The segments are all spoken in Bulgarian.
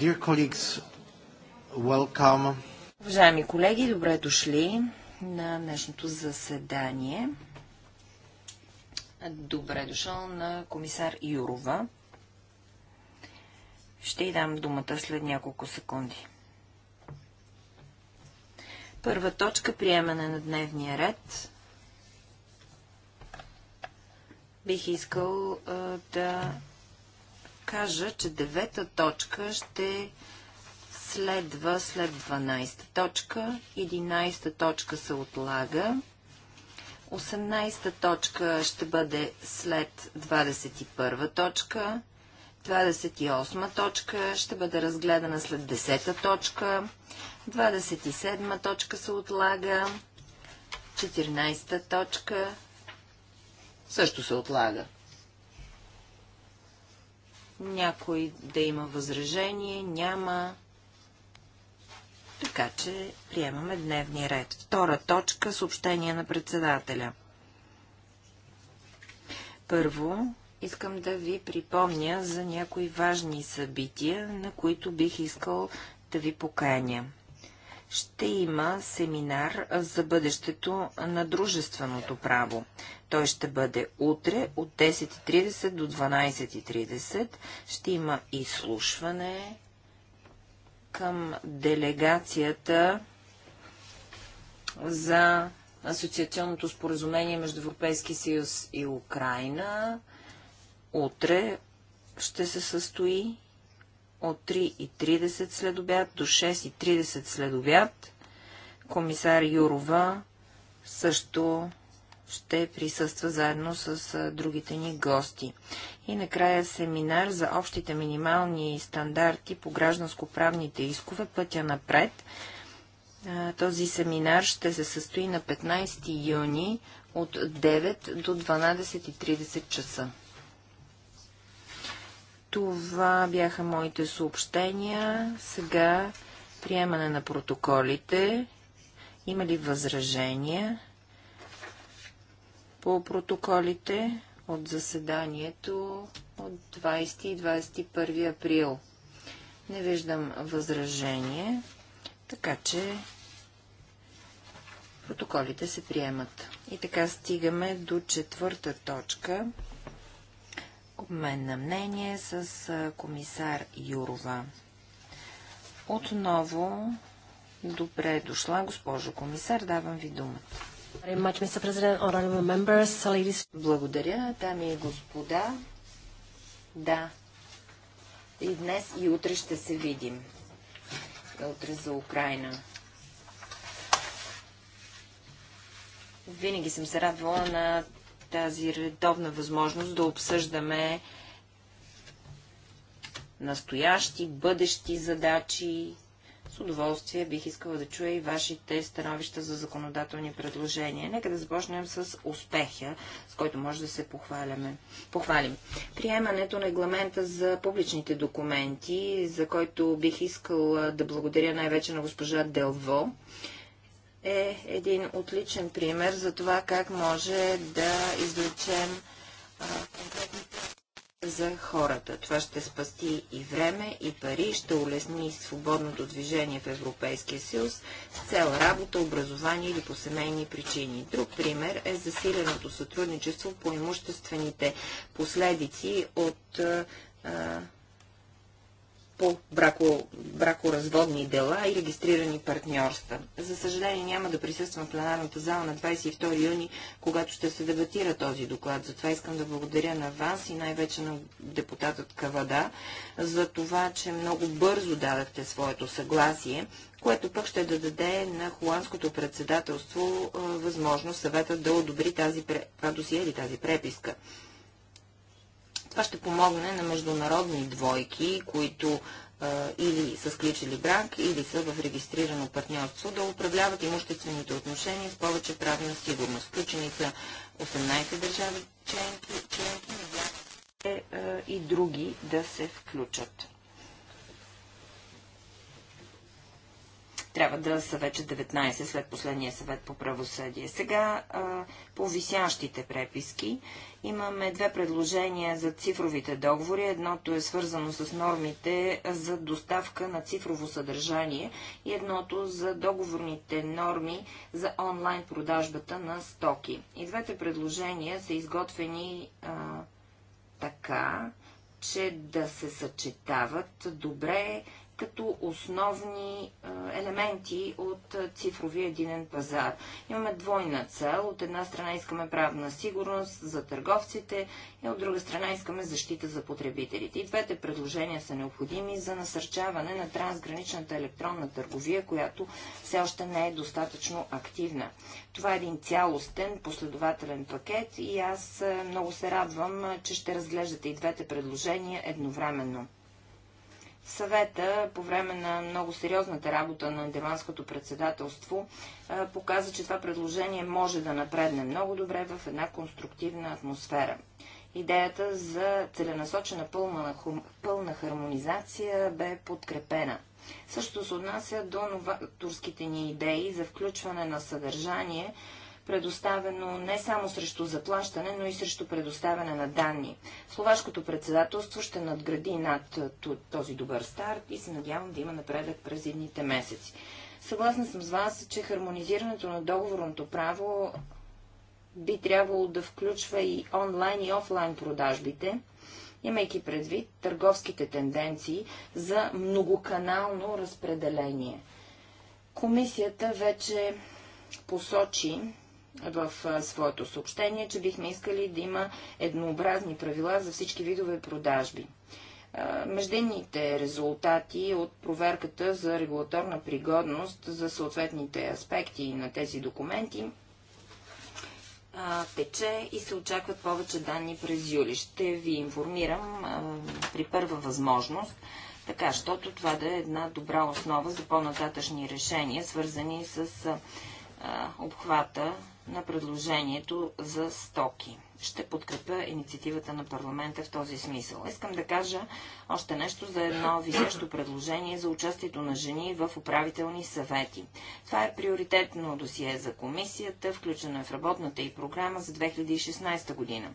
Dear colleagues, welcome. Уважаеми колеги, добре дошли на днешното заседание. Добре дошъл на комисар Юрова. Ще й дам думата след няколко секунди. Първа точка – приемане на дневния ред. Бих искал а, да кажа, че девета точка ще следва след 12 та точка, 11 та точка се отлага, 18 та точка ще бъде след 21 точка, 28 точка ще бъде разгледана след 10 та точка, 27 точка се отлага, 14 та точка също се отлага някой да има възражение, няма. Така че приемаме дневния ред. Втора точка – съобщение на председателя. Първо, искам да ви припомня за някои важни събития, на които бих искал да ви поканя. Ще има семинар за бъдещето на дружественото право. Той ще бъде утре от 10.30 до 12.30. Ще има изслушване към делегацията за асоциационното споразумение между Европейски съюз и Украина. Утре ще се състои от 3.30 след обяд до 6.30 след обяд. Комисар Юрова също ще присъства заедно с другите ни гости. И накрая семинар за общите минимални стандарти по гражданско-правните искове Пътя напред. Този семинар ще се състои на 15 юни от 9 до 12.30 часа. Това бяха моите съобщения. Сега приемане на протоколите. Има ли възражения? по протоколите от заседанието от 20 и 21 април. Не виждам възражение, така че протоколите се приемат. И така стигаме до четвърта точка. Обмен на мнение с комисар Юрова. Отново добре дошла, госпожо комисар, давам ви думата. Благодаря, дами и господа. Да. И днес, и утре ще се видим. Утре за Украина. Винаги съм се радвала на тази редовна възможност да обсъждаме настоящи, бъдещи задачи, с удоволствие бих искала да чуя и вашите становища за законодателни предложения. Нека да започнем с успеха, с който може да се похваляме. похвалим. Приемането на регламента за публичните документи, за който бих искала да благодаря най-вече на госпожа Делво, е един отличен пример за това как може да извлечем конкретните за хората. Това ще спасти и време, и пари, ще улесни свободното движение в Европейския съюз с цел работа, образование или по семейни причини. Друг пример е засиленото сътрудничество по имуществените последици от а, по брако, бракоразводни дела и регистрирани партньорства. За съжаление няма да присъствам в пленарната зала на 22 юни, когато ще се дебатира този доклад. Затова искам да благодаря на вас и най-вече на депутатът Кавада за това, че много бързо дадахте своето съгласие, което пък ще даде на холандското председателство възможност съвета да одобри тази, това досие или тази преписка. Това ще помогне на международни двойки, които или са сключили брак, или са в регистрирано партньорство, да управляват имуществените отношения с повече правна сигурност. Включени са 18 държави членки, членки и други да се включат. трябва да са вече 19 след последния съвет по правосъдие. Сега а, по висящите преписки имаме две предложения за цифровите договори. Едното е свързано с нормите за доставка на цифрово съдържание и едното за договорните норми за онлайн продажбата на стоки. И двете предложения са изготвени а, така, че да се съчетават добре като основни елементи от цифровия единен пазар. Имаме двойна цел. От една страна искаме правна сигурност за търговците и от друга страна искаме защита за потребителите. И двете предложения са необходими за насърчаване на трансграничната електронна търговия, която все още не е достатъчно активна. Това е един цялостен, последователен пакет и аз много се радвам, че ще разглеждате и двете предложения едновременно. Съвета по време на много сериозната работа на Нидерландското председателство показа, че това предложение може да напредне много добре в една конструктивна атмосфера. Идеята за целенасочена пълна, пълна хармонизация бе подкрепена. Също се отнася до новаторските ни идеи за включване на съдържание, предоставено не само срещу заплащане, но и срещу предоставяне на данни. Словашкото председателство ще надгради над този добър старт и се надявам да има напредък през едните месеци. Съгласна съм с вас, че хармонизирането на договорното право би трябвало да включва и онлайн и офлайн продажбите, имайки предвид търговските тенденции за многоканално разпределение. Комисията вече посочи, в своето съобщение, че бихме искали да има еднообразни правила за всички видове продажби. Междинните резултати от проверката за регулаторна пригодност за съответните аспекти на тези документи тече и се очакват повече данни през юли. Ще ви информирам при първа възможност, така, защото това да е една добра основа за по-нататъчни решения, свързани с обхвата на предложението за стоки. Ще подкрепя инициативата на парламента в този смисъл. Искам да кажа още нещо за едно висящо предложение за участието на жени в управителни съвети. Това е приоритетно досие за комисията, включено е в работната и програма за 2016 година.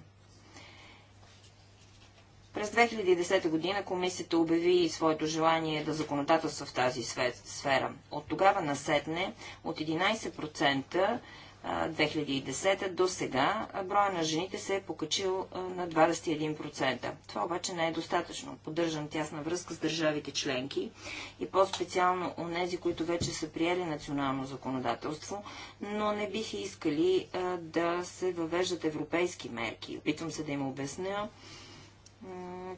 През 2010 година комисията обяви своето желание да законодателства в тази сфера. От тогава насетне от 11% 2010 до сега броя на жените се е покачил на 21%. Това обаче не е достатъчно. Поддържам тясна връзка с държавите членки и по-специално у нези, които вече са приели национално законодателство, но не бих искали да се въвеждат европейски мерки. Опитвам се да им обясня,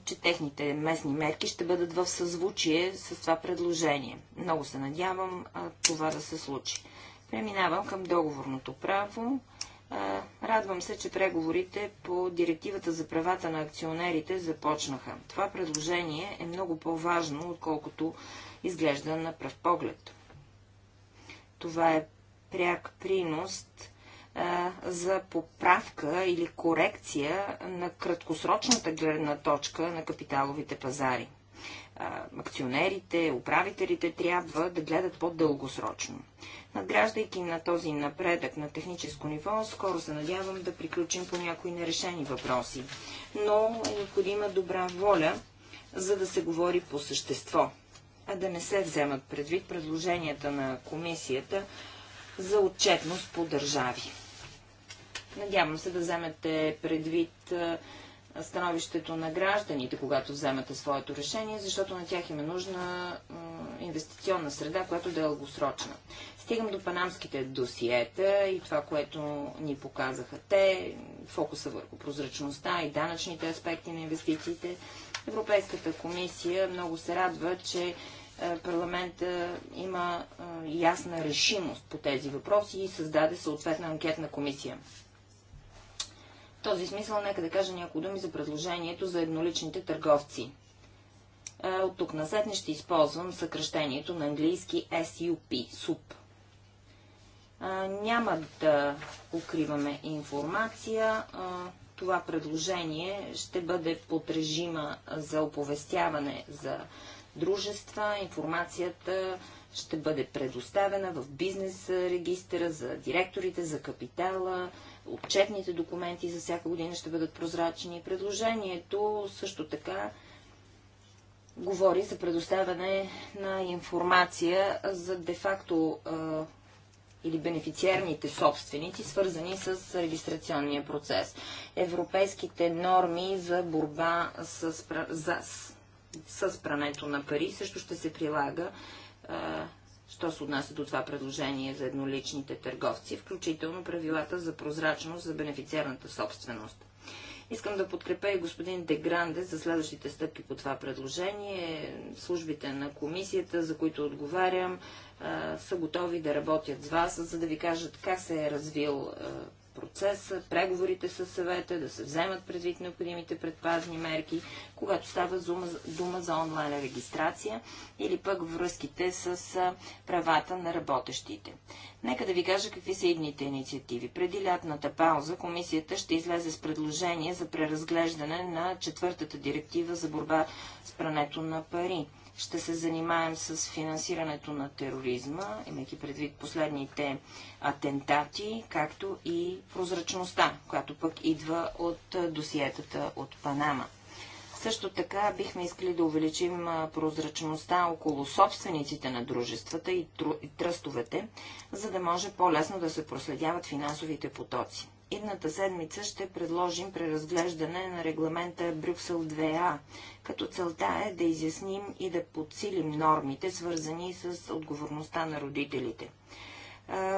че техните местни мерки ще бъдат в съзвучие с това предложение. Много се надявам това да се случи. Преминавам към договорното право. Радвам се, че преговорите по директивата за правата на акционерите започнаха. Това предложение е много по-важно, отколкото изглежда на пръв поглед. Това е пряк принос за поправка или корекция на краткосрочната гледна точка на капиталовите пазари акционерите, управителите трябва да гледат по-дългосрочно. Надграждайки на този напредък на техническо ниво, скоро се надявам да приключим по някои нерешени въпроси. Но е необходима добра воля, за да се говори по същество, а да не се вземат предвид предложенията на комисията за отчетност по държави. Надявам се да вземете предвид становището на гражданите, когато вземате своето решение, защото на тях им е нужна инвестиционна среда, която да е дългосрочна. Стигам до панамските досиета и това, което ни показаха те, фокуса върху прозрачността и данъчните аспекти на инвестициите. Европейската комисия много се радва, че е, парламента има е, ясна решимост по тези въпроси и създаде съответна анкетна комисия този смисъл нека да кажа няколко думи за предложението за едноличните търговци. Е, от тук не ще използвам съкръщението на английски SUP. SUP. А, е, няма да укриваме информация. А, е, това предложение ще бъде под режима за оповестяване за дружества. Информацията ще бъде предоставена в бизнес регистъра за директорите, за капитала, отчетните документи за всяка година ще бъдат прозрачни. Предложението също така говори за предоставяне на информация за де-факто или бенефициерните собственици, свързани с регистрационния процес. Европейските норми за борба с, за, с, с прането на пари също ще се прилага що се отнася до това предложение за едноличните търговци, включително правилата за прозрачност за бенефициарната собственост. Искам да подкрепя и господин Дегранде за следващите стъпки по това предложение. Службите на комисията, за които отговарям, са готови да работят с вас, за да ви кажат как се е развил процеса, преговорите с съвета, да се вземат предвид необходимите предпазни мерки, когато става дума, дума за онлайн регистрация или пък връзките с правата на работещите. Нека да ви кажа какви са идните инициативи. Преди лятната пауза комисията ще излезе с предложение за преразглеждане на четвъртата директива за борба с прането на пари ще се занимаем с финансирането на тероризма, имайки предвид последните атентати, както и прозрачността, която пък идва от досиетата от Панама. Също така бихме искали да увеличим прозрачността около собствениците на дружествата и тръстовете, за да може по-лесно да се проследяват финансовите потоци. Идната седмица ще предложим преразглеждане на регламента Брюксел 2А, като целта е да изясним и да подсилим нормите, свързани с отговорността на родителите.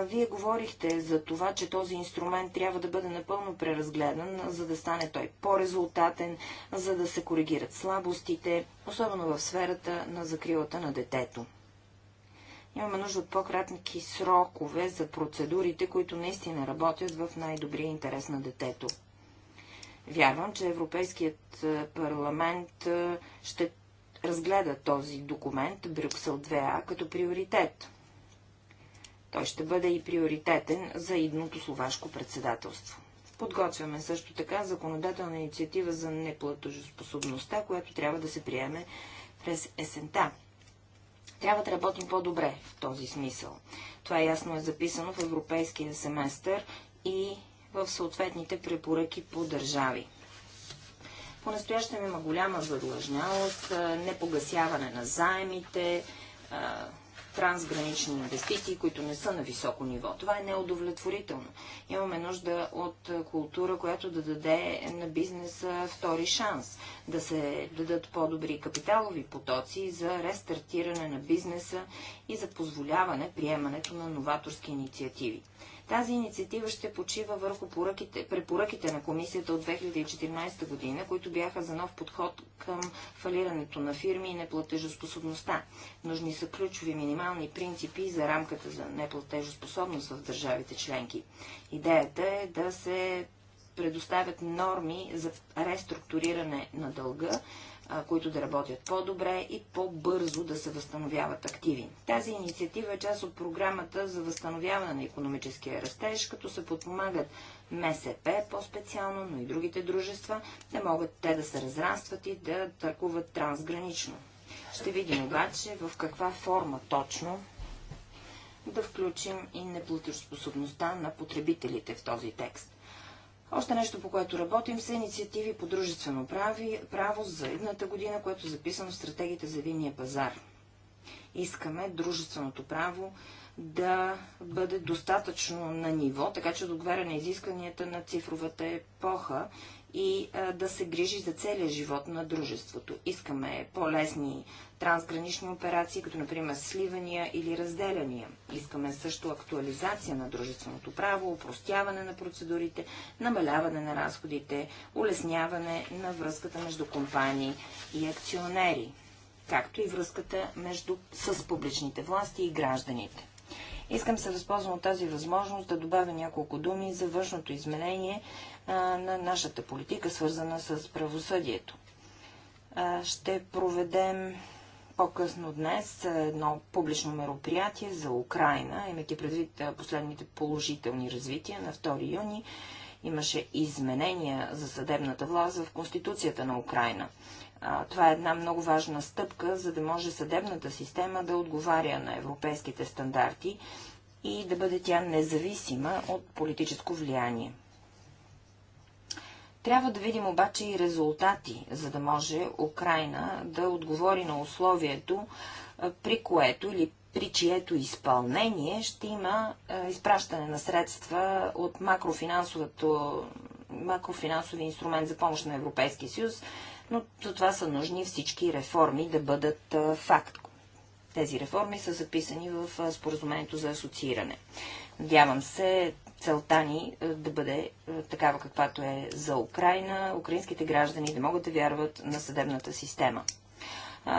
Вие говорихте за това, че този инструмент трябва да бъде напълно преразгледан, за да стане той по-резултатен, за да се коригират слабостите, особено в сферата на закрилата на детето. Имаме нужда от по-кратки срокове за процедурите, които наистина работят в най-добрия интерес на детето. Вярвам, че Европейският е, парламент е, ще разгледа този документ Брюксел 2А като приоритет. Той ще бъде и приоритетен за идното словашко председателство. Подготвяме също така законодателна инициатива за неплатожеспособността, която трябва да се приеме през есента. Трябва да работим по-добре в този смисъл. Това ясно е записано в европейския семестър и в съответните препоръки по държави. По-настоящем има голяма задлъжнялост, непогасяване на заемите, трансгранични инвестиции, които не са на високо ниво. Това е неудовлетворително. Имаме нужда от е, култура, която да даде на бизнеса втори шанс, да се дадат по-добри капиталови потоци за рестартиране на бизнеса и за позволяване приемането на новаторски инициативи. Тази инициатива ще почива върху поръките, препоръките на комисията от 2014 година, които бяха за нов подход към фалирането на фирми и неплатежоспособността. Нужни са ключови минимални принципи за рамката за неплатежоспособност в държавите членки. Идеята е да се предоставят норми за реструктуриране на дълга, които да работят по-добре и по-бързо да се възстановяват активи. Тази инициатива е част от програмата за възстановяване на економическия растеж, като се подпомагат МСП по-специално, но и другите дружества, да могат те да се разрастват и да търкуват трансгранично. Ще видим обаче в каква форма точно да включим и неплатежоспособността на потребителите в този текст. Още нещо, по което работим, са инициативи по дружествено прави, право за едната година, което е записано в стратегията за единния пазар. Искаме дружественото право да бъде достатъчно на ниво, така че да отговаря на изискванията на цифровата епоха и а, да се грижи за целия живот на дружеството. Искаме по-лесни трансгранични операции, като например сливания или разделяния. Искаме също актуализация на дружественото право, упростяване на процедурите, намаляване на разходите, улесняване на връзката между компании и акционери, както и връзката между, с публичните власти и гражданите. Искам се възползвам от тази възможност да добавя няколко думи за външното изменение на нашата политика, свързана с правосъдието. Ще проведем по-късно днес едно публично мероприятие за Украина, имайки предвид последните положителни развития на 2 юни. Имаше изменения за съдебната власт в Конституцията на Украина. Това е една много важна стъпка, за да може съдебната система да отговаря на европейските стандарти и да бъде тя независима от политическо влияние. Трябва да видим обаче и резултати, за да може Украина да отговори на условието, при което или при чието изпълнение ще има изпращане на средства от макрофинансови инструмент за помощ на Европейския съюз, но за това са нужни всички реформи да бъдат факт. Тези реформи са записани в споразумението за асоцииране. Надявам се целта ни е, да бъде е, такава каквато е за Украина, украинските граждани да могат да вярват на съдебната система.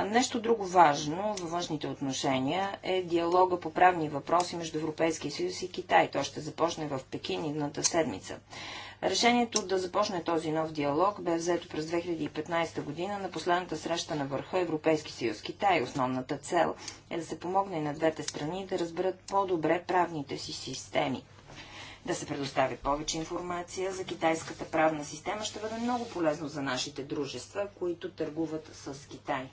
Нещо друго важно във външните отношения е диалога по правни въпроси между Европейския съюз и Китай. Той ще започне в Пекин едната седмица. Решението да започне този нов диалог бе взето през 2015 година на последната среща на върха Европейски съюз Китай. Основната цел е да се помогне на двете страни да разберат по-добре правните си системи да се предостави повече информация за китайската правна система ще бъде много полезно за нашите дружества, които търгуват с Китай.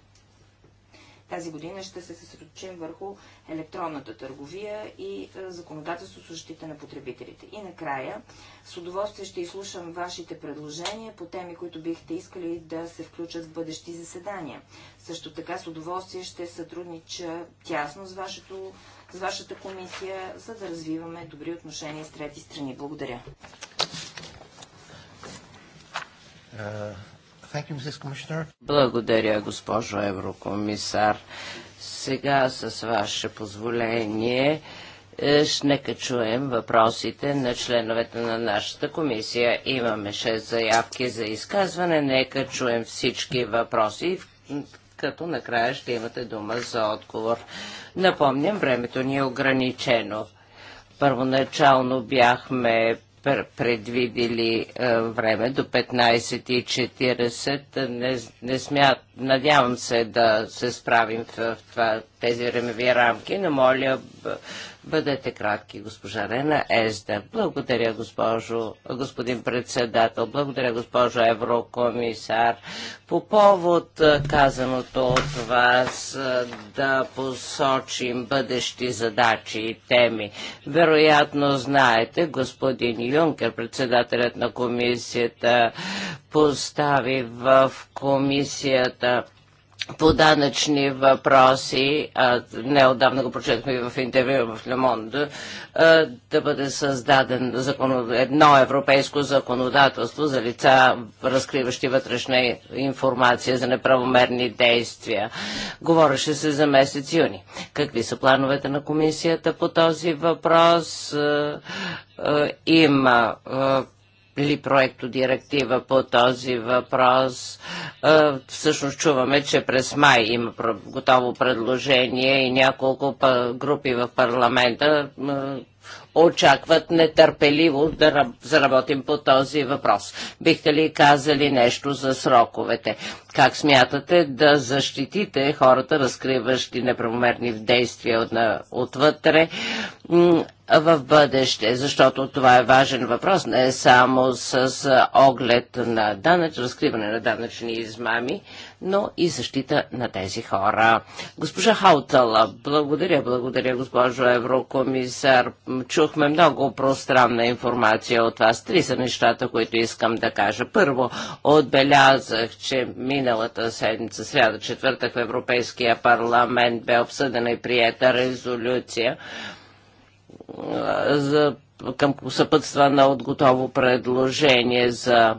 Тази година ще се съсредоточим върху електронната търговия и е, законодателство с защита на потребителите. И накрая, с удоволствие ще изслушам вашите предложения по теми, които бихте искали да се включат в бъдещи заседания. Също така с удоволствие ще сътруднича тясно с вашето с вашата комисия, за да развиваме добри отношения с трети страни. Благодаря. Uh, Благодаря, госпожо еврокомисар. Сега с ваше позволение е, нека чуем въпросите на членовете на нашата комисия. Имаме 6 заявки за изказване. Нека чуем всички въпроси, като накрая ще имате дума за отговор. Напомням, времето ни е ограничено. Първоначално бяхме предвидили е, време до 15.40. Не, не смят, надявам се да се справим в, в в тези времеви рамки, но моля Бъдете кратки, госпожа Рена Езда. Благодаря, госпожо, господин председател. Благодаря, госпожо еврокомисар. По повод е, казаното от вас е, да посочим бъдещи задачи и теми. Вероятно знаете, господин Юнкер, председателят на комисията, постави в комисията по данъчни въпроси, а, отдавна го прочетахме в интервю в Лемонд, да бъде създаден законод... едно европейско законодателство за лица, разкриващи вътрешна информация за неправомерни действия. Говореше се за месец юни. Какви са плановете на комисията по този въпрос? Има ли проекто директива по този въпрос. Е, всъщност чуваме, че през май има готово предложение и няколко групи в парламента очакват нетърпеливо да заработим по този въпрос. Бихте ли казали нещо за сроковете? Как смятате да защитите хората, разкриващи неправомерни действия отвътре? в бъдеще, защото това е важен въпрос, не е само с оглед на данъч, разкриване на данъчни измами, но и защита на тези хора. Госпожа Хаутала, благодаря, благодаря, госпожо еврокомисар. Чухме много пространна информация от вас. Три са нещата, които искам да кажа. Първо, отбелязах, че миналата седмица, сряда, четвъртък в Европейския парламент бе обсъдена и приета резолюция за, към съпътства на отготово предложение за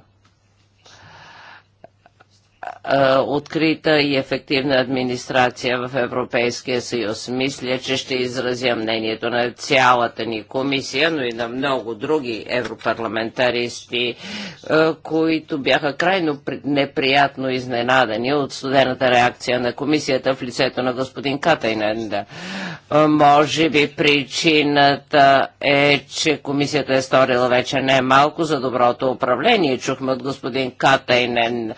е, открита и ефективна администрация в Европейския съюз. Мисля, че ще изразя мнението на цялата ни комисия, но и на много други европарламентаристи, е, които бяха крайно неприятно изненадани от студената реакция на комисията в лицето на господин Катайнен. Е, може би причината е, че комисията е сторила вече не малко за доброто управление. Чухме от господин Катайнен,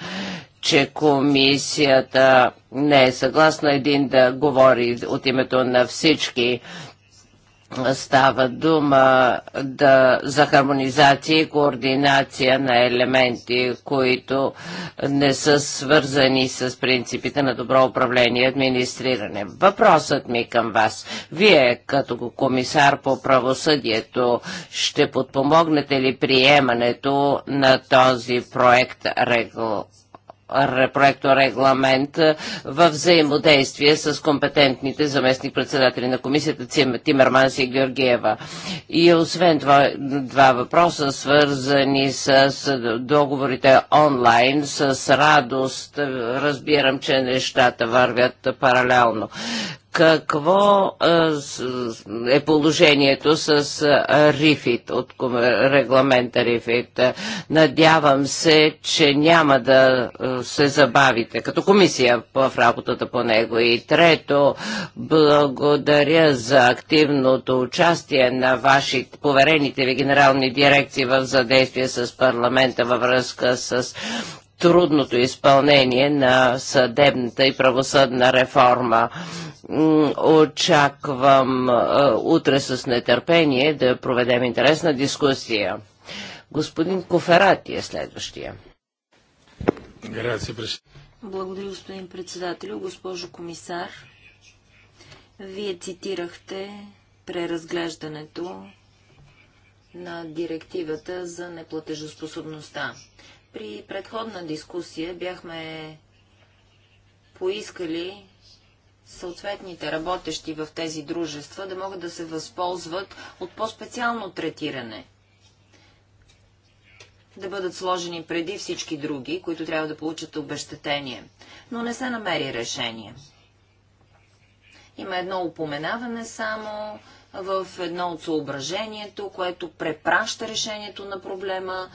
че комисията не е съгласна един да говори от името на всички. Става дума да, за хармонизация и координация на елементи, които не са свързани с принципите на добро управление и администриране. Въпросът ми към вас. Вие, като комисар по правосъдието, ще подпомогнете ли приемането на този проект регламент? проекторегламент е, в взаимодействие с компетентните заместник председатели на комисията Тимерманс и Георгиева. И освен това, два въпроса, свързани с договорите онлайн, с радост разбирам, че нещата вървят паралелно какво е положението с Рифит от регламента Рифит. Надявам се, че няма да се забавите като комисия в работата по него. И трето, благодаря за активното участие на вашите поверените ви генерални дирекции в задействие с парламента във връзка с трудното изпълнение на съдебната и правосъдна реформа. Очаквам утре с нетърпение да проведем интересна дискусия. Господин Коферати е следващия. Благодаря, господин председател, Госпожо комисар, вие цитирахте преразглеждането на директивата за неплатежоспособността. При предходна дискусия бяхме поискали съответните работещи в тези дружества да могат да се възползват от по-специално третиране. Да бъдат сложени преди всички други, които трябва да получат обещетение. Но не се намери решение. Има едно упоменаване само в едно от съображението, което препраща решението на проблема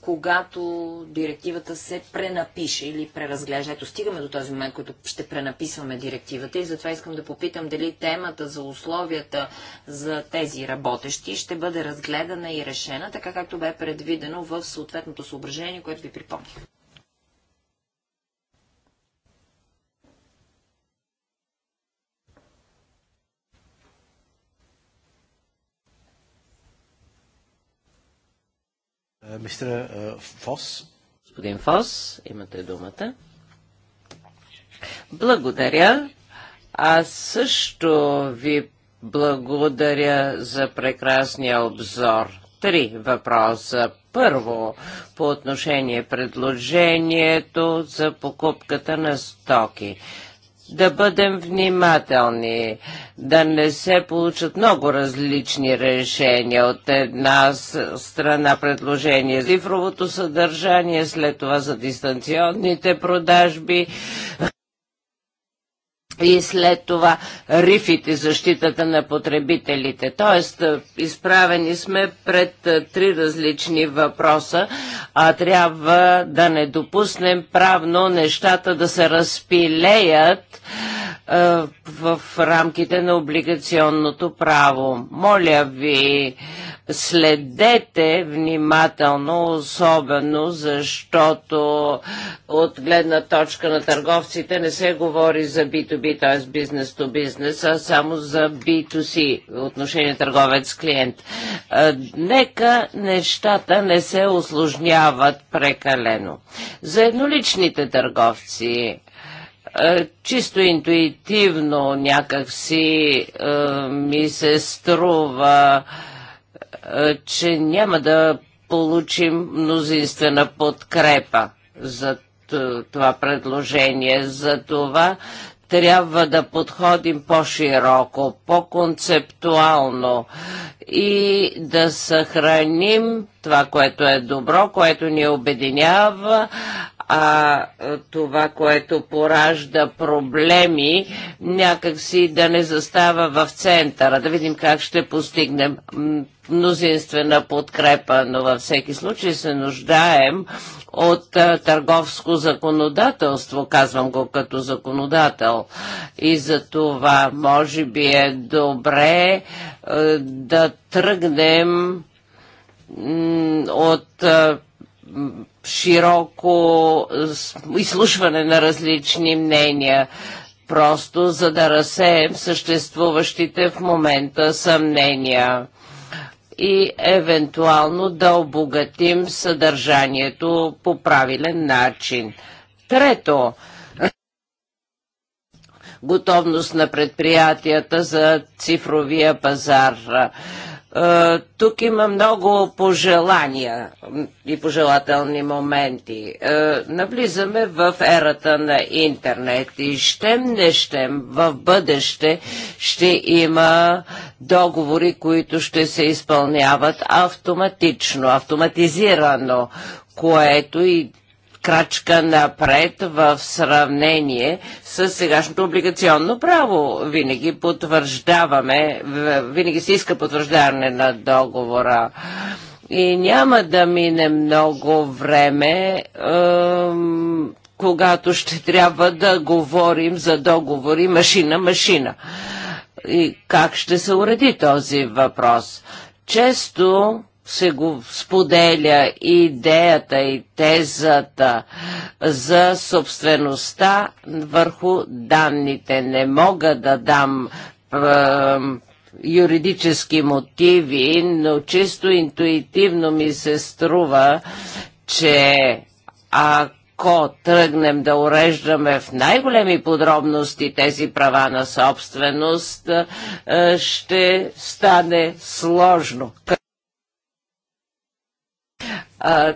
когато директивата се пренапише или преразглежда. Ето стигаме до този момент, който ще пренаписваме директивата и затова искам да попитам дали темата за условията за тези работещи ще бъде разгледана и решена, така както бе предвидено в съответното съображение, което ви припомних. Е, мистер е, Фос. Господин Фос, имате думата. Благодаря. Аз също ви благодаря за прекрасния обзор. Три въпроса. Първо, по отношение предложението за покупката на стоки да бъдем внимателни, да не се получат много различни решения от една страна предложение за цифровото съдържание, след това за дистанционните продажби и след това рифите, защитата на потребителите. Тоест, е, изправени сме пред е, три различни въпроса, а трябва да не допуснем правно нещата да се разпилеят е, в рамките на облигационното право. Моля ви, следете внимателно, особено защото от гледна точка на търговците не се говори за B2B, т.е. бизнес то бизнес, а само за B2C, отношение търговец-клиент. Е, нека нещата не се осложняват прекалено. За едноличните търговци е, чисто интуитивно някакси е, ми се струва, е, че няма да получим мнозинствена подкрепа за това предложение. За това трябва да подходим по-широко, по-концептуално и да съхраним това, което е добро, което ни обединява, а това, което поражда проблеми, някакси да не застава в центъра. Да видим как ще постигнем мнозинствена подкрепа, но във всеки случай се нуждаем от търговско законодателство, казвам го като законодател. И за това може би е добре да тръгнем от широко е, изслушване на различни мнения просто за да разсеем съществуващите в момента съмнения и евентуално да обогатим съдържанието по правилен начин. Трето, готовност на предприятията за цифровия пазар. Е, тук има много пожелания и пожелателни моменти. Е, навлизаме в ерата на интернет и щем не щем в бъдеще ще има договори, които ще се изпълняват автоматично, автоматизирано, което и крачка напред в сравнение с сегашното облигационно право. Винаги потвърждаваме, винаги се иска потвърждаване на договора. И няма да мине много време, когато ще трябва да говорим за договори машина-машина. И как ще се уреди този въпрос? Често се го споделя идеята и тезата за собствеността върху данните. Не мога да дам юридически мотиви, но чисто интуитивно ми се струва, че ако тръгнем да уреждаме в най-големи подробности тези права на собственост, ще стане сложно а,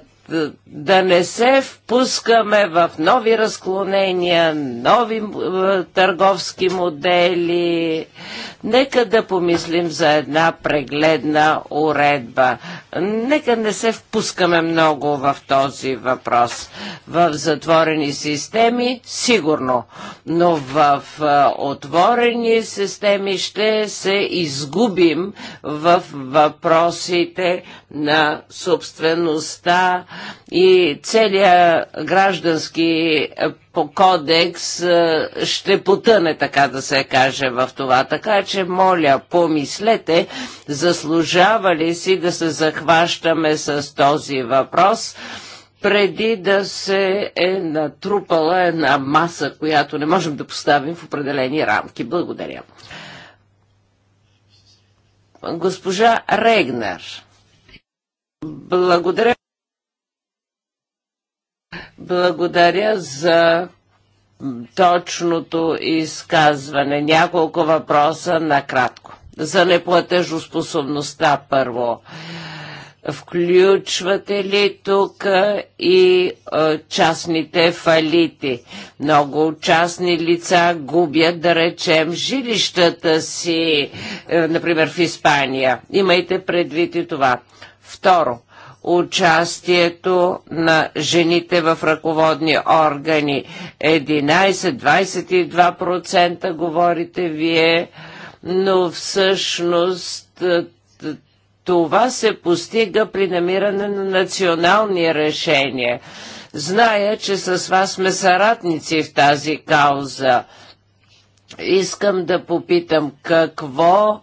да не се впускаме в нови разклонения, нови е, търговски модели. Нека да помислим за една прегледна уредба. Нека не се впускаме много в този въпрос. В затворени системи сигурно, но в е, отворени системи ще се изгубим в въпросите на собствеността, и целият граждански е, по кодекс е, ще потъне, така да се каже, в това. Така че, моля, помислете, заслужава ли си да се захващаме с този въпрос преди да се е натрупала една маса, която не можем да поставим в определени рамки. Благодаря. Госпожа Регнер. Благодаря, благодаря за точното изказване. Няколко въпроса накратко. За неплатежоспособността първо. Включвате ли тук и е, частните фалити? Много частни лица губят, да речем, жилищата си, е, например в Испания. Имайте предвид и това. Второ, участието на жените в ръководни органи. 11-22% говорите вие, но всъщност е, това се постига при намиране на национални решения. Зная, че с вас сме съратници в тази кауза. Искам да попитам какво е,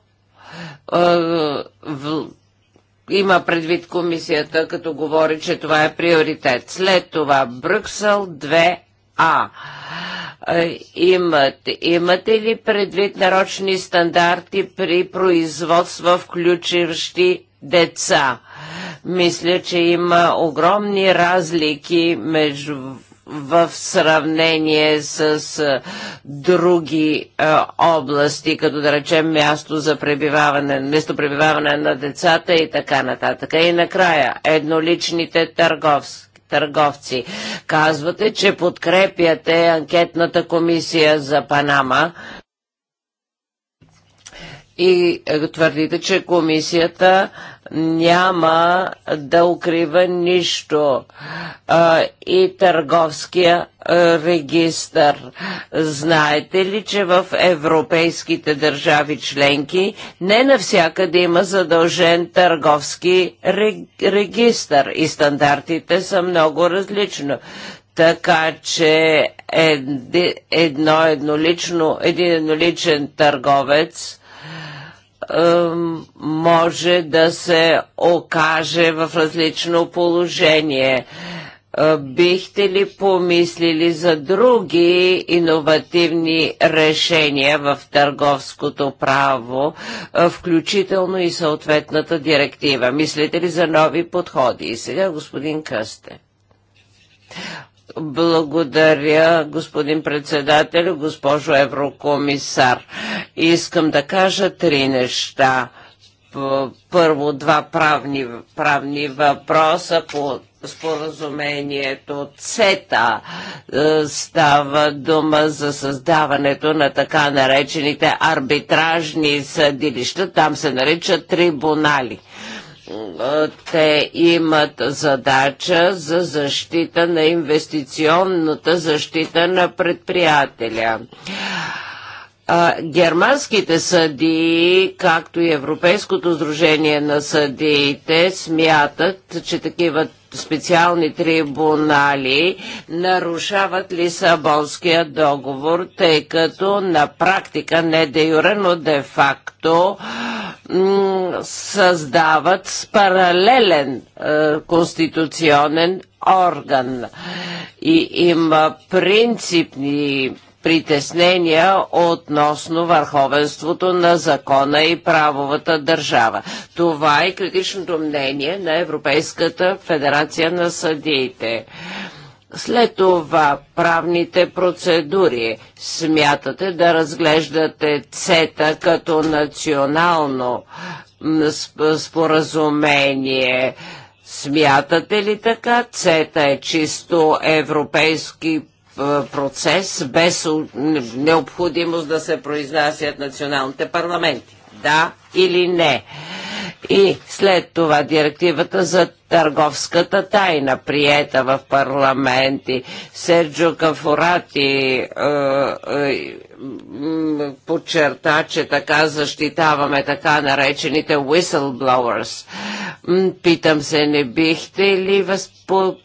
има предвид комисията, като говори, че това е приоритет. След това Брюксел 2А. Е, имат, имате ли предвид нарочни стандарти при производства, включващи деца? Мисля, че има огромни разлики между в сравнение с други области, като да речем място за пребиваване, место пребиваване на децата и така нататък. И накрая, едноличните търговски търговци. Казвате, че подкрепяте анкетната комисия за Панама и е, твърдите, че комисията няма да укрива нищо а, и търговския е, регистр. Знаете ли, че в европейските държави членки не навсякъде има задължен търговски регистър и стандартите са много различни. Така че едно еднолично, един едноличен търговец може да се окаже в различно положение. Бихте ли помислили за други иновативни решения в търговското право, включително и съответната директива? Мислите ли за нови подходи? И сега господин Късте. Благодаря, господин председател, госпожо еврокомисар. Искам да кажа три неща. Първо два правни, правни въпроса по споразумението ЦЕТА е, става дума за създаването на така наречените арбитражни съдилища. Там се наричат трибунали те имат задача за защита на инвестиционната защита на предприятеля а, германските съдии, както и Европейското сдружение на съдиите, смятат, че такива специални трибунали нарушават Лисабонския договор, тъй като на практика, не де юре, но де факто създават паралелен е, конституционен орган. И има принципни притеснения относно върховенството на закона и правовата държава. Това е критичното мнение на Европейската федерация на съдиите. След това правните процедури. Смятате да разглеждате ЦЕТА като национално споразумение. Смятате ли така? ЦЕТА е чисто европейски е, процес без необходимост да се произнасят националните парламенти. Да или не. И след това директивата за търговската тайна, приета в парламенти. Серджо Кафурати е, е, подчерта, че така защитаваме така наречените whistleblowers. Питам се, не бихте ли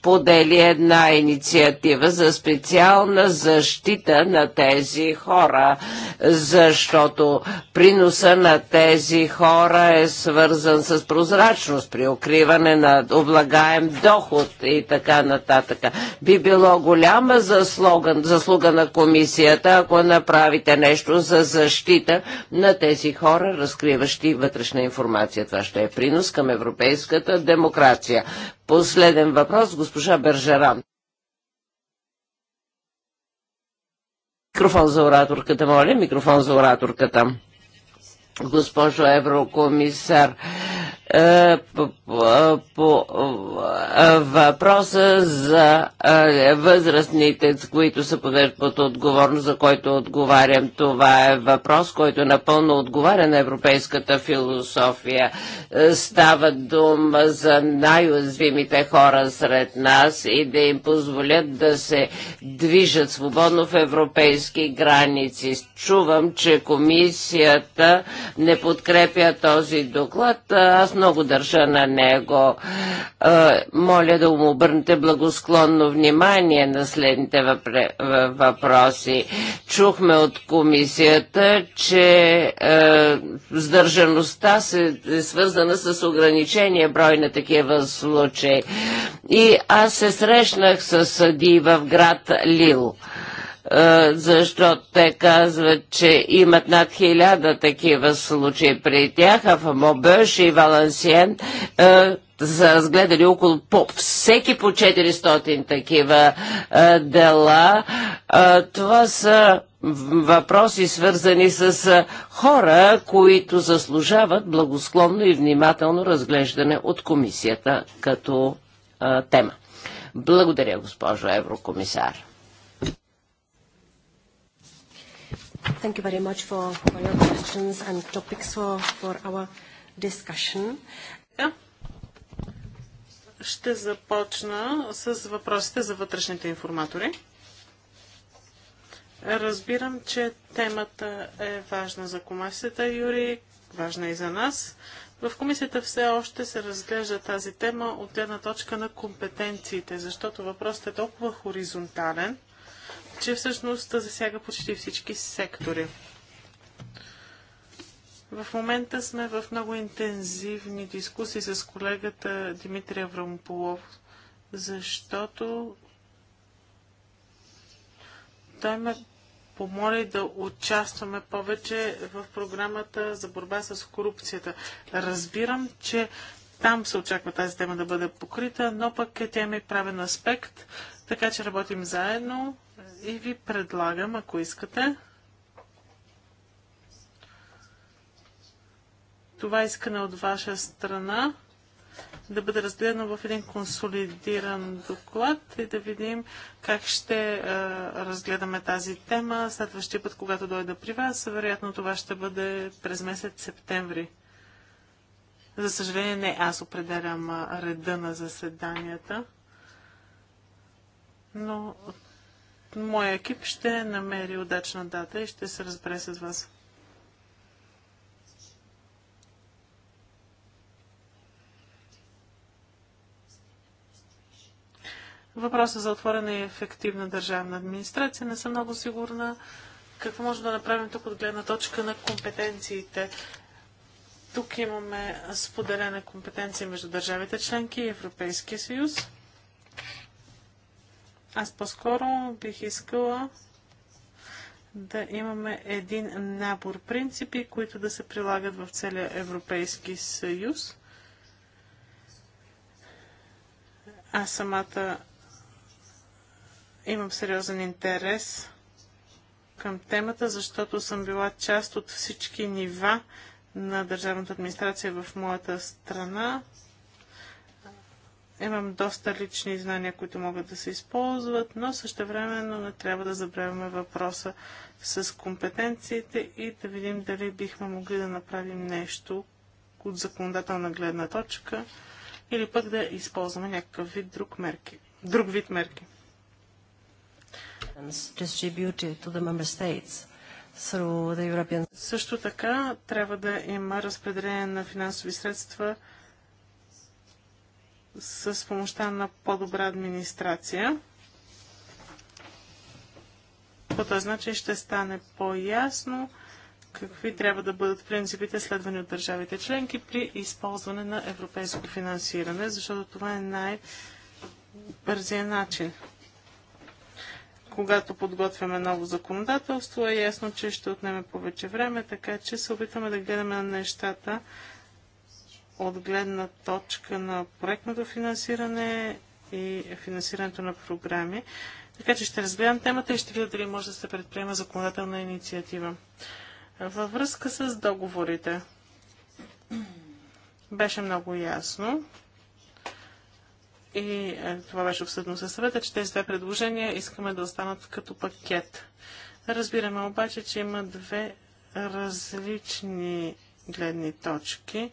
подели една инициатива за специална защита на тези хора, защото приноса на тези хора е свързан с прозрачност при укриване на облагаем доход и така нататък. Би било голяма заслуга, заслуга на комисията, ако направите нещо за защита на тези хора, разкриващи вътрешна информация. Това ще е принос към европейската демокрация. Последен въпрос, госпожа Бержеран. Микрофон за ораторката, моля. Микрофон за ораторката госпожо еврокомисар. Е, по, по, по е, въпроса за е, възрастните, които са подвеждат под отговорност, за който отговарям. Това е въпрос, който напълно отговаря на европейската философия. Става дума за най-уязвимите хора сред нас и да им позволят да се движат свободно в европейски граници. Чувам, че комисията не подкрепя този доклад. Аз много държа на него. Е, моля да му обърнете благосклонно внимание на следните въпроси. Чухме от комисията, че е, сдържаността се е свързана с ограничение брой на такива случаи. И аз се срещнах с съди в град Лил защото те казват, че имат над хиляда такива случаи при тях, а в Мобеш и Валансиен са разгледали около по, всеки по 400 такива дела. това са въпроси, свързани с хора, които заслужават благосклонно и внимателно разглеждане от комисията като тема. Благодаря, госпожо еврокомисар. Thank you very much for, for your questions and topics for, for our discussion. Ще започна с въпросите за вътрешните информатори. Разбирам, че темата е важна за комисията, Юри, важна и за нас. В комисията все още се разглежда тази тема от една точка на компетенциите, защото въпросът е толкова хоризонтален, че всъщност засяга почти всички сектори. В момента сме в много интензивни дискусии с колегата Димитрия Аврамополов, защото той ме помоли да участваме повече в програмата за борба с корупцията. Разбирам, че там се очаква тази тема да бъде покрита, но пък тя има и правен аспект, така че работим заедно и ви предлагам, ако искате, това искане от ваша страна да бъде разгледано в един консолидиран доклад и да видим как ще е, разгледаме тази тема следващия път, когато дойда при вас. Вероятно това ще бъде през месец септември. За съжаление не аз определям реда на заседанията, но моя екип ще намери удачна дата и ще се разбере с вас. Въпросът за отворена и ефективна държавна администрация. Не съм много сигурна какво може да направим тук от гледна точка на компетенциите. Тук имаме споделена компетенция между държавите членки и Европейския съюз. Аз по-скоро бих искала да имаме един набор принципи, които да се прилагат в целия Европейски съюз. Аз самата имам сериозен интерес към темата, защото съм била част от всички нива на държавната администрация в моята страна. Имам доста лични знания, които могат да се използват, но същевременно не трябва да забравяме въпроса с компетенциите и да видим дали бихме могли да направим нещо от законодателна гледна точка или пък да използваме някакъв вид друг, мерки, друг вид мерки. Също така трябва да има разпределение на финансови средства с помощта на по-добра администрация. По този начин ще стане по-ясно какви трябва да бъдат принципите следвани от държавите членки при използване на европейско финансиране, защото това е най-бързия начин. Когато подготвяме ново законодателство, е ясно, че ще отнеме повече време, така че се опитваме да гледаме на нещата от гледна точка на проектното финансиране и финансирането на програми. Така че ще разгледам темата и ще видя дали може да се предприема законодателна инициатива. Във връзка с договорите беше много ясно и е, това беше обсъдно със съвета, че тези две предложения искаме да останат като пакет. Разбираме обаче, че има две различни гледни точки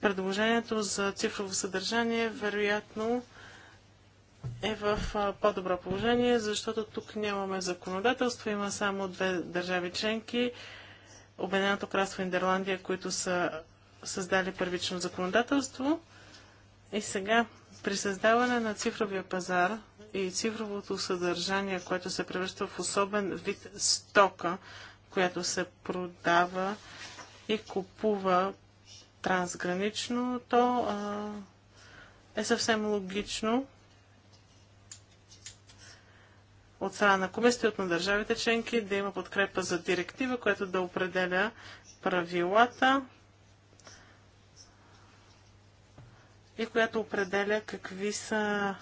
предложението за цифрово съдържание вероятно е в по-добро положение, защото тук нямаме законодателство, има само две държави членки, Обединеното кралство Нидерландия, които са създали първично законодателство. И сега, при създаване на цифровия пазар и цифровото съдържание, което се превръща в особен вид стока, която се продава и купува трансгранично, то а, е съвсем логично от страна на комисията и от на държавите членки да има подкрепа за директива, която да определя правилата и която определя какви са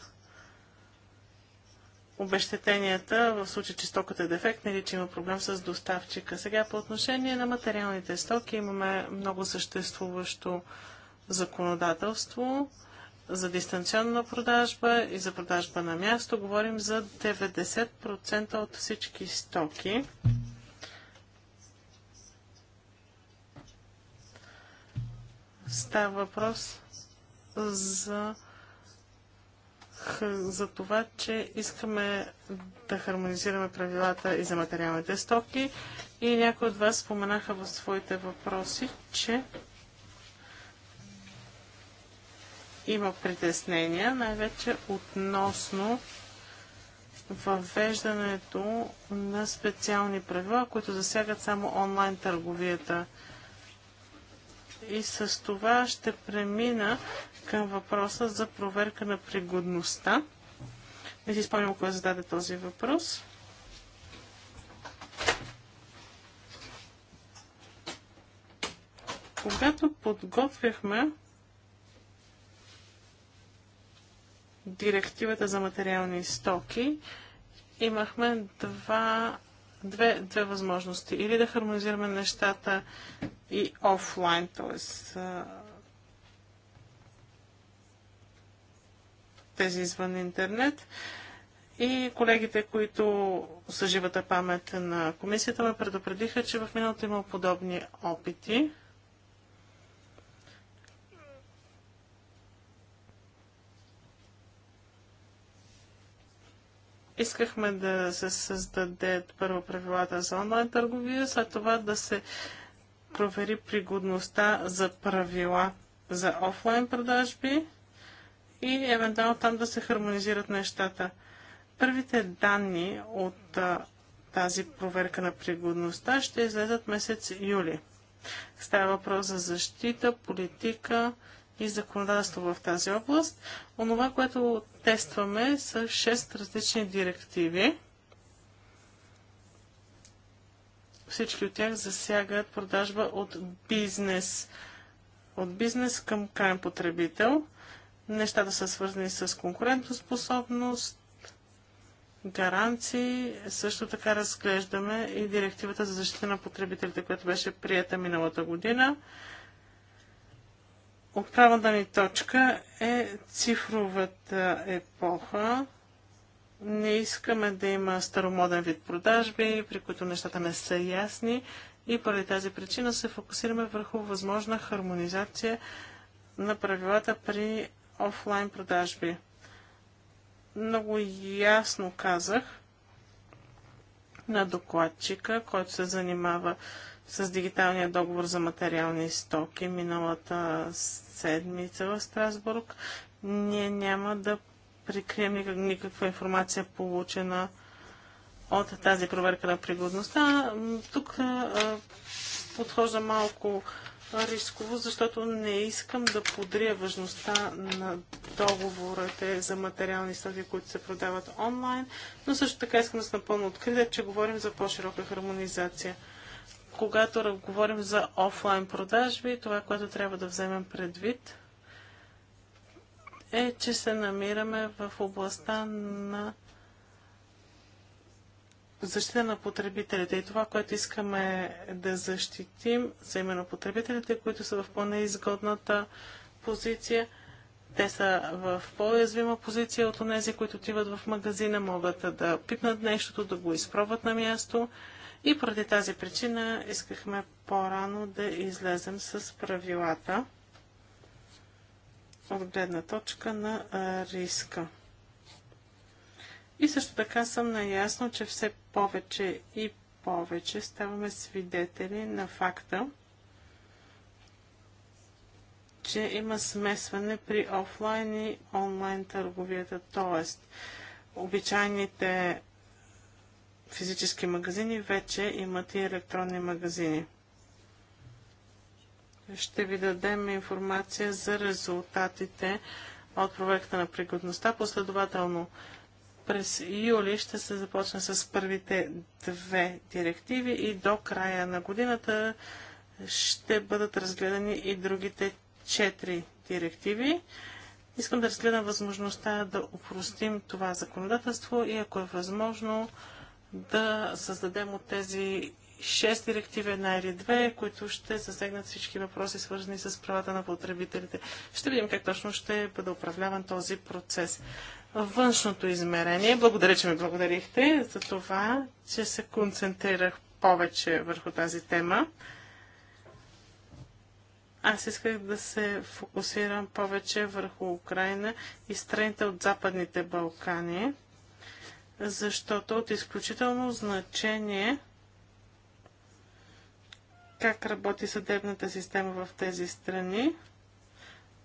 обещетенията в случай, че стоката е дефектна или че има проблем с доставчика. Сега по отношение на материалните стоки имаме много съществуващо законодателство за дистанционна продажба и за продажба на място. Говорим за 90% от всички стоки. Става въпрос за е, за това, че искаме да хармонизираме правилата и за материалните стоки. И някои от вас споменаха в своите въпроси, че има притеснения, най-вече относно въвеждането на специални правила, които засягат само онлайн търговията. И с това ще премина към въпроса за проверка на пригодността. Не си спомням кой зададе този въпрос. Когато подготвяхме директивата за материални стоки, имахме два, две, две възможности. Или да хармонизираме нещата и офлайн, т.е. тези извън интернет. И колегите, които са живата памет на комисията, ме предупредиха, че в миналото има подобни опити. Искахме да се създадат първо правилата за онлайн търговия, след това да се провери пригодността за правила за офлайн продажби и евентуално там да се хармонизират нещата. Първите данни от а, тази проверка на пригодността ще излезат месец юли. Става въпрос за защита, политика и законодателство в тази област. Онова, което тестваме са 6 различни директиви. Всички от тях засягат продажба от бизнес, от бизнес към крайен потребител. Нещата са свързани с конкурентоспособност, гаранции. Също така разглеждаме и директивата за защита на потребителите, която беше прията миналата година. Отправната ни точка е цифровата епоха. Не искаме да има старомоден вид продажби, при които нещата не са ясни и поради тази причина се фокусираме върху възможна хармонизация на правилата при офлайн продажби. Много ясно казах на докладчика, който се занимава с дигиталния договор за материални стоки миналата седмица в Страсбург. Ние няма да прикрием никаква информация получена от тази проверка на пригодността. Тук подхожда малко рисково, защото не искам да подрия важността на договорите за материални стоки, които се продават онлайн, но също така искам да съм напълно открита, че говорим за по-широка хармонизация. Когато говорим за офлайн продажби, това, което трябва да вземем предвид, е, че се намираме в областта на защита на потребителите. И това, което искаме да защитим, са именно потребителите, които са в по-неизгодната позиция. Те са в по язвима позиция от тези, които отиват в магазина, могат да пипнат нещото, да го изпробват на място. И поради тази причина искахме по-рано да излезем с правилата от гледна точка на риска. И също така съм наясно, че все повече и повече ставаме свидетели на факта, че има смесване при офлайн и онлайн търговията. Т.е. обичайните физически магазини вече имат и електронни магазини. Ще ви дадем информация за резултатите от проверката на пригодността. Последователно през юли ще се започне с първите две директиви и до края на годината ще бъдат разгледани и другите четири директиви. Искам да разгледам възможността да упростим това законодателство и ако е възможно да създадем от тези шест директиви, една или две, които ще засегнат всички въпроси, свързани с правата на потребителите. Ще видим как точно ще бъде управляван този процес външното измерение. Благодаря, че ме благодарихте за това, че се концентрирах повече върху тази тема. Аз исках да се фокусирам повече върху Украина и страните от Западните Балкани, защото от изключително значение как работи съдебната система в тези страни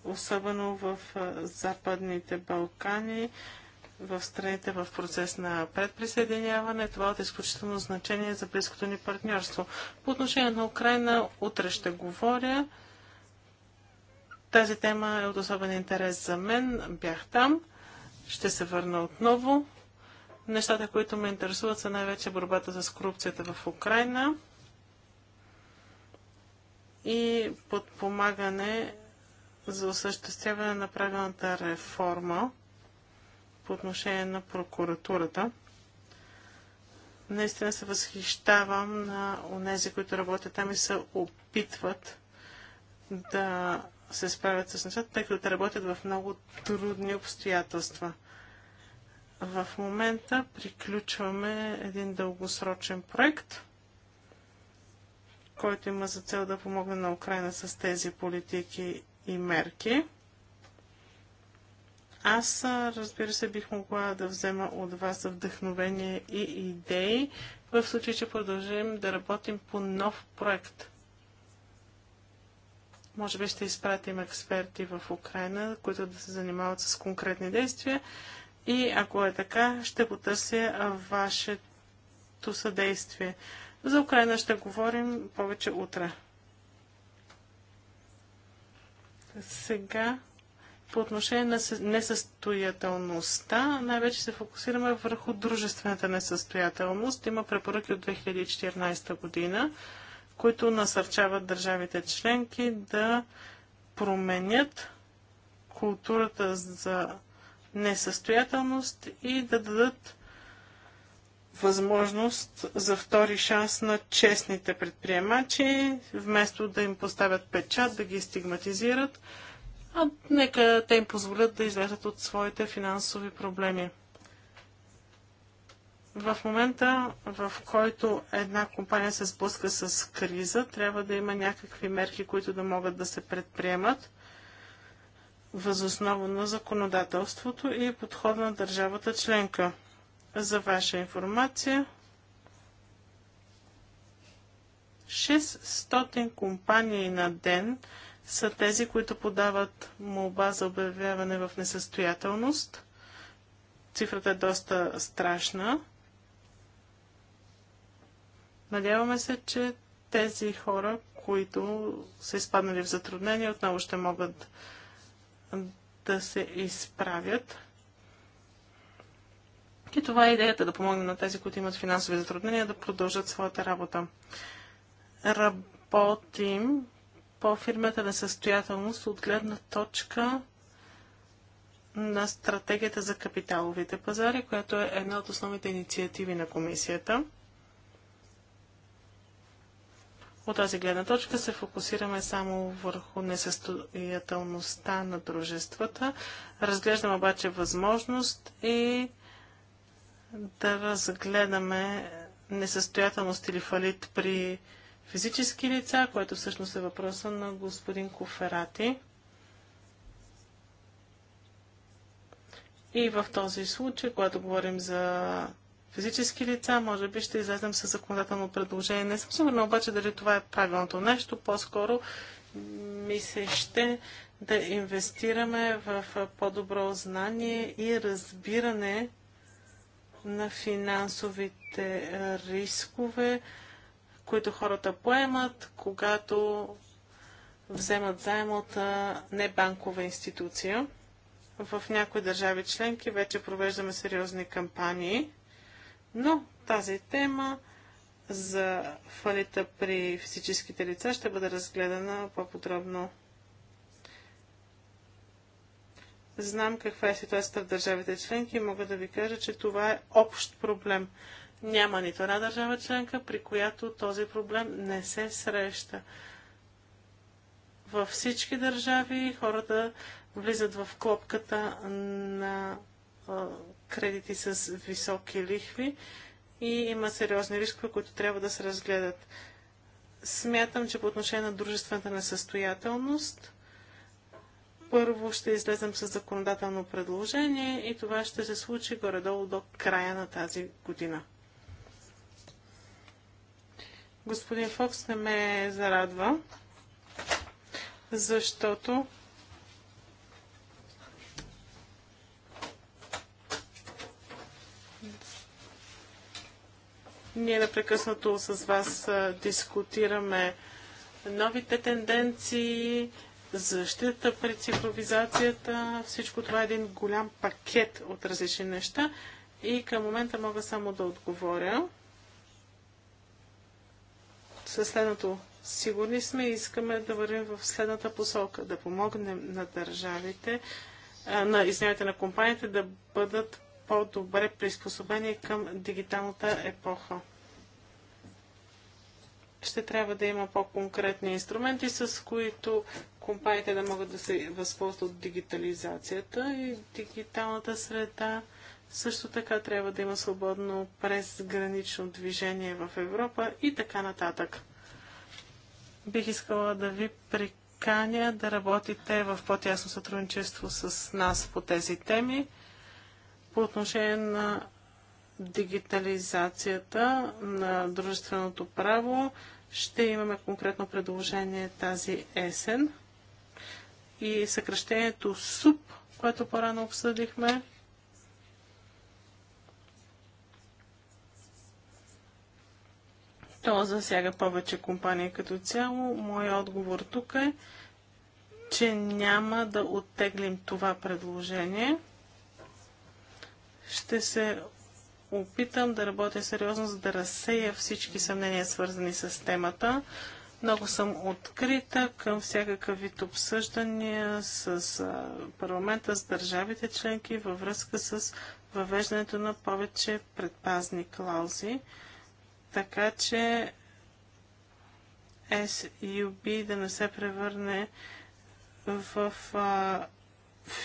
особено в Западните Балкани, в страните в процес на предприсъединяване. Това е от изключително значение за близкото ни партньорство. По отношение на Украина, утре ще говоря. Тази тема е от особен интерес за мен. Бях там. Ще се върна отново. Нещата, които ме интересуват, са най-вече борбата с корупцията в Украина и подпомагане за осъществяване на правилната реформа по отношение на прокуратурата. Наистина се възхищавам на онези, които работят там и се опитват да се справят с нещата, тъй като работят в много трудни обстоятелства. В момента приключваме един дългосрочен проект, който има за цел да помогне на Украина с тези политики и мерки. Аз, разбира се, бих могла да взема от вас вдъхновение и идеи, в случай, че продължим да работим по нов проект. Може би ще изпратим експерти в Украина, които да се занимават с конкретни действия. И ако е така, ще потърся вашето съдействие. За Украина ще говорим повече утре. Сега по отношение на несъстоятелността, най-вече се фокусираме върху дружествената несъстоятелност. Има препоръки от 2014 година, които насърчават държавите членки да променят културата за несъстоятелност и да дадат възможност за втори шанс на честните предприемачи, вместо да им поставят печат, да ги стигматизират, а нека те им позволят да излезат от своите финансови проблеми. В момента, в който една компания се сблъска с криза, трябва да има някакви мерки, които да могат да се предприемат възоснова на законодателството и подход на държавата членка. За ваша информация, 600 компании на ден са тези, които подават молба за обявяване в несъстоятелност. Цифрата е доста страшна. Надяваме се, че тези хора, които са изпаднали в затруднения, отново ще могат да се изправят. И това е идеята да помогнем на тези, които имат финансови затруднения, да продължат своята работа. Работим по фирмата на състоятелност от гледна точка на стратегията за капиталовите пазари, която е една от основните инициативи на комисията. От тази гледна точка се фокусираме само върху несъстоятелността на дружествата. Разглеждаме обаче възможност и да разгледаме несъстоятелност или фалит при физически лица, което всъщност е въпроса на господин Коферати. И в този случай, когато говорим за физически лица, може би ще излезем с законодателно предложение. Не съм сигурна обаче дали това е правилното нещо. По-скоро ми се ще да инвестираме в по-добро знание и разбиране на финансовите е, рискове, които хората поемат, когато вземат заем от е, небанкова институция. В някои държави членки вече провеждаме сериозни кампании, но тази тема за фалита при физическите лица ще бъде разгледана по-подробно Знам каква е ситуацията в държавите членки и мога да ви кажа, че това е общ проблем. Няма нито една държава членка, при която този проблем не се среща. Във всички държави хората влизат в клопката на кредити с високи лихви и има сериозни рискове, които трябва да се разгледат. Смятам, че по отношение на дружествената несъстоятелност първо ще излезем с законодателно предложение и това ще се случи горе-долу до края на тази година. Господин Фокс не ме зарадва, защото Ние непрекъснато с вас дискутираме новите тенденции, защита при цифровизацията. Всичко това е един голям пакет от различни неща и към момента мога само да отговоря. Със следното сигурни сме и искаме да вървим в следната посока, да помогнем на държавите, на, извинявайте, на компаниите да бъдат по-добре приспособени към дигиталната епоха. Ще трябва да има по-конкретни инструменти, с които компаниите да могат да се възползват от дигитализацията и дигиталната среда също така трябва да има свободно презгранично движение в Европа и така нататък. Бих искала да ви приканя да работите в по-тясно сътрудничество с нас по тези теми. По отношение на дигитализацията на дружественото право ще имаме конкретно предложение тази есен и съкръщението СУП, което по-рано обсъдихме. То засяга повече компании като цяло. Моя отговор тук е, че няма да оттеглим това предложение. Ще се опитам да работя сериозно, за да разсея всички съмнения, свързани с темата. Много съм открита към всякакъв вид обсъждания с парламента, с държавите членки във връзка с въвеждането на повече предпазни клаузи, така че SUB да не се превърне в а,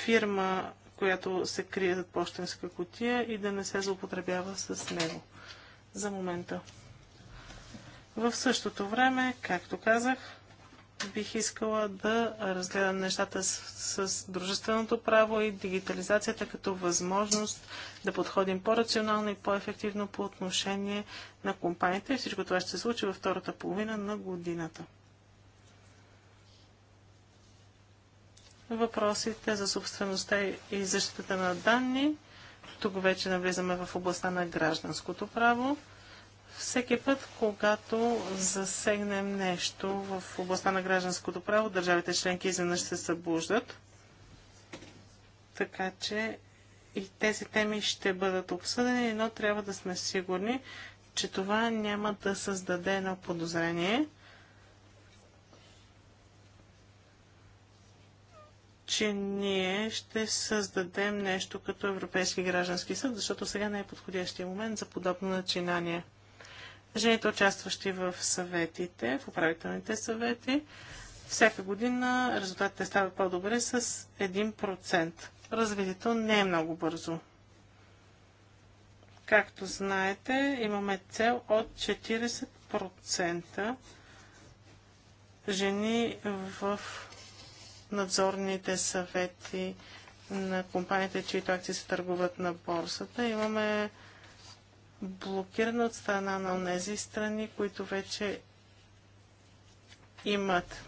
фирма, която се крие зад почтенска котия и да не се злоупотребява с него за момента. В същото време, както казах, бих искала да разгледам нещата с, с дружественото право и дигитализацията като възможност да подходим по-рационално и по-ефективно по отношение на компаниите. И всичко това ще се случи във втората половина на годината. Въпросите за собствеността и защитата на данни. Тук вече навлизаме в областта на гражданското право. Всеки път, когато засегнем нещо в областта на гражданското право, държавите членки изведнъж се събуждат. Така че и тези теми ще бъдат обсъдени, но трябва да сме сигурни, че това няма да създаде едно подозрение, че ние ще създадем нещо като Европейски граждански съд, защото сега не е подходящия момент за подобно начинание жените участващи в съветите, в управителните съвети, всяка година резултатите стават по-добри с 1%. Развитието не е много бързо. Както знаете, имаме цел от 40% жени в надзорните съвети на компаниите, чието акции се търгуват на борсата. Имаме блокирана от страна на тези страни, които вече имат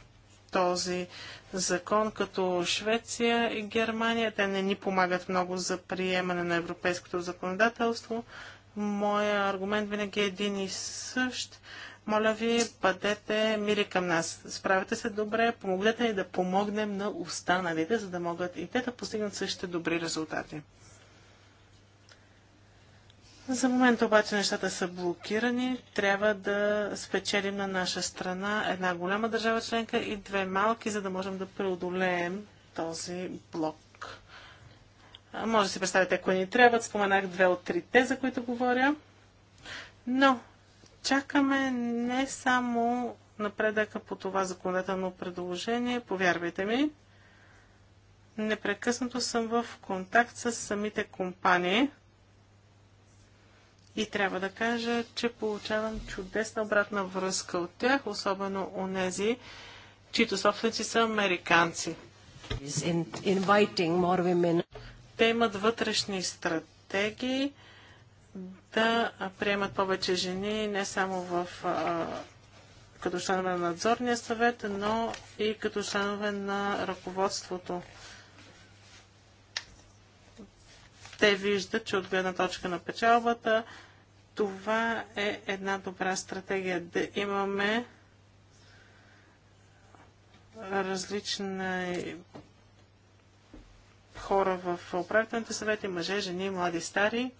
този закон, като Швеция и Германия. Те не ни помагат много за приемане на европейското законодателство. Моя аргумент винаги е един и същ. Моля ви, бъдете мили към нас. Справете се добре, помогнете ни да помогнем на останалите, за да могат и те да постигнат същите добри резултати. За момента обаче нещата са блокирани. Трябва да спечелим на наша страна една голяма държава членка и две малки, за да можем да преодолеем този блок. Може да си представите, кои ни трябват. Споменах две от трите, за които говоря. Но чакаме не само напредъка по това законодателно предложение, повярвайте ми. Непрекъснато съм в контакт с самите компании – и трябва да кажа, че получавам чудесна обратна връзка от тях, особено у нези, чието собственици са американци. Те имат вътрешни стратегии да приемат повече жени не само в, а, като членове на надзорния съвет, но и като членове на ръководството. те виждат, че от гледна точка на печалбата това е една добра стратегия. Да имаме различни хора в управителните съвети, мъже, жени, млади, стари.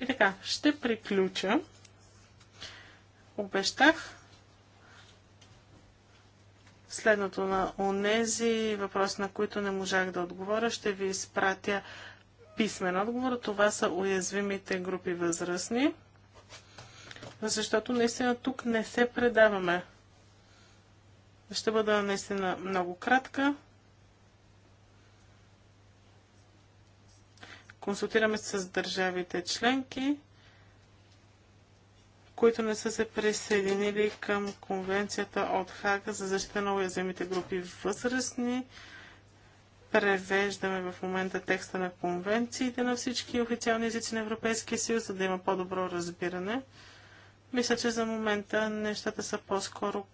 И така, ще приключа. Обещах следното на онези въпроси, на които не можах да отговоря. Ще ви изпратя писмен отговор. Това са уязвимите групи възрастни, защото наистина тук не се предаваме. Ще бъда наистина много кратка. Консултираме се с държавите членки, които не са се присъединили към конвенцията от Хага за защита на уязвимите групи възрастни. Превеждаме в момента текста на конвенциите на всички официални езици на Европейския съюз, за да има по-добро разбиране. Мисля, че за момента нещата са по-скоро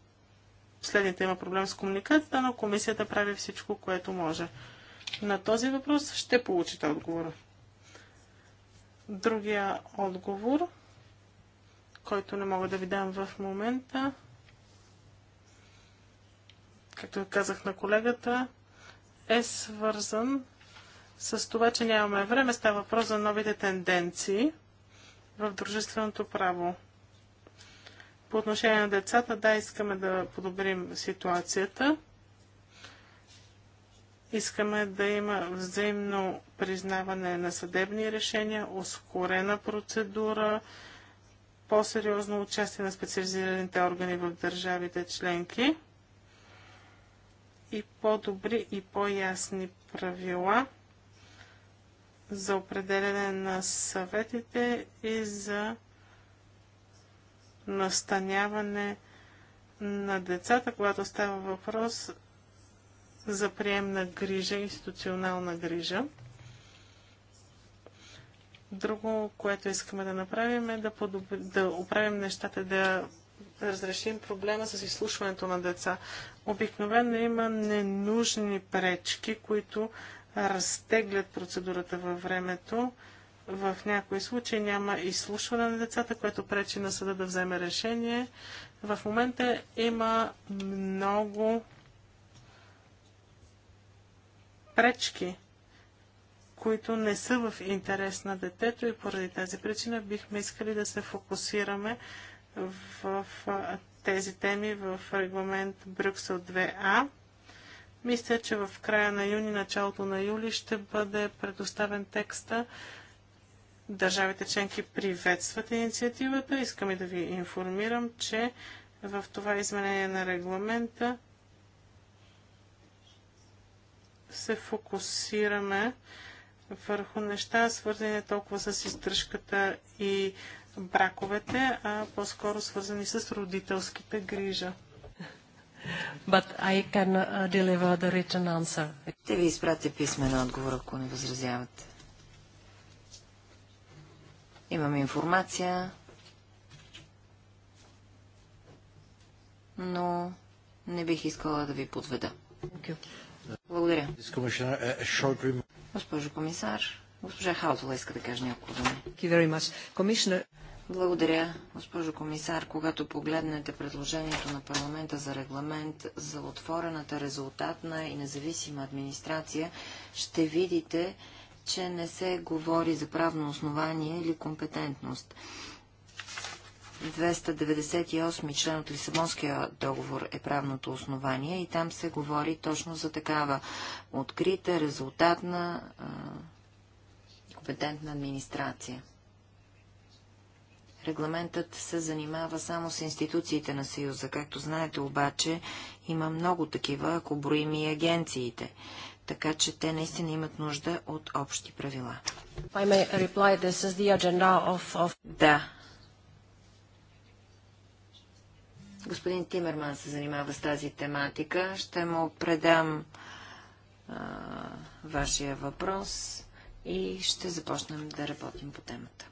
следните има проблем с комуникацията, но комисията прави всичко, което може. На този въпрос ще получите отговора. Другия отговор, който не мога да ви дам в момента, както казах на колегата, е свързан с това, че нямаме време. Става въпрос за новите тенденции в дружественото право. По отношение на децата, да, искаме да подобрим ситуацията. Искаме да има взаимно признаване на съдебни решения, ускорена процедура, по-сериозно участие на специализираните органи в държавите членки и по-добри и по-ясни правила за определене на съветите и за настаняване на децата, когато става въпрос за приемна грижа, институционална грижа. Друго, което искаме да направим е да, подобри, да оправим нещата, да разрешим проблема с изслушването на деца. Обикновено има ненужни пречки, които разтеглят процедурата във времето. В някои случаи няма изслушване на децата, което пречи на съда да вземе решение. В момента има много пречки, които не са в интерес на детето и поради тази причина бихме искали да се фокусираме в тези теми в регламент Брюксел 2А. Мисля, че в края на юни, началото на юли ще бъде предоставен текста. Държавите членки приветстват инициативата. Искам и да ви информирам, че в това изменение на регламента се фокусираме върху неща, свързани толкова с издръжката и браковете, а по-скоро свързани с родителските грижа. But I can uh, deliver the written answer. Те ви изпратя писмен отговор, ако не възразявате. Имам информация, но не бих искала да ви подведа. Благодаря. Госпожо комисар, госпожа Хаутова иска да каже няколко думи. Благодаря, госпожо комисар. Когато погледнете предложението на парламента за регламент за отворената резултатна и независима администрация, ще видите, че не се говори за правно основание или компетентност. 298 член от Лисабонския договор е правното основание и там се говори точно за такава открита, резултатна, компетентна администрация. Регламентът се занимава само с институциите на Съюза. Както знаете обаче, има много такива, ако броим и агенциите. Така че те наистина имат нужда от общи правила. Да, Господин Тимерман се занимава с тази тематика. Ще му предам а, вашия въпрос и ще започнем да работим по темата.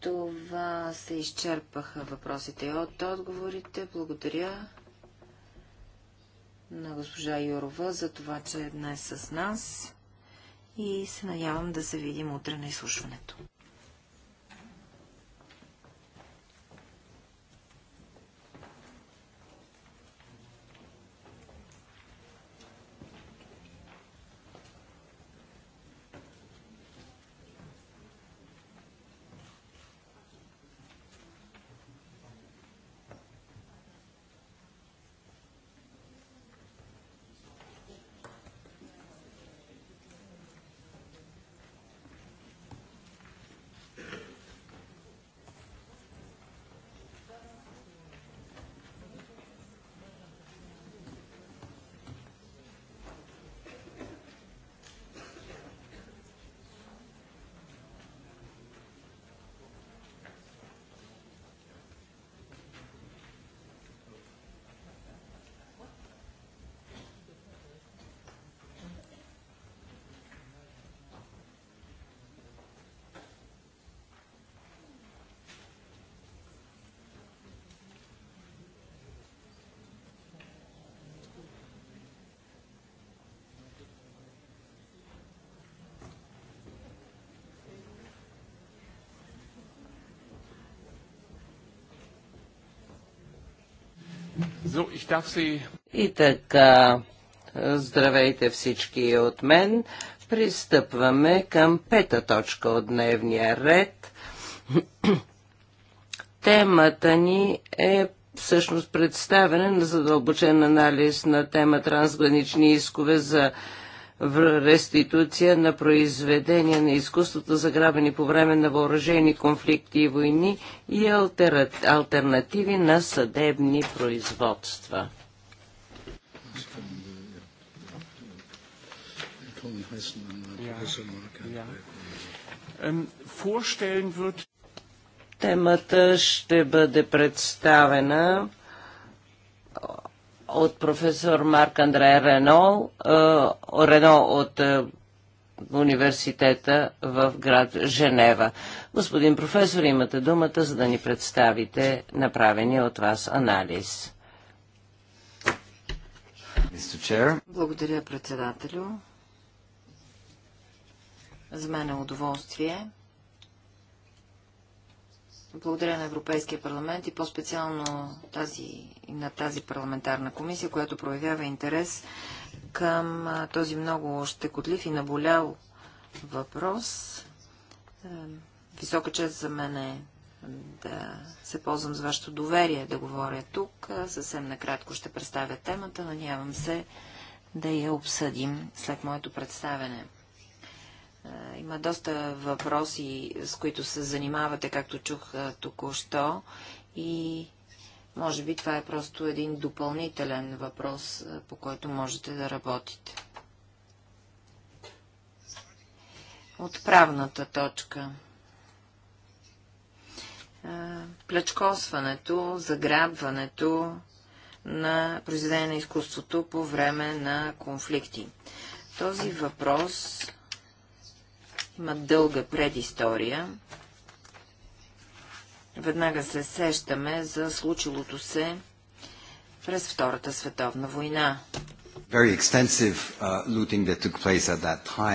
Това се изчерпаха въпросите от отговорите. Благодаря на госпожа Юрова за това, че е днес с нас и се надявам да се видим утре на изслушването. И така, здравейте всички от мен. Пристъпваме към пета точка от дневния ред. Темата ни е всъщност представена на задълбочен анализ на тема трансгранични искове за реституция на произведения на изкуството, заграбени по време на въоръжени конфликти и войни и альтернативи на съдебни производства. Темата ще бъде представена от професор Марк Андре Рено, е, Рено от е, университета в град Женева. Господин професор, имате думата, за да ни представите направения от вас анализ. Благодаря, председателю. За мен е удоволствие благодаря на Европейския парламент и по-специално тази, на тази парламентарна комисия, която проявява интерес към този много щекотлив и наболял въпрос. Е, висока чест за мен е да се ползвам с вашето доверие да говоря тук. Е, съвсем накратко ще представя темата. Надявам се да я обсъдим след моето представене. Има доста въпроси, с които се занимавате, както чух току-що. И може би това е просто един допълнителен въпрос, по който можете да работите. Отправната точка. Плечкосването, заграбването на произведение на изкуството по време на конфликти. Този въпрос имат дълга предистория. Веднага се сещаме за случилото се през Втората световна война. Uh,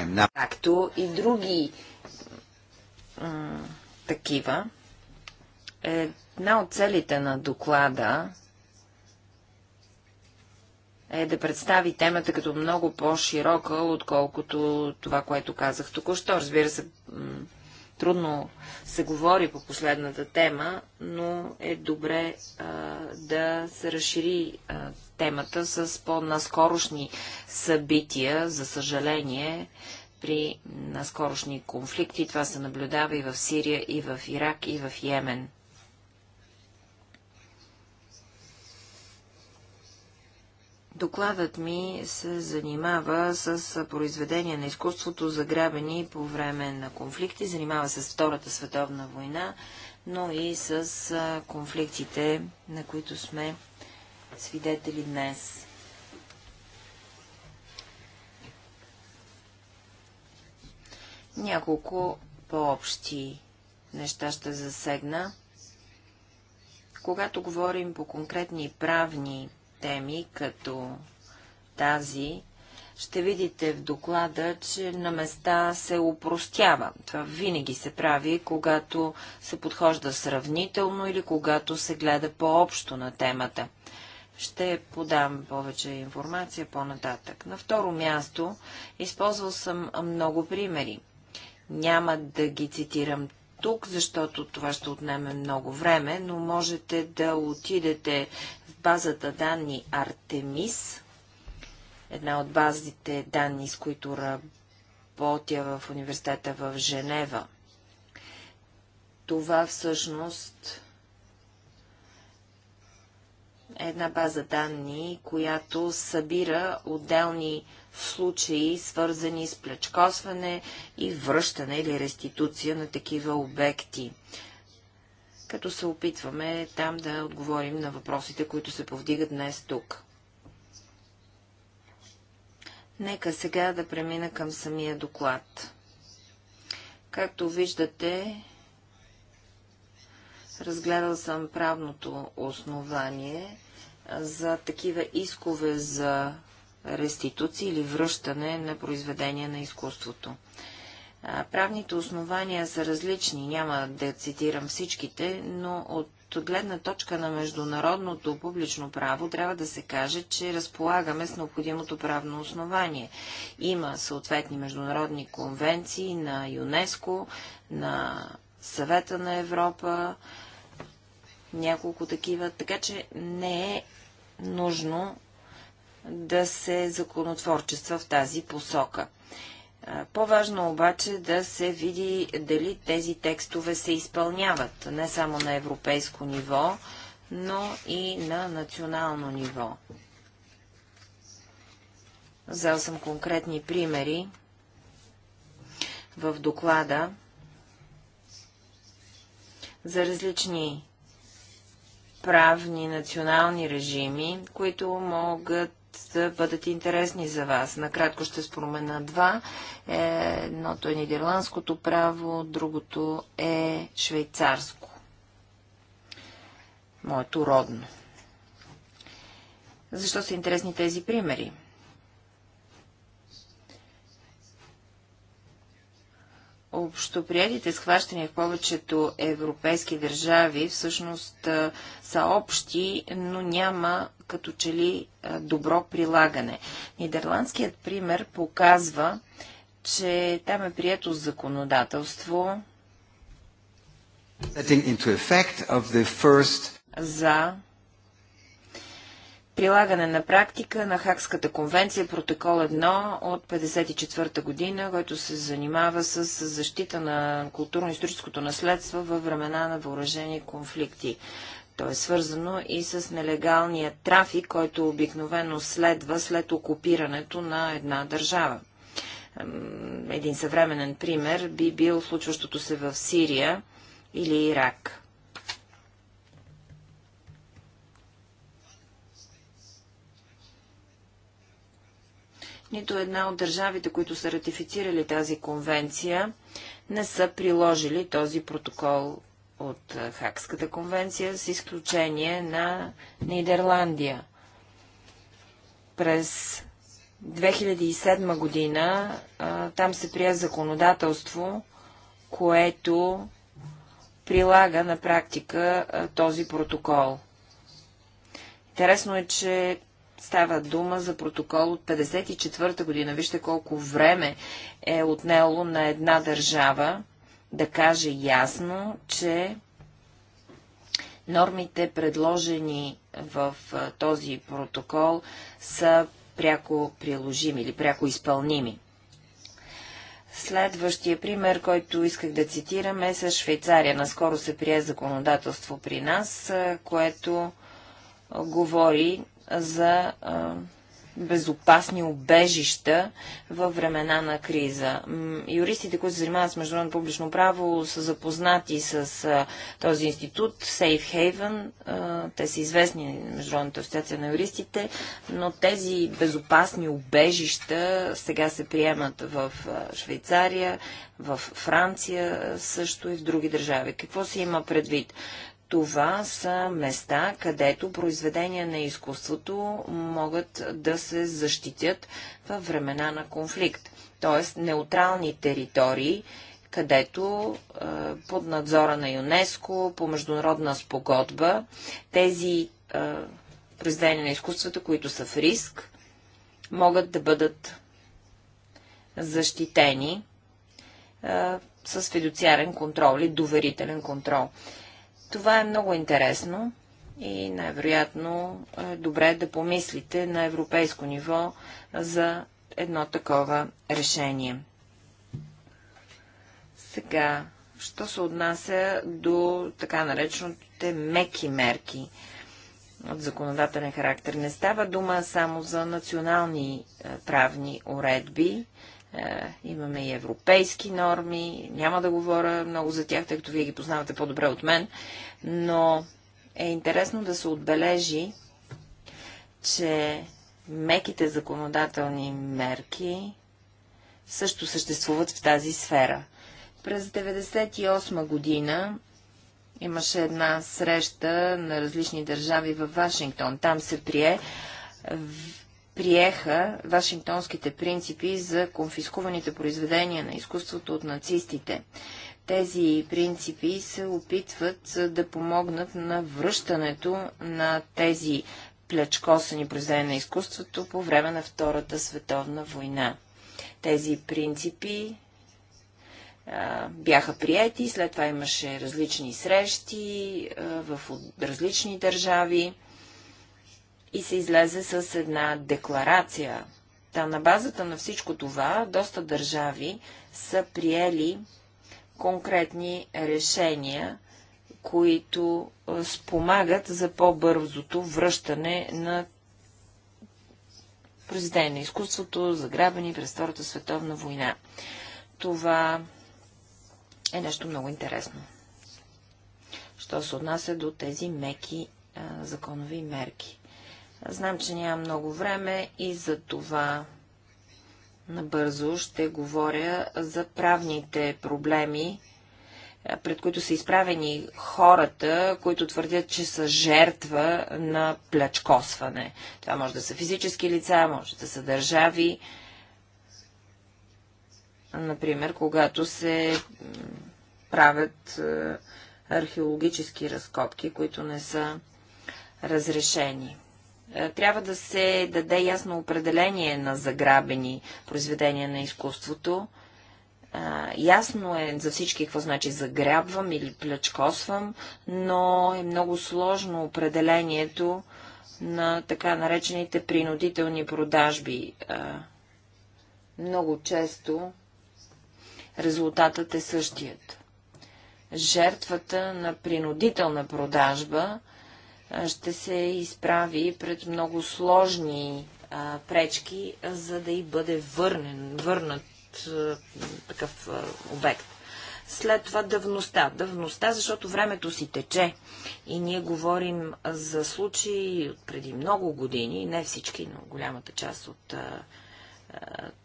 Now... Както и други такива. Една от целите на доклада е да представи темата като много по-широка, отколкото това, което казах току-що. Разбира се, трудно се говори по последната тема, но е добре а, да се разшири а, темата с по-наскорошни събития, за съжаление, при наскорошни конфликти. Това се наблюдава и в Сирия, и в Ирак, и в Йемен. Докладът ми се занимава с произведения на изкуството, заграбени по време на конфликти, занимава се с Втората световна война, но и с конфликтите, на които сме свидетели днес. Няколко по-общи неща ще засегна. Когато говорим по конкретни правни теми, като тази, ще видите в доклада, че на места се упростява. Това винаги се прави, когато се подхожда сравнително или когато се гледа по-общо на темата. Ще подам повече информация по-нататък. На второ място използвал съм много примери. Няма да ги цитирам тук, защото това ще отнеме много време, но можете да отидете в базата данни Артемис, една от базите данни, с които работя в университета в Женева. Това всъщност една база данни, която събира отделни случаи, свързани с плечкосване и връщане или реституция на такива обекти. Като се опитваме там да отговорим на въпросите, които се повдигат днес тук. Нека сега да премина към самия доклад. Както виждате, разгледал съм правното основание за такива искове за реституции или връщане на произведения на изкуството. Правните основания са различни, няма да цитирам всичките, но от гледна точка на международното публично право трябва да се каже, че разполагаме с необходимото правно основание. Има съответни международни конвенции на ЮНЕСКО, на Съвета на Европа, няколко такива, така че не е нужно да се законотворчества в тази посока. По-важно обаче да се види дали тези текстове се изпълняват не само на европейско ниво, но и на национално ниво. Взел съм конкретни примери в доклада за различни правни национални режими, които могат да бъдат интересни за вас. Накратко ще спомена два. Е, едното е нидерландското право, другото е швейцарско. Моето родно. Защо са интересни тези примери? Общоприятите схващания в повечето европейски държави всъщност са общи, но няма като че ли добро прилагане. Нидерландският пример показва, че там е прието законодателство за прилагане на практика на Хакската конвенция, протокол 1 от 1954 година, който се занимава с защита на културно-историческото наследство във времена на въоръжени конфликти. То е свързано и с нелегалния трафик, който обикновено следва след окупирането на една държава. Един съвременен пример би бил случващото се в Сирия или Ирак. Нито една от държавите, които са ратифицирали тази конвенция, не са приложили този протокол от Хакската конвенция, с изключение на Нидерландия. През 2007 година там се прие законодателство, което прилага на практика този протокол. Интересно е, че Става дума за протокол от 54-та година. Вижте колко време е отнело на една държава да каже ясно, че нормите, предложени в този протокол, са пряко приложими или пряко изпълними. Следващия пример, който исках да цитирам е с Швейцария. Наскоро се прие законодателство при нас, което говори за безопасни обежища във времена на криза. Юристите, които се занимават с международно публично право, са запознати с този институт, Safe Haven. те са известни на Международната асоциация на юристите, но тези безопасни обежища сега се приемат в Швейцария, в Франция също и в други държави. Какво се има предвид? Това са места, където произведения на изкуството могат да се защитят във времена на конфликт, т.е. неутрални територии, където е, под надзора на ЮНЕСКо, по международна спогодба, тези е, произведения на изкуствата, които са в риск, могат да бъдат защитени е, с федуциарен контрол или доверителен контрол. Това е много интересно и най-вероятно е добре да помислите на европейско ниво за едно такова решение. Сега, що се отнася до така наречените меки мерки от законодателен характер? Не става дума само за национални е, правни уредби, е, имаме и европейски норми, няма да говоря много за тях, тъй като вие ги познавате по-добре от мен, но е интересно да се отбележи, че меките законодателни мерки също съществуват в тази сфера. През 1998 година имаше една среща на различни държави в Вашингтон. Там се прие приеха вашингтонските принципи за конфискуваните произведения на изкуството от нацистите. Тези принципи се опитват да помогнат на връщането на тези плечкосани произведения на изкуството по време на Втората световна война. Тези принципи бяха приети, след това имаше различни срещи в различни държави и се излезе с една декларация. Та на базата на всичко това, доста държави са приели конкретни решения, които спомагат за по-бързото връщане на произведение на изкуството, заграбени през Втората световна война. Това е нещо много интересно. Що се отнася до тези меки а, законови мерки. Знам, че няма много време и за това набързо ще говоря за правните проблеми, пред които са изправени хората, които твърдят, че са жертва на плячкосване. Това може да са физически лица, може да са държави. Например, когато се правят археологически разкопки, които не са разрешени. Е, трябва да се даде ясно определение на заграбени произведения на изкуството. ясно е за всички какво значи заграбвам или плячкосвам, но е много сложно определението на така наречените принудителни продажби. много често резултатът е същият. Жертвата на принудителна продажба ще се изправи пред много сложни а, пречки, за да и бъде върнен, върнат а, такъв а, обект. След това давността. Давността, защото времето си тече. И ние говорим за случаи преди много години, не всички, но голямата част от а,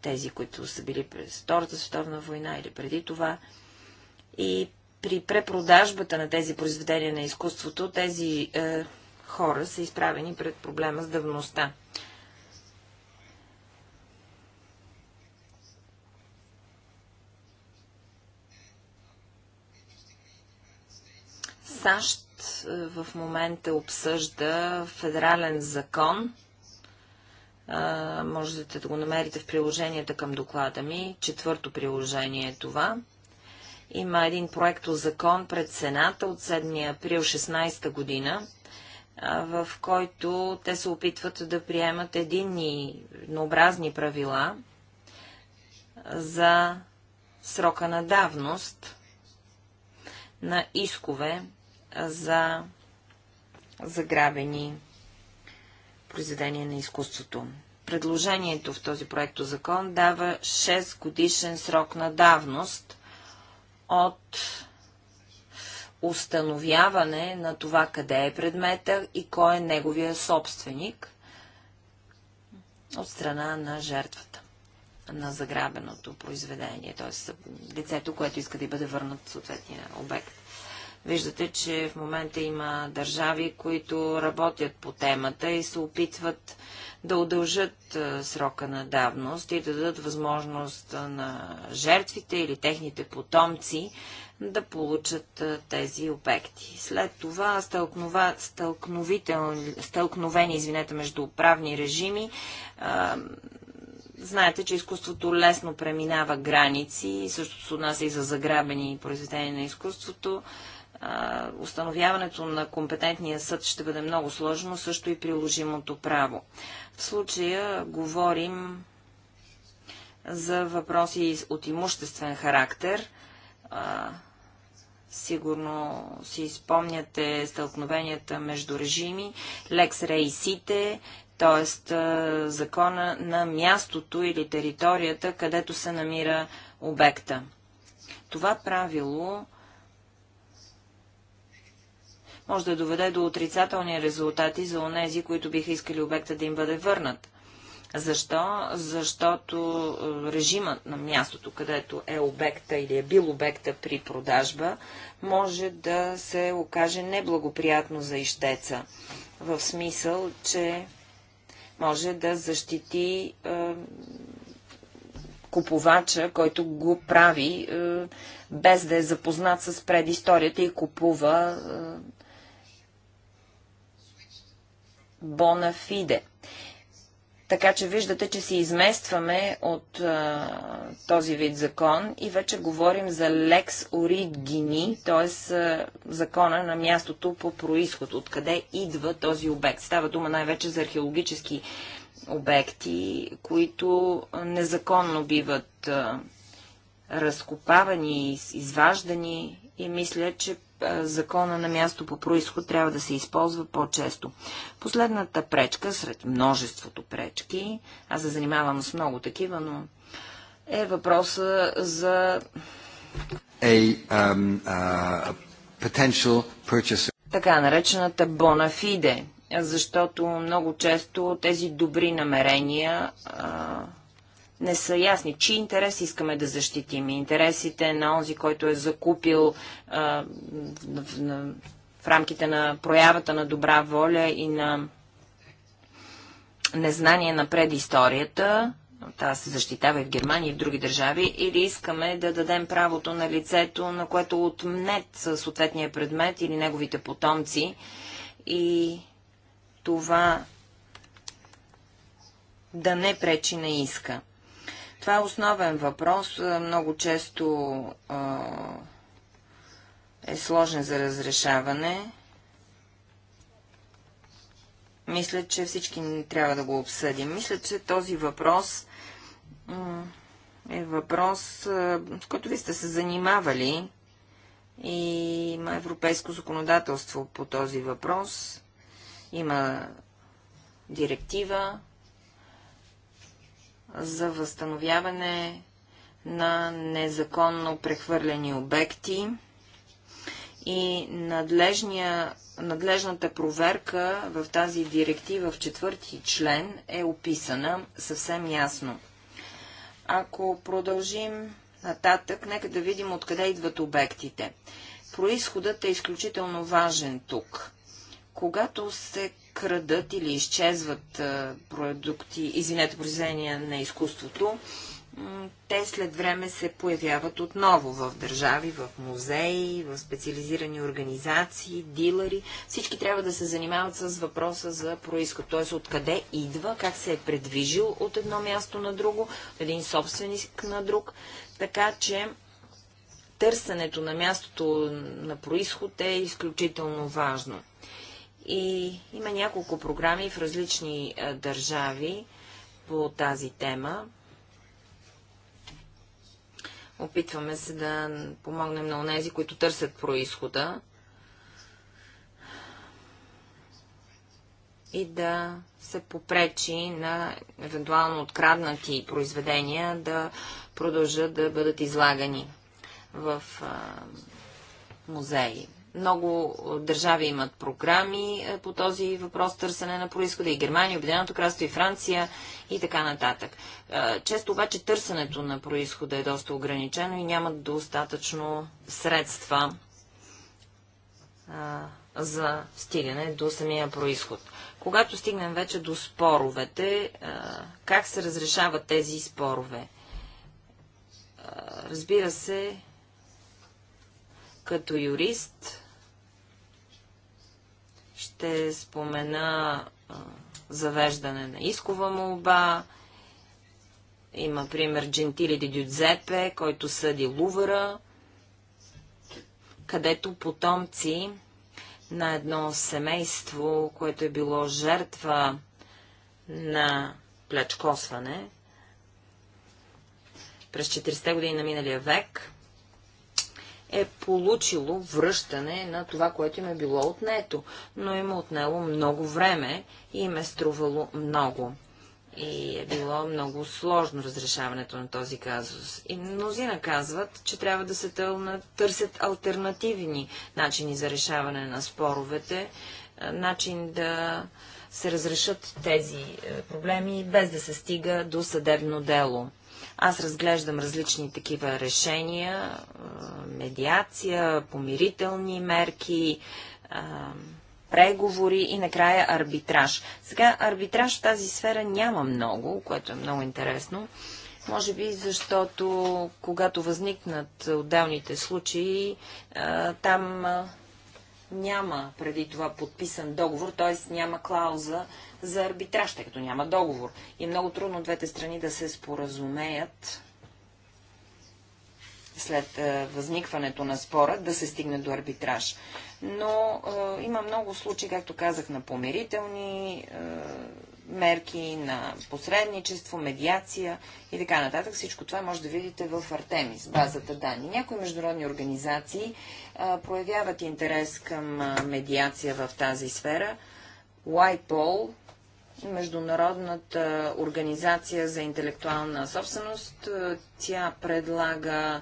тези, които са били през Втората световна война или преди това. И при препродажбата на тези произведения на изкуството, тези е, хора са изправени пред проблема с давността. САЩ е, в момента обсъжда федерален закон. Е, можете да го намерите в приложенията към доклада ми. Четвърто приложение е това. Има един проект закон пред Сената от 7 април 16 година, в който те се опитват да приемат единни еднообразни правила за срока на давност на искове за заграбени произведения на изкуството. Предложението в този проект закон дава 6 годишен срок на давност от установяване на това къде е предмета и кой е неговия собственик от страна на жертвата на заграбеното произведение, т.е. лицето, което иска да бъде върнат съответния обект. Виждате, че в момента има държави, които работят по темата и се опитват да удължат срока на давност и да дадат възможност на жертвите или техните потомци да получат тези обекти. След това стълкнова, стълкновени извинете, между правни режими. А, знаете, че изкуството лесно преминава граници, също се отнася и за заграбени произведения на изкуството. А, установяването на компетентния съд ще бъде много сложно, също и приложимото право. В случая говорим за въпроси от имуществен характер. сигурно си спомняте стълкновенията между режими, лекс рейсите, т.е. закона на мястото или територията, където се намира обекта. Това правило може да доведе до отрицателни резултати за онези, които биха искали обекта да им бъде върнат. Защо? Защото е, режимът на мястото, където е обекта или е бил обекта при продажба, може да се окаже неблагоприятно за ищеца. В смисъл, че може да защити е, купувача, който го прави, е, без да е запознат с предисторията и купува е, бонафиде. Така че виждате, че се изместваме от а, този вид закон и вече говорим за лекс оригини, т.е. закона на мястото по происход, откъде идва този обект. Става дума най-вече за археологически обекти, които незаконно биват а, разкопавани, изваждани и мисля, че закона на място по происход трябва да се използва по-често. Последната пречка, сред множеството пречки, аз се занимавам с много такива, но е въпроса за... A, um, uh, potential purchaser. Така наречената бонафиде, защото много често тези добри намерения Uh, не са ясни. Чи интерес искаме да защитим? Интересите на онзи, който е закупил а, в, в рамките на проявата на добра воля и на незнание на предисторията, това се защитава и в Германия, и в други държави, или искаме да дадем правото на лицето, на което отмнет съответния предмет или неговите потомци. И това да не пречи на иска. Това е основен въпрос, е, много често е сложен за разрешаване. Мисля, че всички трябва да го обсъдим. Мисля, че този въпрос е въпрос, с който ви сте се занимавали и има европейско законодателство по този въпрос. Има директива, за възстановяване на незаконно прехвърлени обекти и надлежната проверка в тази директива в четвърти член е описана съвсем ясно. Ако продължим нататък, нека да видим откъде идват обектите. Произходът е изключително важен тук. Когато се крадат или изчезват продукти, извинете, произведения на изкуството, те след време се появяват отново в държави, в музеи, в специализирани организации, дилъри. Всички трябва да се занимават с въпроса за происход, т.е. откъде идва, как се е предвижил от едно място на друго, един собственик на друг. Така че търсенето на мястото на происход е изключително важно. И има няколко програми в различни е, държави по тази тема. Опитваме се да помогнем на онези, които търсят происхода и да се попречи на евентуално откраднати произведения да продължат да бъдат излагани в е, музеи. Много държави имат програми е, по този въпрос, търсене на происхода и Германия, Обединеното кралство и Франция и така нататък. Е, често обаче търсенето на происхода е доста ограничено и нямат достатъчно средства е, за стигане до самия происход. Когато стигнем вече до споровете, как се разрешават тези спорове? разбира се, като юрист ще спомена а, завеждане на искова молба. Има пример Джентили Ди Дюдзепе, който съди Лувъра, където потомци на едно семейство, което е било жертва на плячкосване през 40-те години на миналия век, е получило връщане на това, което им е било отнето, но им е отнело много време и им е струвало много. И е било много сложно разрешаването на този казус. И мнозина казват, че трябва да се търсят альтернативни начини за решаване на споровете, е, начин да се разрешат тези е, проблеми без да се стига до съдебно дело. Аз разглеждам различни такива решения, медиация, помирителни мерки, преговори и накрая арбитраж. Сега арбитраж в тази сфера няма много, което е много интересно. Може би защото, когато възникнат отделните случаи, там няма преди това подписан договор, т.е. няма клауза за арбитраж, тъй като няма договор. И е много трудно двете страни да се споразумеят след е, възникването на спора, да се стигне до арбитраж. Но е, има много случаи, както казах, на помирителни е, мерки, на посредничество, медиация и така нататък. Всичко това може да видите в Артемис, базата данни. Някои международни организации е, проявяват интерес към е, медиация в тази сфера. лайпол. Международната организация за интелектуална собственост. Е, тя предлага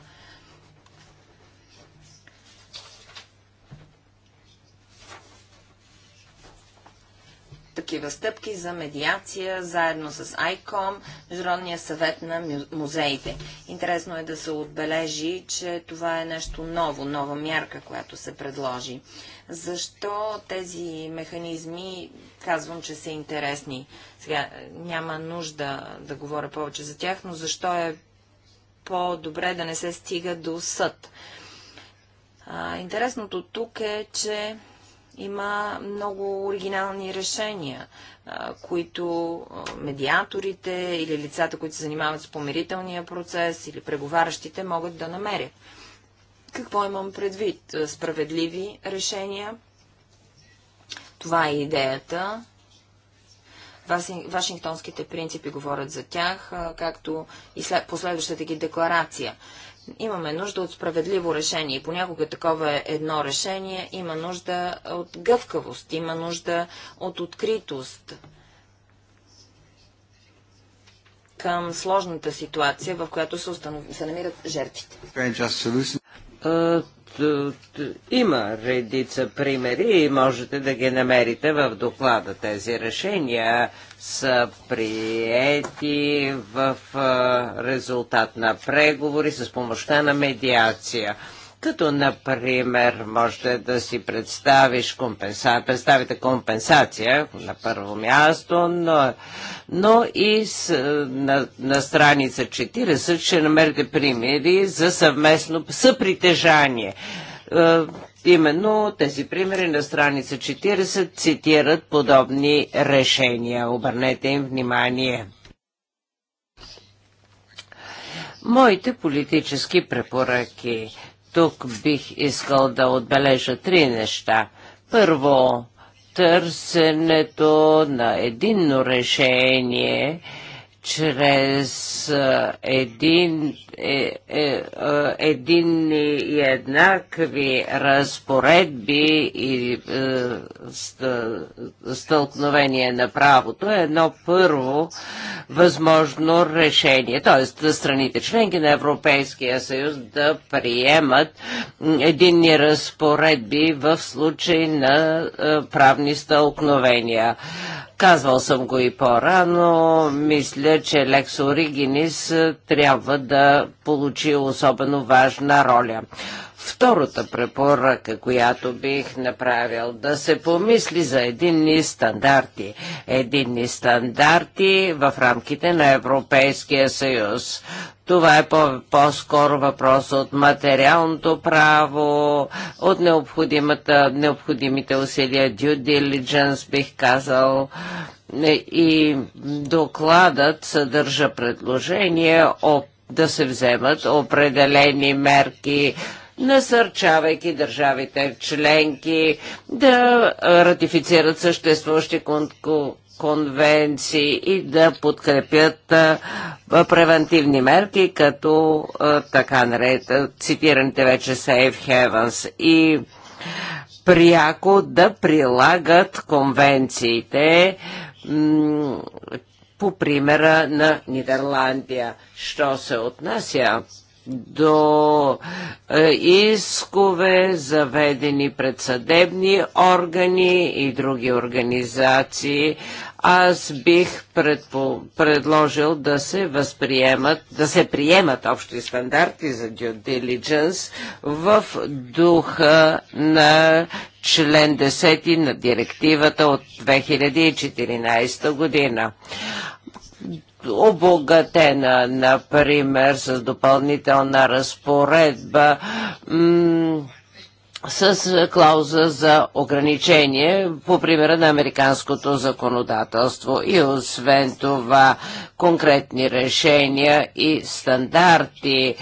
такива стъпки за медиация, заедно с ICOM, Международния съвет на музеите. Интересно е да се отбележи, че това е нещо ново, нова мярка, която се предложи. Защо тези механизми казвам, че са интересни? Сега е, няма нужда да говоря повече за тях, но защо е по-добре да не се стига до съд? А, интересното тук е, че има много оригинални решения, които медиаторите или лицата, които се занимават с помирителния процес или преговарящите могат да намерят. Какво имам предвид? Е, справедливи решения. Това е идеята. Вашингтонските принципи говорят за тях, както и след последващата ги декларация. Имаме нужда от справедливо решение и понякога такова е едно решение. Има нужда от гъвкавост, има нужда от откритост към сложната ситуация, в която се, установ... се намират жертвите. Има редица примери и можете да ги намерите в доклада. Тези решения са приети в резултат на преговори с помощта на медиация. Като, например, можете да си представиш компенса... представите компенсация на първо място, но, но и с, на, на страница 40 ще намерите примери за съвместно съпритежание. Е, именно тези примери на страница 40 цитират подобни решения. Обърнете им внимание. Моите политически препоръки тук бих искал да отбележа три неща. Първо, търсенето на единно решение – чрез един, е, е, единни и еднакви разпоредби и е, стълкновение на правото е едно първо възможно решение. Т.е. страните членки на Европейския съюз да приемат единни разпоредби в случай на правни стълкновения. Казвал съм го и по-рано. Мисля, че Лекс Оригинис е, трябва да получи особено важна роля. Втората препоръка, която бих направил, да се помисли за единни стандарти. Единни стандарти в рамките на Европейския съюз. Това е по-скоро по въпрос от материалното право, от необходимите усилия, due diligence бих казал, и докладът съдържа предложение да се вземат определени мерки насърчавайки държавите членки да ратифицират съществуващи кон конвенции и да подкрепят а, превентивни мерки, като а, така наред, цитираните вече Safe Heavens и пряко да прилагат конвенциите по примера на Нидерландия. Що се отнася до е, искове, заведени пред съдебни органи и други организации, аз бих предпо, предложил да се възприемат, да се приемат общи стандарти за due diligence в духа на член 10 на директивата от 2014 година обогатена, например, с допълнителна разпоредба с клауза за ограничение по примера на американското законодателство и освен това конкретни решения и стандарти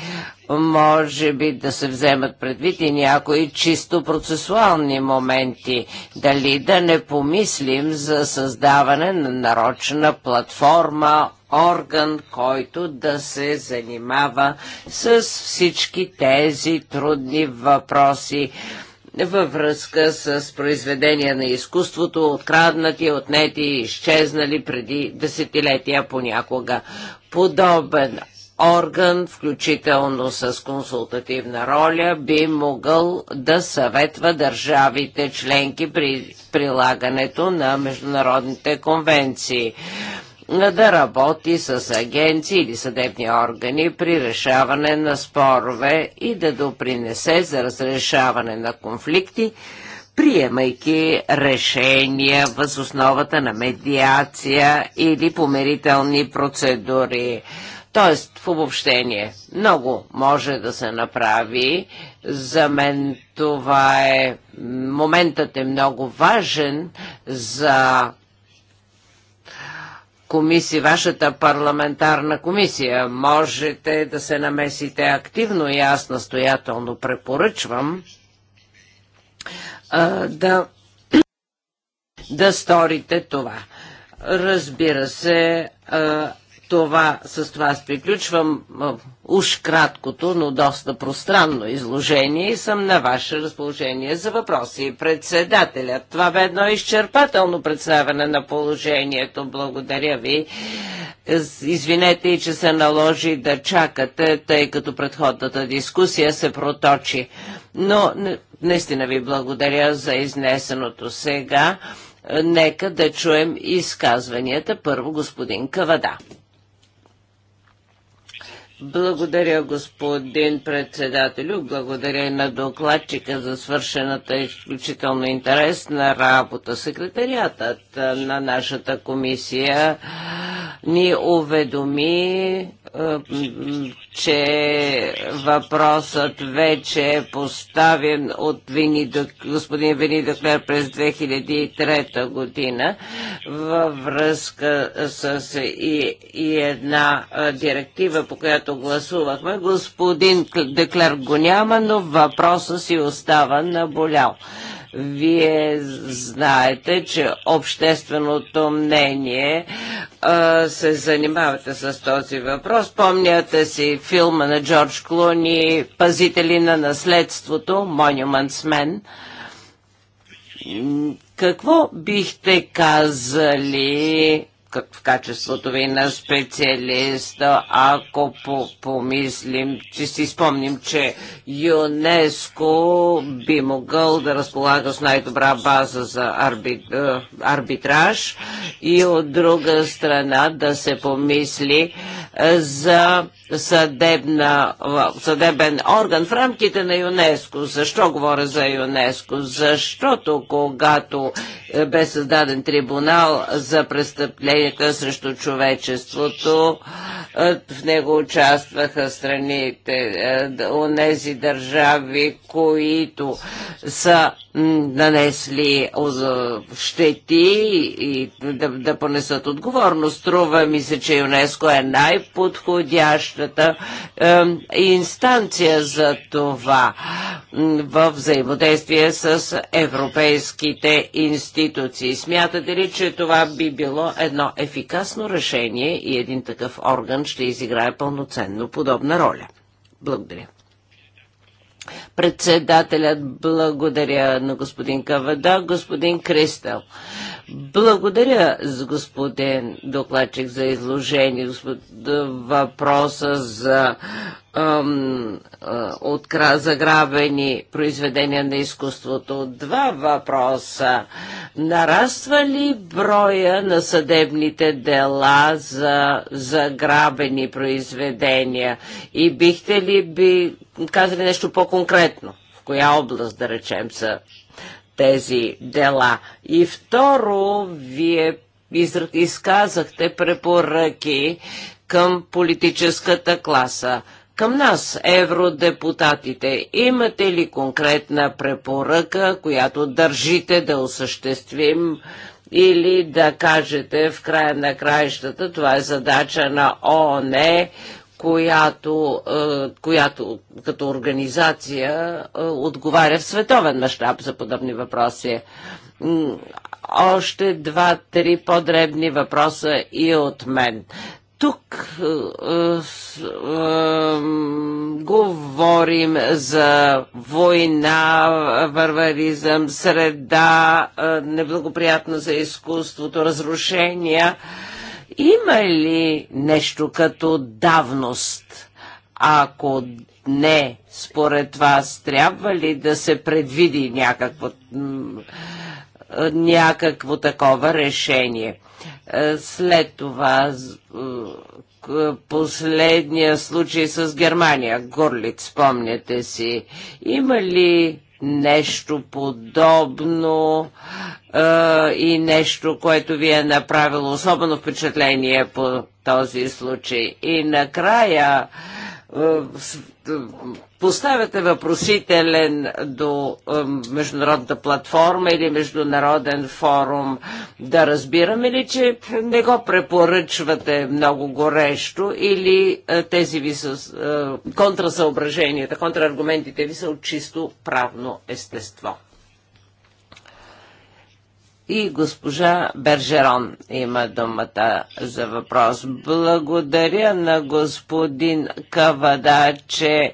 може би да се вземат предвид и някои чисто процесуални моменти. Дали да не помислим за създаване на нарочна платформа орган, който да се занимава с всички тези трудни въпроси във връзка с произведения на изкуството, откраднати, отнети, изчезнали преди десетилетия понякога. Подобен орган, включително с консултативна роля, би могъл да съветва държавите членки при прилагането на международните конвенции да работи с агенции или съдебни органи при решаване на спорове и да допринесе за разрешаване на конфликти, приемайки решения въз основата на медиация или помирителни процедури. Тоест, в обобщение, много може да се направи. За мен това е... Моментът е много важен за комисия, вашата парламентарна комисия. Можете да се намесите активно и аз настоятелно препоръчвам а, да, да сторите това. Разбира се, а, това, с това аз приключвам уж краткото, но доста пространно изложение и съм на ваше разположение за въпроси. Председателя, това бе едно изчерпателно представяне на положението. Благодаря ви. Извинете и, че се наложи да чакате, тъй като предходната дискусия се проточи. Но наистина ви благодаря за изнесеното сега. Нека да чуем изказванията. Първо господин Кавада. Благодаря, господин председателю. Благодаря и на докладчика за свършената изключително интересна работа. Секретариатът на нашата комисия ни уведоми, че въпросът вече е поставен от господин Венидоклер през 2003 година във връзка с и една директива, по която когато гласувахме. Господин Деклер го няма, но въпроса си остава наболял. Вие знаете, че общественото мнение а, се занимавате с този въпрос. Помняте си филма на Джордж Клуни «Пазители на наследството» Monuments Men. Какво бихте казали в качеството ви на специалист, ако по помислим, че си спомним, че ЮНЕСКО би могъл да разполага с най-добра база за арби, е, арбитраж и от друга страна да се помисли е, за съдебна, съдебен орган в рамките на ЮНЕСКО. Защо говоря за ЮНЕСКО? Защото когато е, бе създаден трибунал за престъпленията срещу човечеството, е, в него участваха страните, е, онези държави, които са нанесли щети и да, да понесат отговорност. Струва ми се, че ЮНЕСКО е най-подходящ действащата е, инстанция за това в взаимодействие с европейските институции. Смятате ли, че това би било едно ефикасно решение и един такъв орган ще изиграе пълноценно подобна роля? Благодаря. Председателят благодаря на господин Кавада, господин Кристел. Благодаря с господин докладчик за изложение. Господ... Въпроса за ам, откра... заграбени произведения на изкуството. Два въпроса. Нараства ли броя на съдебните дела за заграбени произведения? И бихте ли би казали нещо по-конкретно? В коя област, да речем, са тези дела. И второ, вие изказахте препоръки към политическата класа. Към нас, евродепутатите, имате ли конкретна препоръка, която държите да осъществим или да кажете в края на краищата, това е задача на ООН, която, е, която като организация е, отговаря в световен мащаб за подобни въпроси. Още два-три по-дребни въпроса и от мен тук е, е, е говорим за война, варваризъм, среда, е, неблагоприятна за изкуството, разрушения. Е, има ли нещо като давност? Ако не, според вас трябва ли да се предвиди някакво, някакво такова решение? Е, след това е, последния случай с Германия, Горлиц, спомняте си. Има ли нещо подобно е, и нещо, което ви е направило особено впечатление по този случай. И накрая е, поставяте въпросителен до международната платформа или международен форум, да разбираме ли, че не го препоръчвате много горещо или е, тези ви с е, контрасъображенията, контраргументите ви са от чисто правно естество? И госпожа Бержерон има думата за въпрос. Благодаря на господин Кавада, че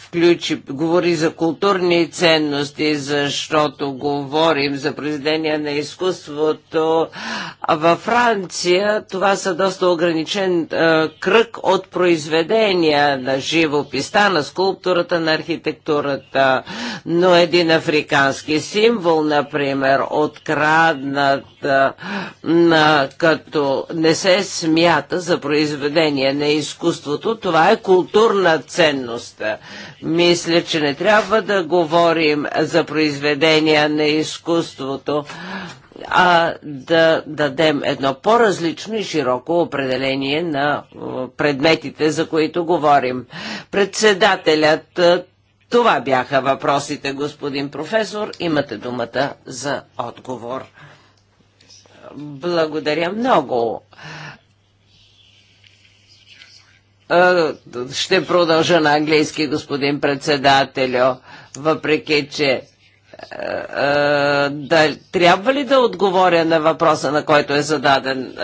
включи, говори за културни ценности, защото говорим за произведения на изкуството. А във Франция това са доста ограничен а, кръг от произведения на живописта, на скулптурата, на архитектурата. Но един африкански символ, например, откраднат на, като не се смята за произведение на изкуството, това е културна ценност. Мисля, че не трябва да говорим за произведения на изкуството, а да дадем едно по-различно и широко определение на е, предметите, за които говорим. Председателят, е, това бяха въпросите, господин професор. Имате думата за отговор. Благодаря много. Ще продължа на английски, господин председателю, въпреки че да, трябва ли да отговоря на въпроса, на който е зададен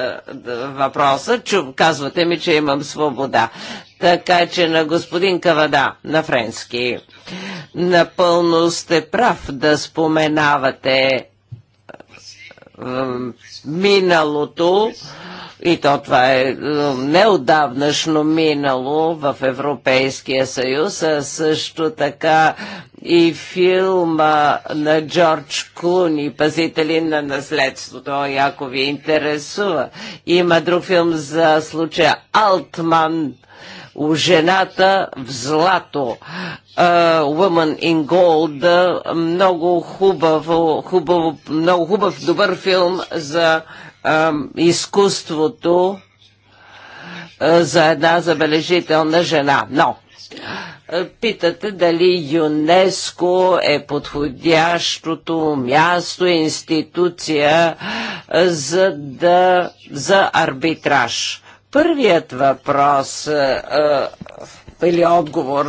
въпроса? Чу, казвате ми, че имам свобода. Така че на господин Кавада, на френски, напълно сте прав да споменавате миналото, и то това е, е неодавнашно минало в Европейския съюз, а също така и филма на Джордж Клуни «Пазители на наследството». ако ви интересува. Има друг филм за случая «Алтман» у жената в злато. Uh, Woman in Gold, много хубаво, хубаво, много хубав, добър филм за изкуството за една забележителна жена. Но питате дали ЮНЕСКО е подходящото място, институция за, да, за арбитраж. Първият въпрос или отговор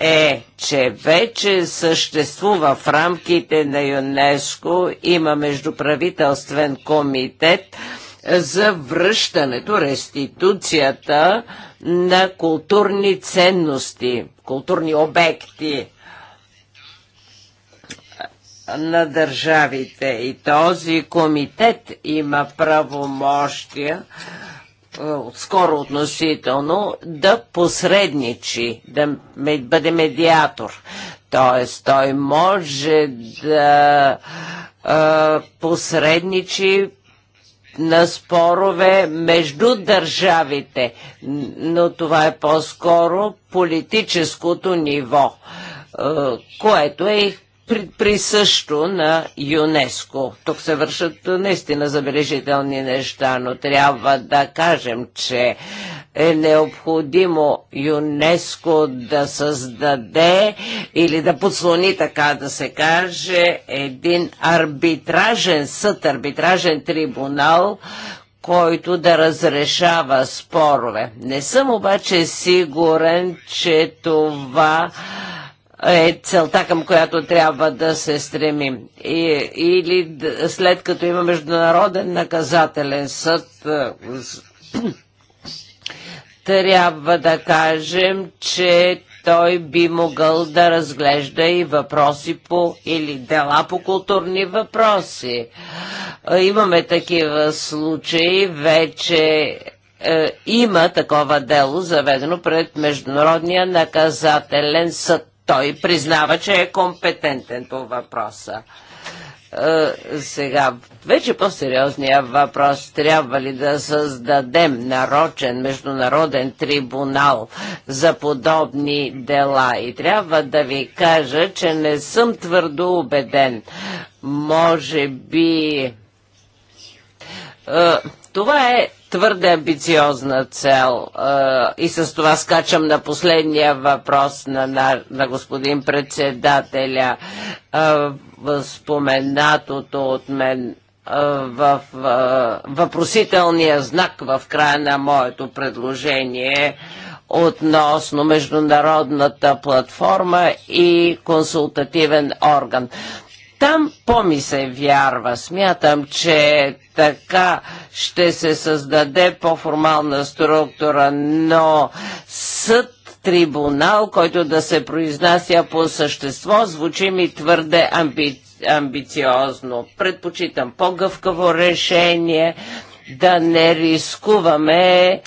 е, че вече съществува в рамките на ЮНЕСКО, има междуправителствен комитет за връщането, реституцията на културни ценности, културни обекти на държавите. И този комитет има правомощия е, отскоро относително, да посредничи, да бъде медиатор. Тоест, той може да е, посредничи на спорове между държавите, но това е по-скоро политическото ниво, е, което е присъщо на ЮНЕСКО. Тук се вършат наистина забележителни неща, но трябва да кажем, че е необходимо ЮНЕСКО да създаде или да подслони, така да се каже, един арбитражен съд, арбитражен трибунал, който да разрешава спорове. Не съм обаче сигурен, че това е целта, към която трябва да се стремим. И, или след като има Международен наказателен съд, е, трябва да кажем, че той би могъл да разглежда и въпроси по или дела по културни въпроси. Е, имаме такива случаи, вече е, има такова дело заведено пред Международния наказателен съд той признава, че е компетентен по въпроса. Е, сега, вече по-сериозния въпрос, трябва ли да създадем нарочен международен трибунал за подобни дела? И трябва да ви кажа, че не съм твърдо убеден. Може би... Е, това е твърде амбициозна цел. И с това скачам на последния въпрос на, на, на господин председателя. Споменатото от мен в въпросителния знак в края на моето предложение относно международната платформа и консултативен орган. Там по-ми се вярва. Смятам, че така ще се създаде по-формална структура, но съд трибунал, който да се произнася по същество, звучи ми твърде амби... амбициозно. Предпочитам по-гъвкаво решение, да не рискуваме е,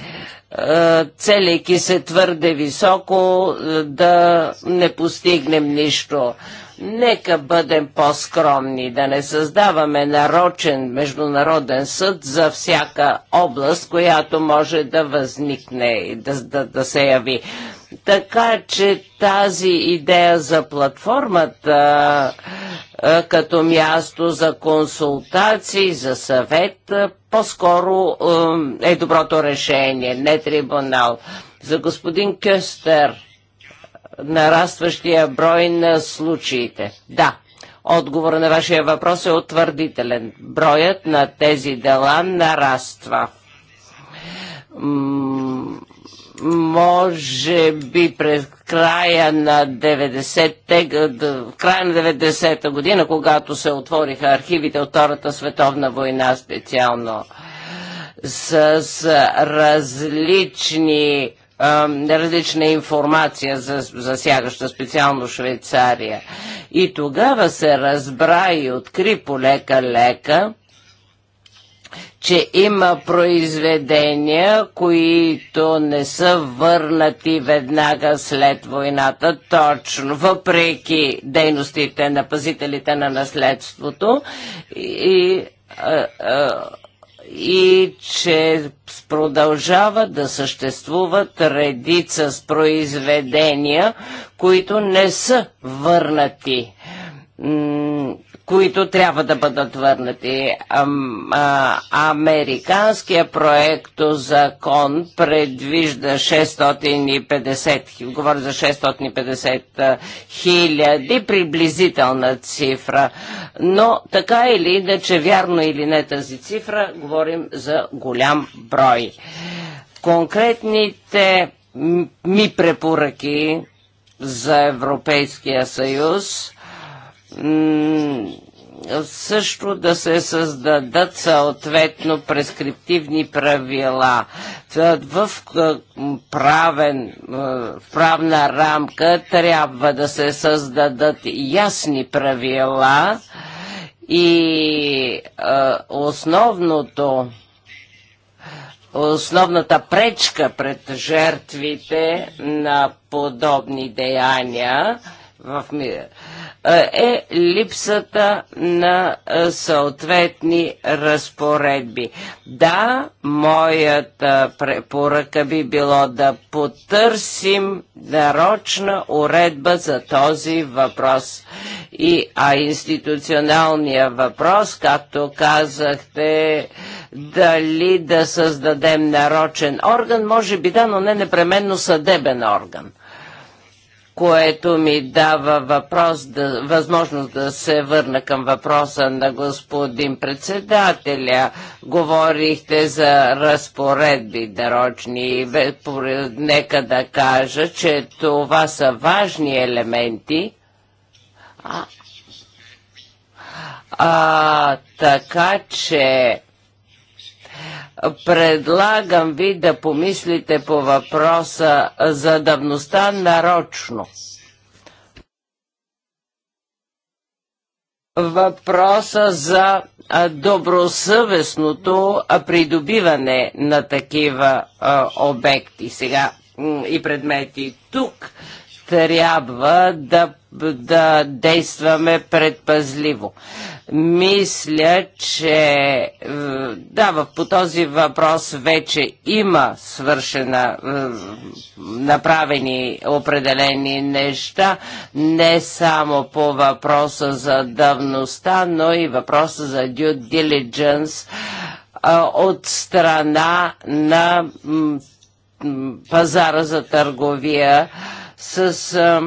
целейки се твърде високо, е, да не постигнем нищо. Нека бъдем по-скромни, да не създаваме нарочен международен съд за всяка област, която може да възникне и да, да, да се яви. Така че тази идея за платформата като място за консултации, за съвет, по-скоро е доброто решение, не трибунал. За господин Кюстер нарастващия брой на случаите. Да, отговор на вашия въпрос е утвърдителен. Броят на тези дела нараства. може би през края на 90-те, края на 90-та година, когато се отвориха архивите от Втората световна война специално с различни различна информация, за, засягаща специално Швейцария. И тогава се разбра и откри полека-лека, че има произведения, които не са върнати веднага след войната, точно въпреки дейностите на пазителите на наследството и а, а, и че продължават да съществуват редица с произведения, които не са върнати които трябва да бъдат върнати. А, а, американския проект закон предвижда 650, говоря за 650 хиляди, приблизителна цифра. Но така или иначе, вярно или не тази цифра, говорим за голям брой. Конкретните ми препоръки за Европейския съюз – също да се създадат съответно прескриптивни правила в правен, правна рамка трябва да се създадат ясни правила и основното основната пречка пред жертвите на подобни деяния в мир е, е липсата на е, съответни разпоредби. Да, моята препоръка би било да потърсим нарочна уредба за този въпрос. И, а институционалния въпрос, както казахте, дали да създадем нарочен орган, може би да, но не непременно съдебен орган което ми дава въпрос да, възможност да се върна към въпроса на господин председателя. Говорихте за разпоредби дарочни. Нека да кажа, че това са важни елементи. А, а така че Предлагам ви да помислите по въпроса за давността нарочно. Въпроса за добросъвестното придобиване на такива обекти сега и предмети. Тук трябва да, да действаме предпазливо. Мисля, че е, да, по този въпрос вече има свършена, е, направени определени неща, не само по въпроса за давността, но и въпроса за due diligence е, от страна на пазара за търговия с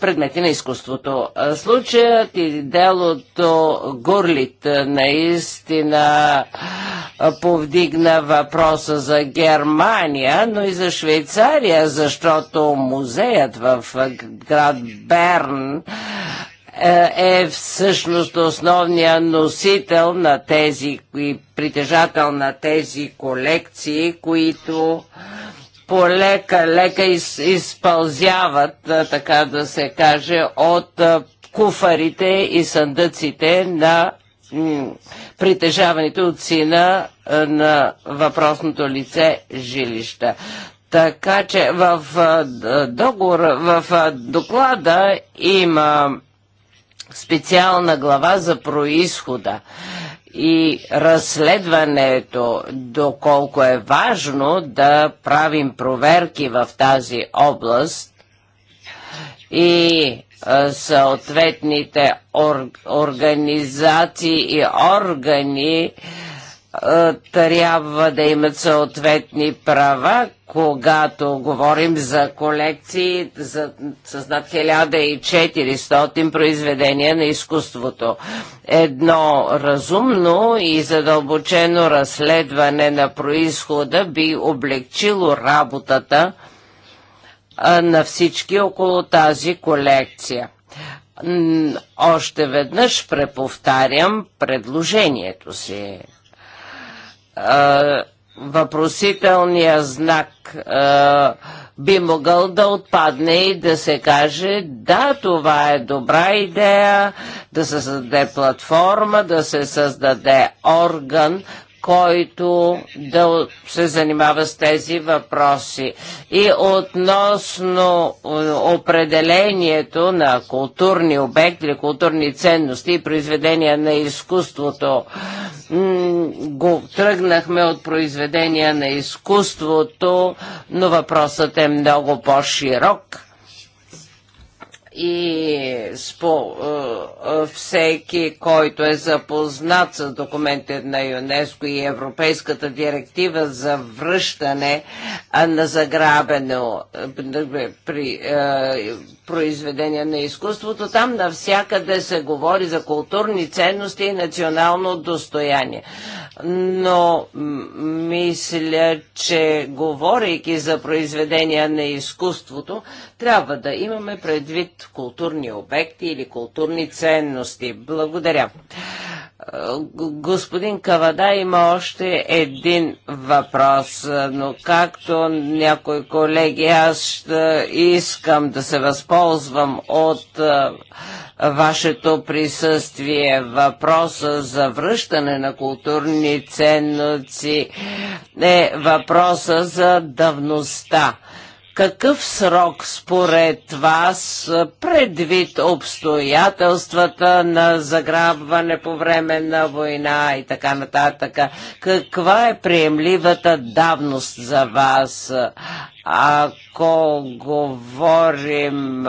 предмети на изкуството. Случаят и делото Гурлит наистина повдигна въпроса за Германия, но и за Швейцария, защото музеят в град Берн е всъщност основния носител на тези и притежател на тези колекции, които полека-лека из, изпълзяват, така да се каже, от куфарите и съндъците на притежаваните от сина на въпросното лице жилища. Така че в договор, в доклада има специална глава за происхода и разследването, доколко е важно да правим проверки в тази област и съответните ор, организации и органи е, трябва да имат съответни права, когато говорим за колекции за, с над 1400 произведения на изкуството. Едно разумно и задълбочено разследване на происхода би облегчило работата на всички около тази колекция. Още веднъж преповтарям предложението си Въпросителният знак а, би могъл да отпадне и да се каже да, това е добра идея, да се създаде платформа, да се създаде орган, който да се занимава с тези въпроси. И относно определението на културни обекти или културни ценности и произведения на изкуството, го тръгнахме от произведения на изкуството, но въпросът е много по-широк и спо, е, е, всеки, който е запознат с документите на ЮНЕСКО и Европейската директива за връщане на заграбено е, при произведения на изкуството. Там навсякъде се говори за културни ценности и национално достояние. Но мисля, че говорейки за произведения на изкуството, трябва да имаме предвид културни обекти или културни ценности. Благодаря. Господин Кавада има още един въпрос, но както някои колеги, аз ще искам да се възползвам от вашето присъствие. Въпроса за връщане на културни ценности е въпроса за давността. Какъв срок според вас, предвид обстоятелствата на заграбване по време на война и така нататък, каква е приемливата давност за вас? Ако говорим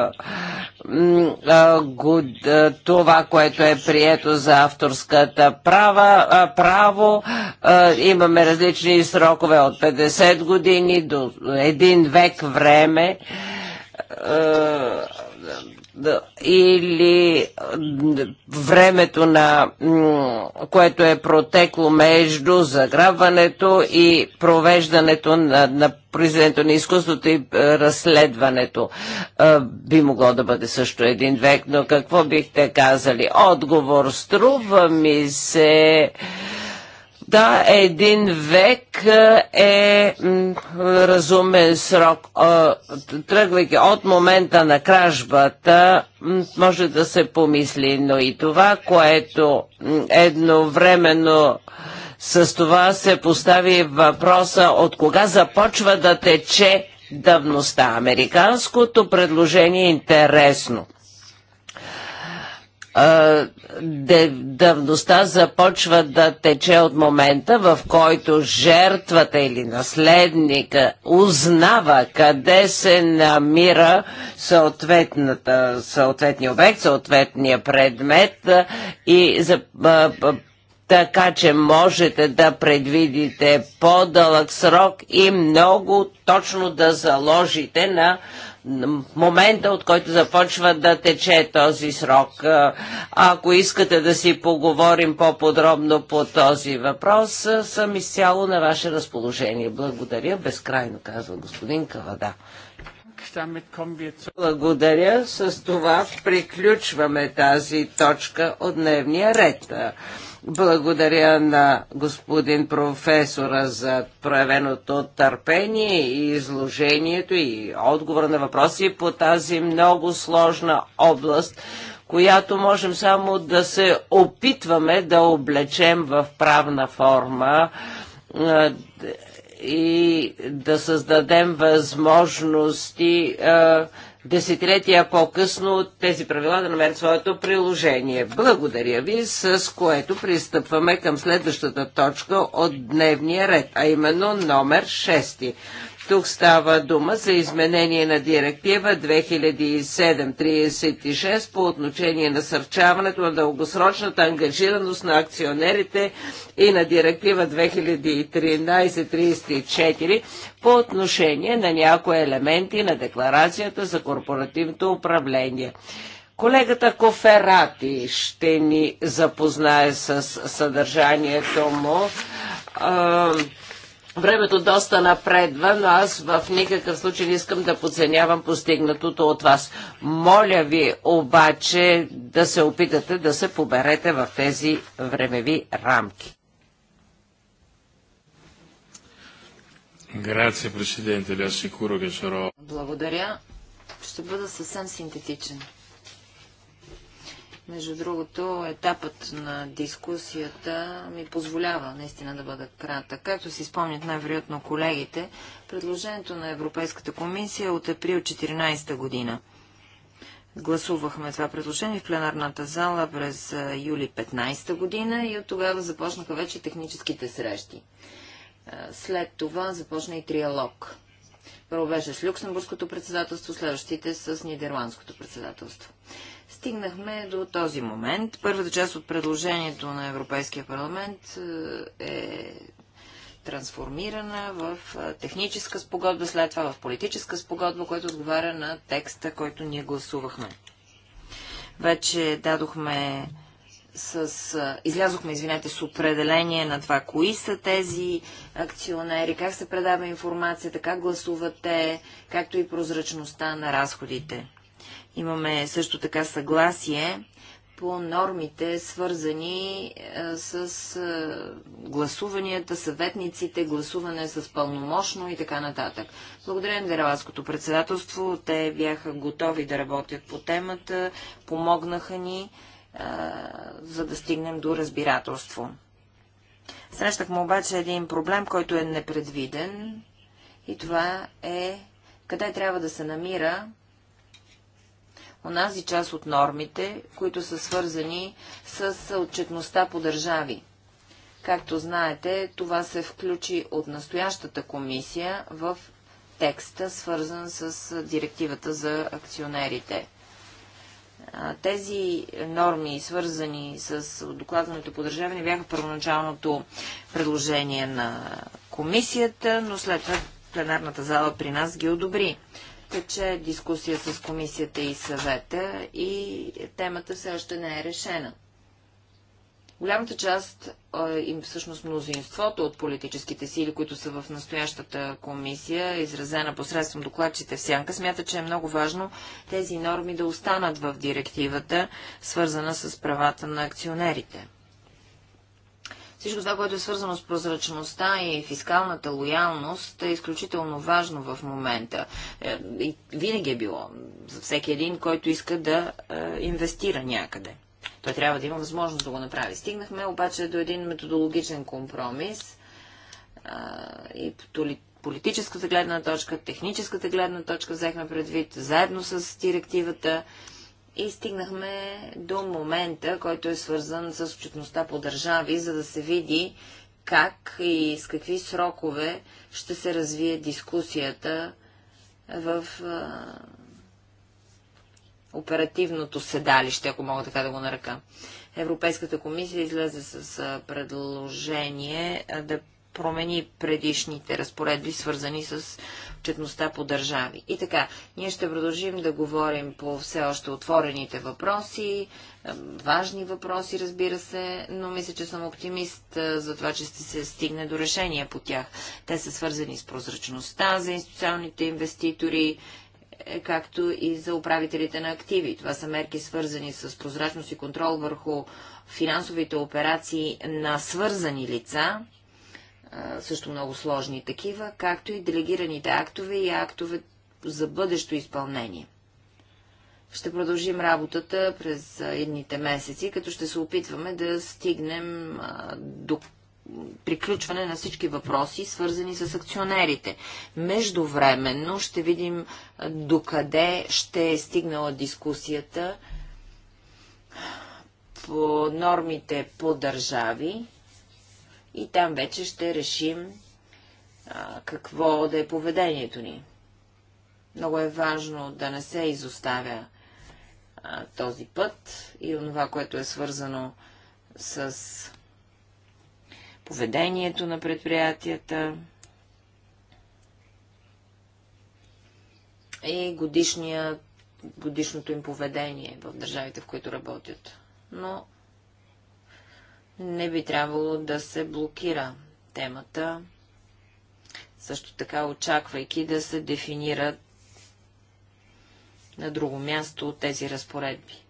това, което е прието за авторската права, право, имаме различни срокове от 50 години до един век време или времето на което е протекло между заграбването и провеждането на, на произведението на изкуството и е, разследването. Е, би могло да бъде също един век, но какво бихте казали? Отговор струва ми се да, един век е, е разумен срок. Е, тръгвайки от момента на кражбата, може да се помисли, но и това, което едновременно с това се постави въпроса от кога започва да тече давността. Американското предложение е интересно давността започва да тече от момента, в който жертвата или наследника узнава къде се намира съответния обект, съответния предмет и за така че можете да предвидите по-дълъг срок и много точно да заложите на момента, от който започва да тече този срок. Ако искате да си поговорим по-подробно по този въпрос, съм изцяло на ваше разположение. Благодаря, безкрайно казва господин Кавада. Благодаря. С това приключваме тази точка от дневния ред. Благодаря на господин професора за проявеното търпение и изложението и отговора на въпроси по тази много сложна област, която можем само да се опитваме да облечем в правна форма и да създадем възможности десетилетия по-късно тези правила да намерят своето приложение. Благодаря ви, с което пристъпваме към следващата точка от дневния ред, а именно номер 6. Тук става дума за изменение на директива 2007-36 по отношение на сърчаването на дългосрочната ангажираност на акционерите и на директива 2013-34 по отношение на някои елементи на декларацията за корпоративното управление. Колегата Коферати ще ни запознае с съдържанието му. Времето доста напредва, но аз в никакъв случай не искам да подценявам постигнатото от вас. Моля ви обаче да се опитате да се поберете в тези времеви рамки. Грация, Благодаря. Ще бъда съвсем синтетичен. Между другото, етапът на дискусията ми позволява наистина да бъда кратък. Както си спомнят най-вероятно колегите, предложението на Европейската комисия от април 2014 година. Гласувахме това предложение в пленарната зала през юли 15 година и от тогава започнаха вече техническите срещи. След това започна и триалог. Първо беше с Люксембургското председателство, следващите с Нидерландското председателство стигнахме до този момент. Първата част от предложението на Европейския парламент е, е трансформирана в техническа спогодба, след това в политическа спогодба, която отговаря на текста, който ние гласувахме. Вече дадохме с... Излязохме, извинете, с определение на това, кои са тези акционери, как се предава информацията, как гласувате, както и прозрачността на разходите. Имаме също така съгласие по нормите, свързани а, е, с а, е, гласуванията, съветниците, гласуване с пълномощно и така нататък. Благодаря на Дералаското председателство. Те бяха готови да работят по темата, помогнаха ни, а, е, за да стигнем до разбирателство. Срещахме обаче един проблем, който е непредвиден и това е къде трябва да се намира онази част от нормите, които са свързани с отчетността по държави. Както знаете, това се включи от настоящата комисия в текста, свързан с директивата за акционерите. Тези норми, свързани с докладването по държави, бяха първоначалното предложение на комисията, но след това пленарната зала при нас ги одобри тече дискусия с комисията и съвета и темата все още не е решена. Голямата част и всъщност мнозинството от политическите сили, които са в настоящата комисия, изразена посредством докладчите в сянка, смята, че е много важно тези норми да останат в директивата, свързана с правата на акционерите. Всичко това, което е свързано с прозрачността и фискалната лоялност е изключително важно в момента. Е, и винаги е било за всеки един, който иска да е, инвестира някъде. Той трябва да има възможност да го направи. Стигнахме обаче до един методологичен компромис е, и политическата гледна точка, техническата гледна точка взехме предвид, заедно с директивата и стигнахме до момента, който е свързан с отчетността по държави, за да се види как и с какви срокове ще се развие дискусията в а, оперативното седалище, ако мога така да го нарека. Европейската комисия излезе с предложение да промени предишните разпоредби, свързани с четността по държави. И така, ние ще продължим да говорим по все още отворените въпроси, е, важни въпроси, разбира се, но мисля, че съм оптимист е, за това, че ще се стигне до решения по тях. Те са свързани с прозрачността за институционалните инвеститори, е, както и за управителите на активи. Това са мерки свързани с прозрачност и контрол върху финансовите операции на свързани лица, също много сложни такива, както и делегираните актове и актове за бъдещо изпълнение. Ще продължим работата през едните месеци, като ще се опитваме да стигнем до приключване на всички въпроси, свързани с акционерите. Междувременно ще видим докъде ще е стигнала дискусията по нормите по държави и там вече ще решим а, какво да е поведението ни. Много е важно да не се изоставя а, този път и онова, което е свързано с поведението на предприятията и годишния, годишното им поведение в държавите, в които работят. Но не би трябвало да се блокира темата, също така очаквайки да се дефинират на друго място тези разпоредби.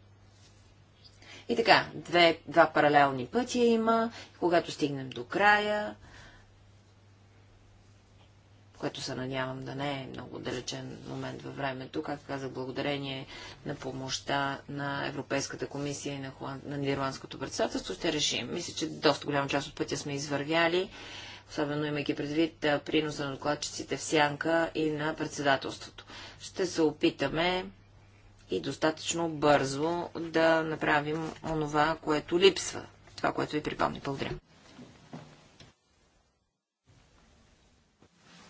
И така, две, два паралелни пътя има, когато стигнем до края, което се надявам да не е много далечен момент във времето, както казах, благодарение на помощта на Европейската комисия и на, Хуан... на Нидерландското председателство, ще решим. Мисля, че доста голяма част от пътя сме извървяли, особено имайки предвид приноса на докладчиците в сянка и на председателството. Ще се опитаме и достатъчно бързо да направим онова, което липсва. Това, което ви припомни. Благодаря.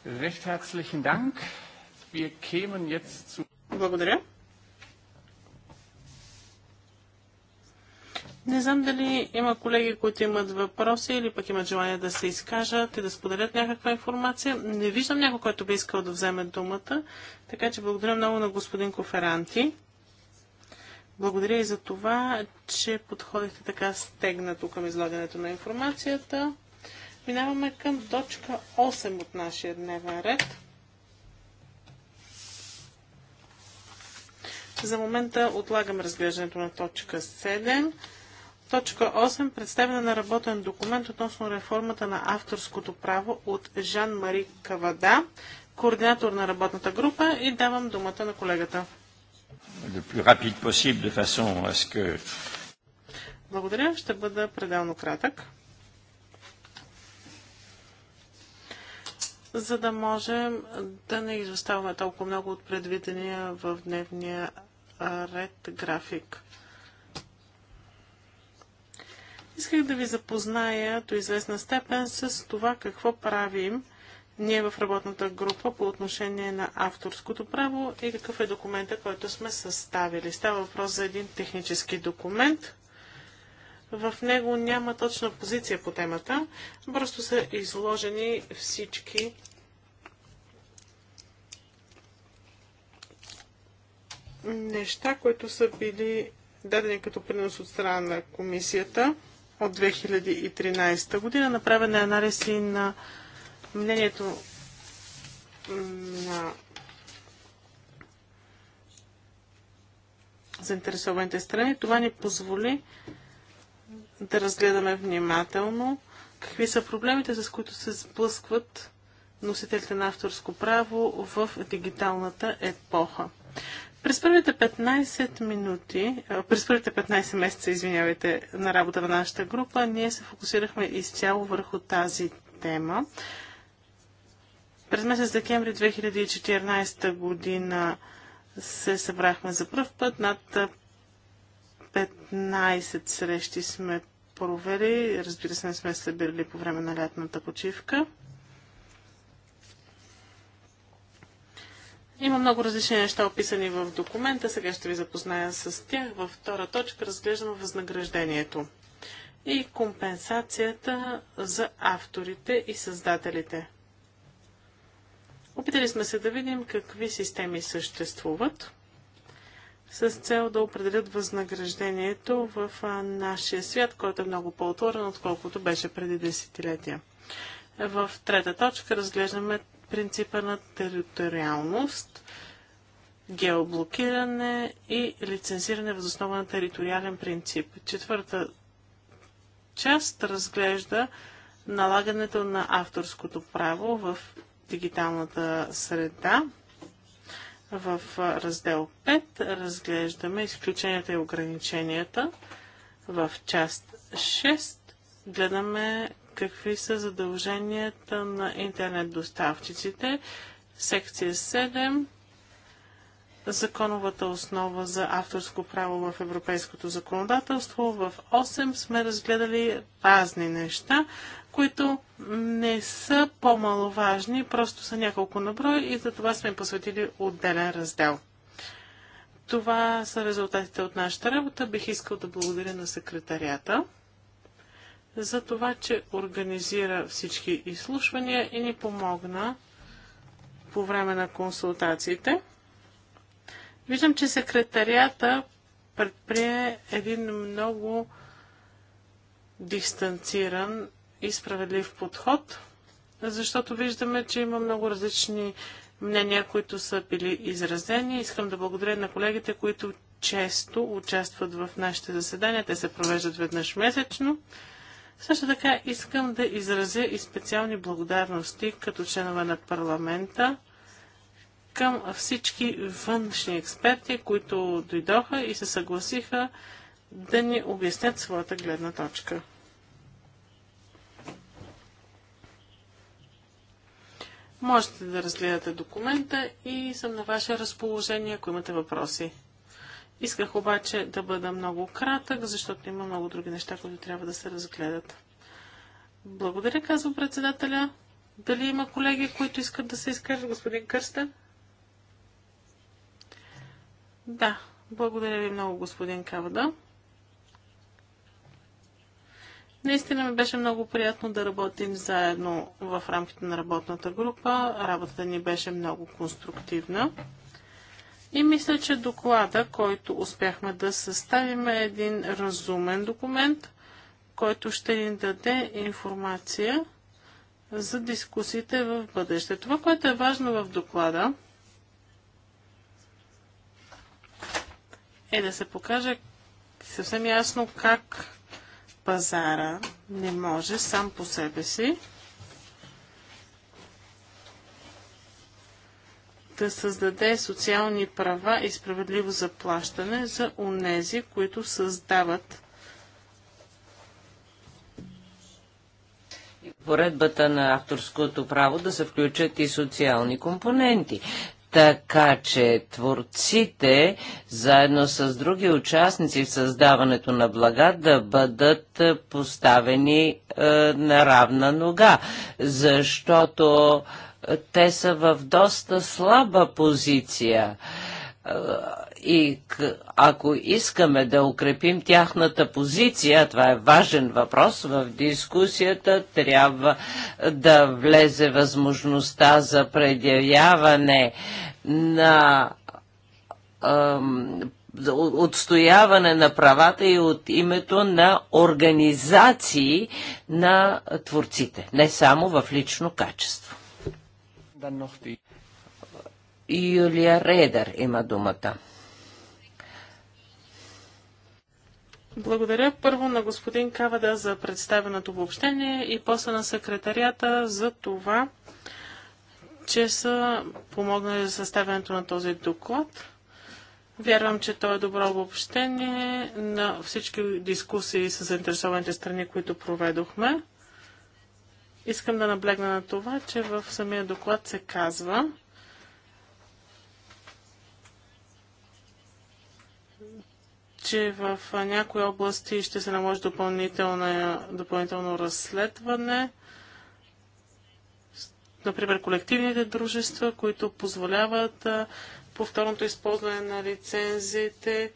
Recht herzlichen Dank. Wir kämen jetzt zu. Благодаря. Не знам дали има колеги, които имат въпроси или пък имат желание да се изкажат и да споделят някаква информация. Не виждам някой, който би искал да вземе думата, така че благодаря много на господин Коферанти. Благодаря и за това, че подходихте така стегнато към излагането на информацията. Минаваме към точка 8 от нашия дневен ред. За момента отлагам разглеждането на точка 7. Точка 8. Представяне на работен документ относно реформата на авторското право от Жан-Мари Кавада, координатор на работната група и давам думата на колегата. Possible, que... Благодаря, ще бъда пределно кратък. за да можем да не изоставаме толкова много от предвидения в дневния ред график. Исках да ви запозная до известна степен с това какво правим ние в работната група по отношение на авторското право и какъв е документа, който сме съставили. Става въпрос за един технически документ, в него няма точна позиция по темата, просто са изложени всички неща, които са били дадени като принос от страна на комисията от 2013 година. Направен е анализ и на мнението на заинтересованите страни. Това ни позволи да разгледаме внимателно какви са проблемите, с които се сблъскват носителите на авторско право в дигиталната епоха. През първите 15 минути, през първите 15 месеца, извинявайте, на работа на нашата група, ние се фокусирахме изцяло върху тази тема. През месец декември 2014 година се събрахме за първ път. Над 15 срещи сме провери. Разбира се, не сме се били по време на лятната почивка. Има много различни неща описани в документа. Сега ще ви запозная с тях. Във втора точка разглеждаме възнаграждението и компенсацията за авторите и създателите. Опитали сме се да видим какви системи съществуват с цел да определят възнаграждението в нашия свят, който е много по-отворен, отколкото беше преди десетилетия. В трета точка разглеждаме принципа на териториалност, геоблокиране и лицензиране в основа на териториален принцип. Четвърта част разглежда налагането на авторското право в дигиталната среда в раздел 5 разглеждаме изключенията и ограниченията. В част 6 гледаме какви са задълженията на интернет доставчиците. Секция 7 законовата основа за авторско право в европейското законодателство. В 8 сме разгледали разни неща които не са по-маловажни, просто са няколко наброй и за това сме посветили отделен раздел. Това са резултатите от нашата работа. Бих искал да благодаря на секретарията за това, че организира всички изслушвания и ни помогна по време на консултациите. Виждам, че секретарията предприе един много дистанциран и справедлив подход, защото виждаме, че има много различни мнения, които са били изразени. Искам да благодаря на колегите, които често участват в нашите заседания. Те се провеждат веднъж месечно. Също така искам да изразя и специални благодарности като членове на парламента към всички външни експерти, които дойдоха и се съгласиха да ни обяснят своята гледна точка. Можете да разгледате документа и съм на ваше разположение, ако имате въпроси. Исках обаче да бъда много кратък, защото има много други неща, които трябва да се разгледат. Благодаря, казва председателя. Дали има колеги, които искат да се изкажат, господин Кърстен? Да, благодаря ви много, господин Кавада. Наистина ми беше много приятно да работим заедно в рамките на работната група. Работата ни беше много конструктивна. И мисля, че доклада, който успяхме да съставим е един разумен документ, който ще ни даде информация за дискусиите в бъдеще. Това, което е важно в доклада, е да се покаже съвсем ясно как пазара не може сам по себе си да създаде социални права и справедливо заплащане за онези, които създават поредбата на авторското право да се включат и социални компоненти. Така че творците, заедно с други участници в създаването на блага, да бъдат е, поставени е, на равна нога, защото е, те са в доста слаба позиция е, и ако искаме да укрепим тяхната позиция, това е важен въпрос, в дискусията трябва да влезе възможността за предявяване на отстояване на правата и от името на организации на творците, не само в лично качество. Юлия Редер има думата. Благодаря първо на господин Кавада за представеното обобщение и после на секретарията за това, че са помогнали за съставянето на този доклад. Вярвам, че то е добро обобщение на всички дискусии с заинтересованите страни, които проведохме. Искам да наблегна на това, че в самия доклад се казва, че в някои области ще се наложи допълнително разследване. Например, колективните дружества, които позволяват повторното използване на лицензите,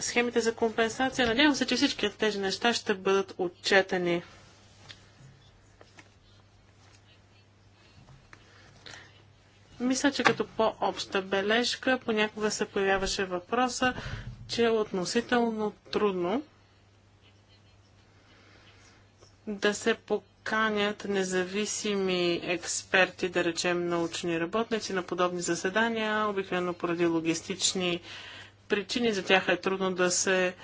схемите за компенсация. Надявам се, че всички тези неща ще бъдат отчетени. Мисля, че като по-обща бележка понякога се появяваше въпроса че е относително трудно да се поканят независими експерти, да речем научни работници на подобни заседания, обикновено поради логистични причини. За тях е трудно да се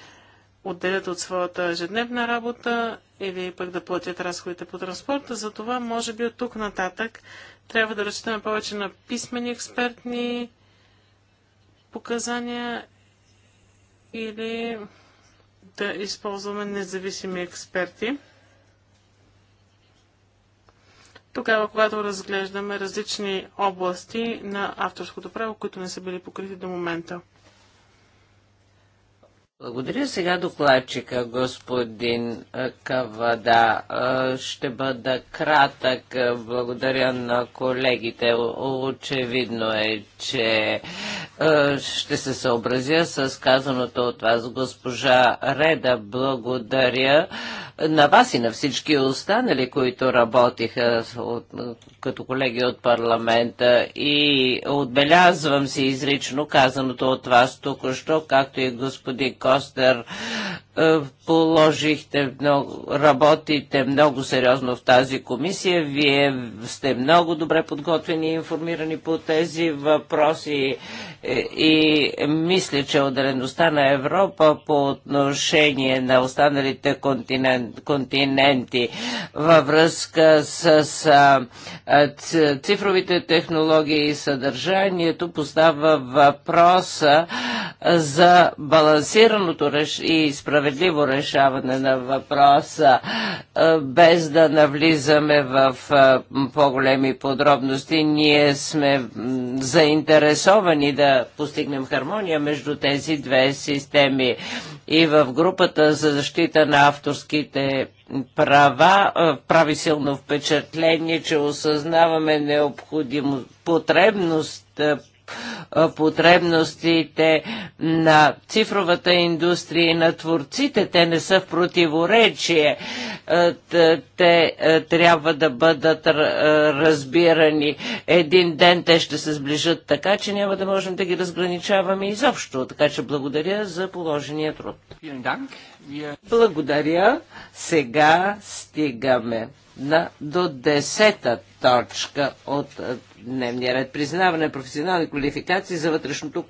отделят от своята ежедневна работа или пък да платят разходите по транспорта. Затова, може би от тук нататък трябва да разчитаме повече на писмени експертни показания или да използваме независими експерти. Тогава, когато разглеждаме различни области на авторското право, които не са били покрити до момента. Благодаря сега докладчика, господин Кавада. Ще бъда кратък. Благодаря на колегите. Очевидно е, че ще се съобразя с казаното от вас, госпожа Реда. Благодаря на вас и на всички останали, които работиха от, като колеги от парламента и отбелязвам си изрично казаното от вас току-що, както и господин Кавада, Костер е, положихте много, работите много сериозно в тази комисия. Вие сте много добре подготвени и информирани по тези въпроси е, и мисля, че отдалеността на Европа по отношение на останалите континент, континенти във връзка с, с цифровите технологии и съдържанието поставя въпроса за балансираното и справедливо справедливо решаване на въпроса, без да навлизаме в по-големи подробности. Ние сме заинтересовани да постигнем хармония между тези две системи. И в групата за защита на авторските права прави силно впечатление, че осъзнаваме необходимост потребност потребностите на цифровата индустрия и на творците. Те не са в противоречие. Те трябва да бъдат разбирани. Един ден те ще се сближат така, че няма да можем да ги разграничаваме изобщо. Така че благодаря за положения труд. Благодаря. Сега стигаме на, до десета точка от дневния ред. Признаване на професионални квалификации за вътрешното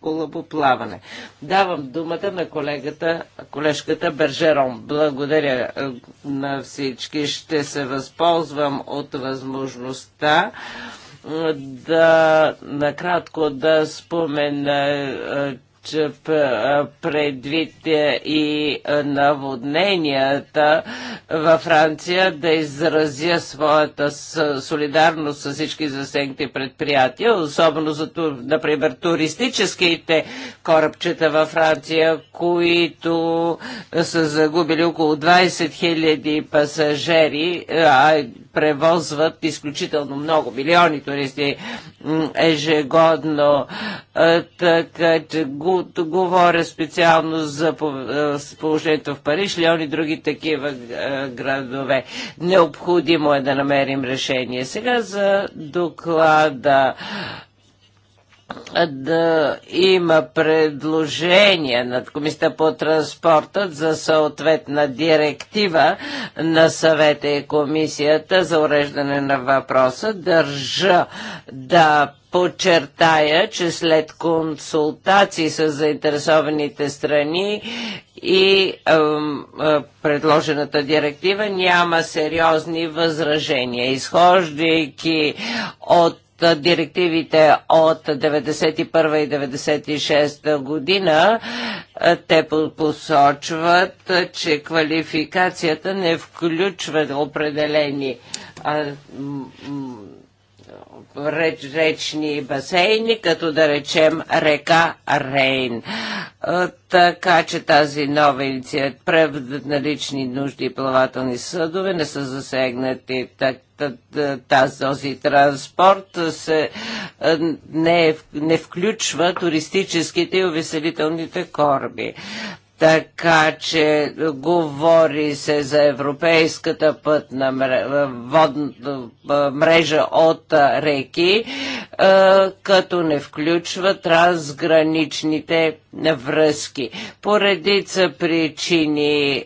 корабоплаване. Давам думата на колегата, колежката Бержерон. Благодаря е, на всички. Ще се възползвам от възможността е, да накратко да спомена е, предвид е, и наводненията във Франция да изразя своята солидарност с всички засегнати предприятия, особено за, например, туристическите корабчета във Франция, които са загубили около 20 000 пасажери, а превозват изключително много, милиони туристи ежегодно. Така че говоря специално за положението в Париж, Лион и други такива градове. Необходимо е да намерим решение. Сега за доклада да има предложение над Комисията по транспорта за съответна директива на съвета и комисията за уреждане на въпроса. Държа да подчертая, че след консултации с заинтересованите страни и е, предложената директива няма сериозни възражения. Изхождайки от директивите от 1991 и 1996 година, те посочват, че квалификацията не включва определени реч, речни басейни, като да речем река Рейн. Така че тази нова инициатива, преводът на лични нужди и плавателни съдове не са засегнати. Този транспорт се, не, е не включва туристическите и увеселителните кораби. Така че говори се за европейската пътна мрежа от реки, като не включва трансграничните връзки. Поредица причини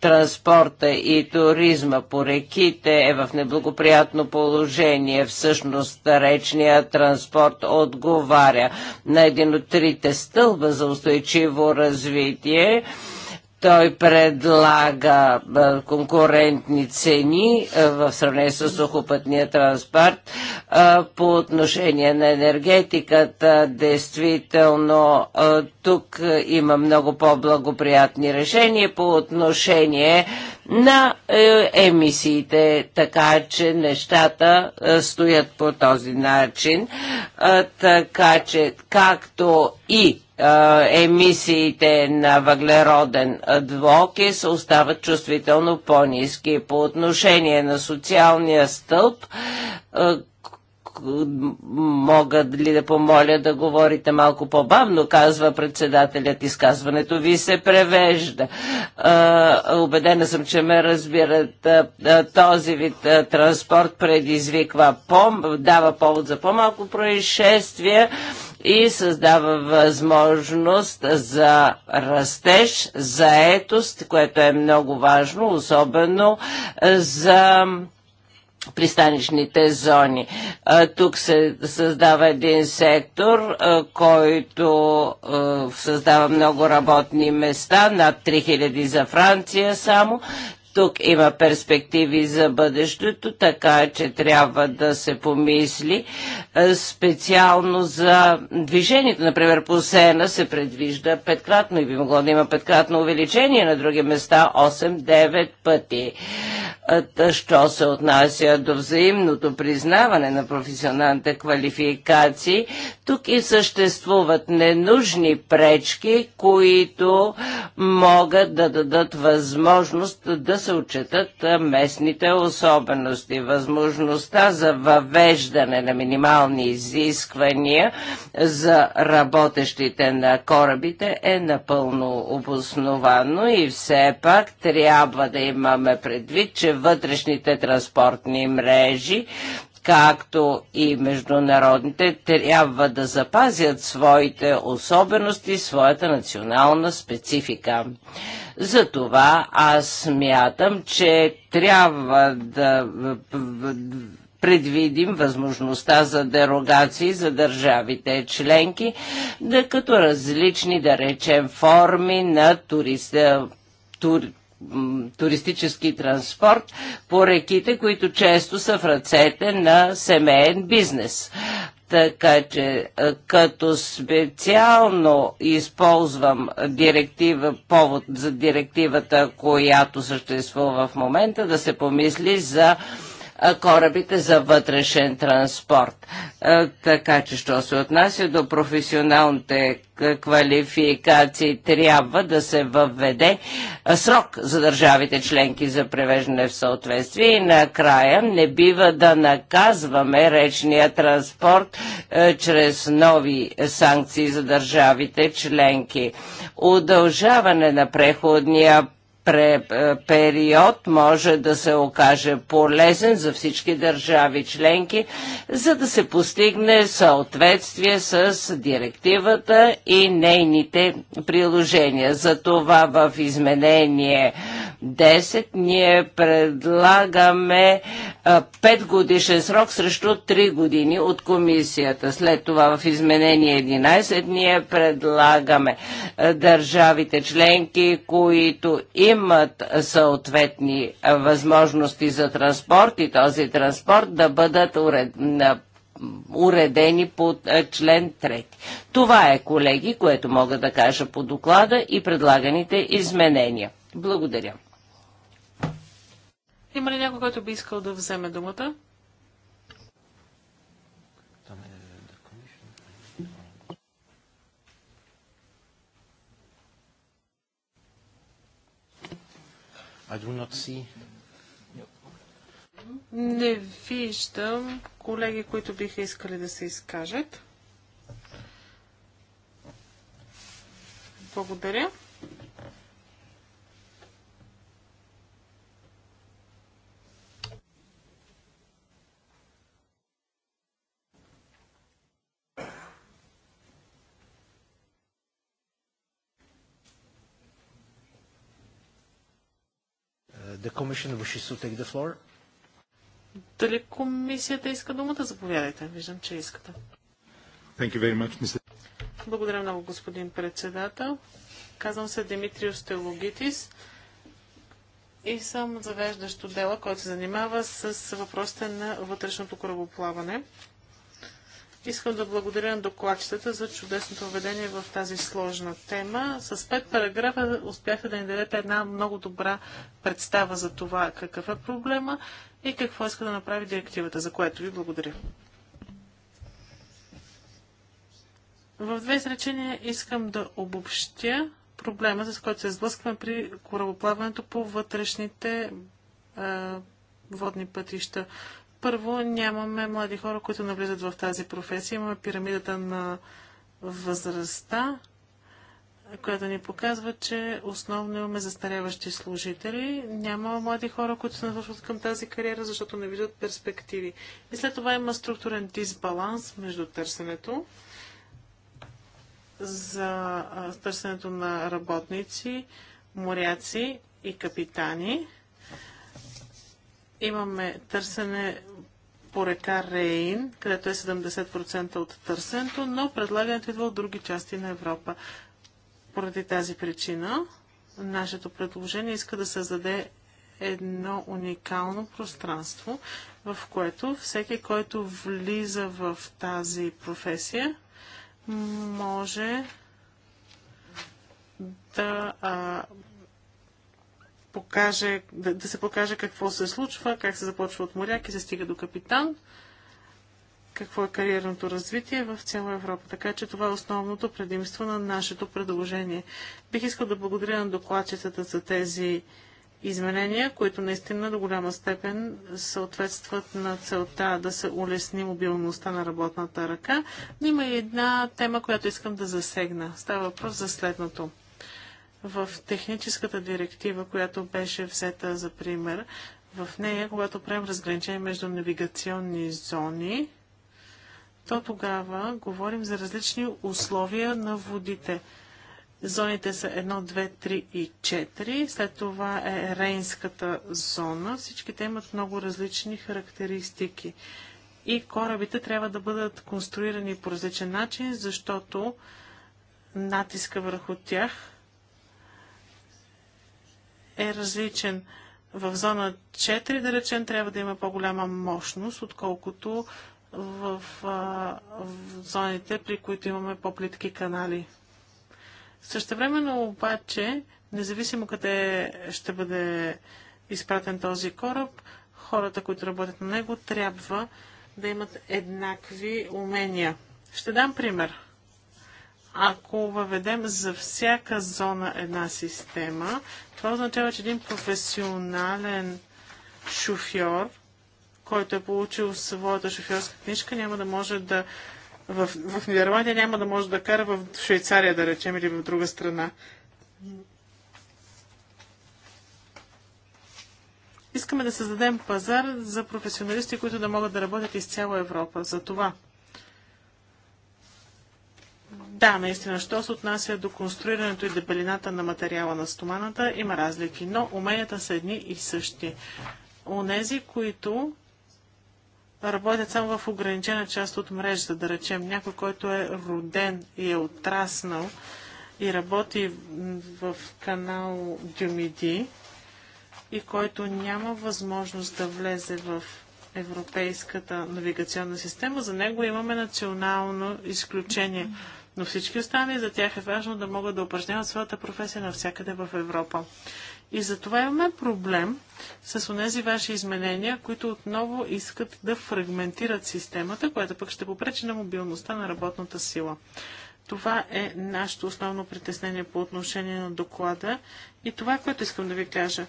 транспорта и туризма по реките е в неблагоприятно положение. Всъщност речния транспорт отговаря на един от трите стълба за устойчиво развитие той предлага конкурентни цени в сравнение с сухопътния транспорт по отношение на енергетиката. Действително, тук има много по-благоприятни решения по отношение на е, емисиите, така че нещата стоят по този начин. Така че, както и емисиите на въглероден двокис остават чувствително по-низки. По отношение на социалния стълб, могат ли да помоля да говорите малко по-бавно, казва председателят. Изказването ви се превежда. Обедена убедена съм, че ме разбират. този вид транспорт предизвиква, дава повод за по-малко происшествия и създава възможност за растеж, заетост, което е много важно, особено за пристанищните зони. Тук се създава един сектор, който създава много работни места, над 3000 за Франция само, тук има перспективи за бъдещето, така е, че трябва да се помисли е, специално за движението. Например, по Сена се предвижда петкратно и би могло да има петкратно увеличение на други места 8-9 пъти. Е, що се отнася до взаимното признаване на професионалните квалификации, тук и съществуват ненужни пречки, които могат да дадат възможност да се отчетат местните особености. Възможността за въвеждане на минимални изисквания за работещите на корабите е напълно обосновано и все пак трябва да имаме предвид, че вътрешните транспортни мрежи както и международните, трябва да запазят своите особености, своята национална специфика. Затова аз смятам, че трябва да предвидим възможността за дерогации за държавите членки, да като различни, да речем, форми на туриста, туристически транспорт по реките, които често са в ръцете на семейен бизнес. Така че като специално използвам директива, повод за директивата, която съществува в момента, да се помисли за корабите за вътрешен транспорт. Така че, що се отнася до професионалните квалификации, трябва да се въведе срок за държавите членки за превеждане в съответствие и накрая не бива да наказваме речния транспорт чрез нови санкции за държавите членки. Удължаване на преходния е, период може да се окаже полезен за всички държави членки, за да се постигне съответствие с директивата и нейните приложения. Затова в изменение 10 ние предлагаме 5 годишен срок срещу 3 години от комисията. След това в изменение 11 ние предлагаме държавите членки, които имат съответни възможности за транспорт и този транспорт да бъдат уредени по член 3. Това е, колеги, което мога да кажа по доклада и предлаганите изменения. Благодаря. Има ли някой, който би искал да вземе думата? Е I do not see. Не виждам колеги, които биха искали да се изкажат. Благодаря. the commission wishes to take the floor. Дали комисията иска думата? Заповядайте. Виждам, че искате. Thank you very much, Mr. Благодаря много, господин председател. Казвам се Димитриос Теологитис и съм завеждащ отдела, който се занимава с въпросите на вътрешното корабоплаване. Искам да благодаря на докладчетата за чудесното введение в тази сложна тема. С пет параграфа успяхте да ни дадете една много добра представа за това какъв е проблема и какво иска да направи директивата, за което ви благодаря. В две изречения искам да обобщя проблема, с който се сблъскваме при корабоплаването по вътрешните е, водни пътища. Първо, нямаме млади хора, които навлизат в тази професия. Имаме пирамидата на възрастта, която ни показва, че основно имаме застаряващи служители. Няма млади хора, които се навършват към тази кариера, защото не виждат перспективи. И след това има структурен дисбаланс между търсенето за търсенето на работници, моряци и капитани. Имаме търсене по река Рейн, където е 70% от търсенето, но предлагането идва от други части на Европа. Поради тази причина, нашето предложение иска да създаде едно уникално пространство, в което всеки, който влиза в тази професия, може да а, покаже, да, да се покаже какво се случва, как се започва от моряк и се стига до капитан, какво е кариерното развитие в цяла Европа. Така че това е основното предимство на нашето предложение. Бих искал да благодаря на докладчетата за тези изменения, които наистина до голяма степен съответстват на целта да се улесни мобилността на работната ръка. Но има и една тема, която искам да засегна. Става въпрос за следното в техническата директива, която беше взета за пример, в нея, когато правим разграничение между навигационни зони, то тогава говорим за различни условия на водите. Зоните са 1, 2, 3 и 4. След това е рейнската зона. Всичките имат много различни характеристики. И корабите трябва да бъдат конструирани по различен начин, защото натиска върху тях е различен. В зона 4, да речем, трябва да има по-голяма мощност, отколкото в, а, в зоните, при които имаме по-плитки канали. Същевременно обаче, независимо къде ще бъде изпратен този кораб, хората, които работят на него, трябва да имат еднакви умения. Ще дам пример. Ако въведем за всяка зона една система, това означава, че един професионален шофьор, който е получил своята шофьорска книжка, няма да може да в, в Нидерландия няма да може да кара в Швейцария, да речем, или в друга страна. Искаме да създадем пазар за професионалисти, които да могат да работят из цяла Европа. За това да, наистина, що се отнася до конструирането и дебелината на материала на стоманата, има разлики, но уменията са едни и същи. Онези, които работят само в ограничена част от мрежата, да речем някой, който е роден и е отраснал и работи в канал Дюмиди и който няма възможност да влезе в европейската навигационна система, за него имаме национално изключение. Но всички останали за тях е важно да могат да упражняват своята професия навсякъде в Европа. И затова имаме проблем с тези ваши изменения, които отново искат да фрагментират системата, която пък ще попречи на мобилността на работната сила. Това е нашето основно притеснение по отношение на доклада и това, което искам да ви кажа.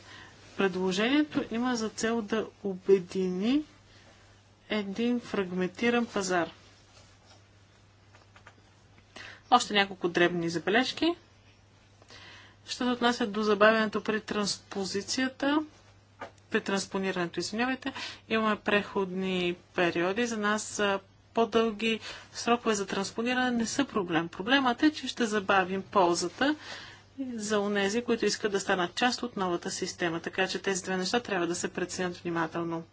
Предложението има за цел да обедини един фрагментиран пазар – още няколко дребни забележки. Ще се отнасят до забавянето при транспозицията, при транспонирането, извинявайте. Имаме преходни периоди. За нас по-дълги срокове за транспониране не са проблем. Проблемът е, че ще забавим ползата за онези, които искат да станат част от новата система. Така че тези две неща трябва да се преценят внимателно.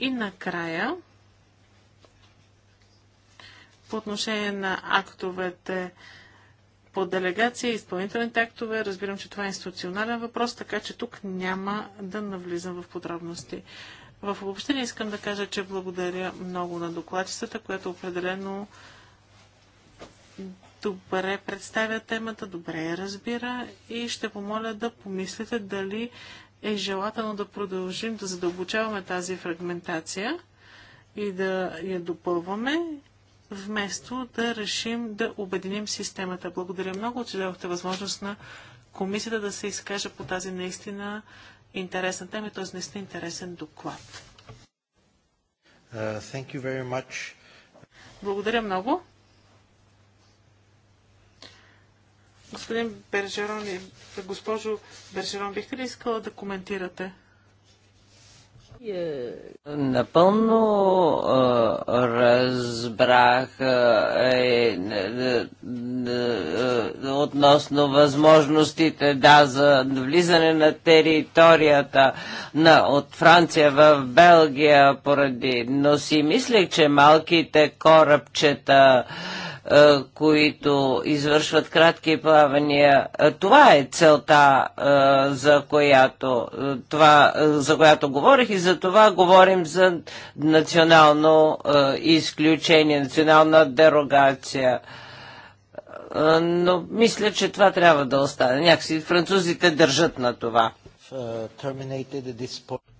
И накрая, по отношение на актовете по делегация, изпълнителните актове. Разбирам, че това е институционален въпрос, така че тук няма да навлизам в подробности. В обобщение искам да кажа, че благодаря много на докладчицата, която определено добре представя темата, добре я разбира и ще помоля да помислите дали е желателно да продължим да задълбочаваме тази фрагментация и да я допълваме вместо да решим да обединим системата. Благодаря много, че дадохте възможност на комисията да се изкаже по тази наистина интересна тема, т.е. наистина интересен доклад. Uh, Благодаря много. Господин Бержерон, госпожо Бержерон, бихте ли искала да коментирате? Е, напълно разбрах е, е, относно възможностите да, за влизане на територията на, от Франция в Белгия поради, но си мислех, че малките корабчета е, които извършват кратки плавания. Това е целта, за която, това, за която говорих и за това говорим за национално изключение, национална дерогация но мисля, че това трябва да остане. Някакси французите държат на това.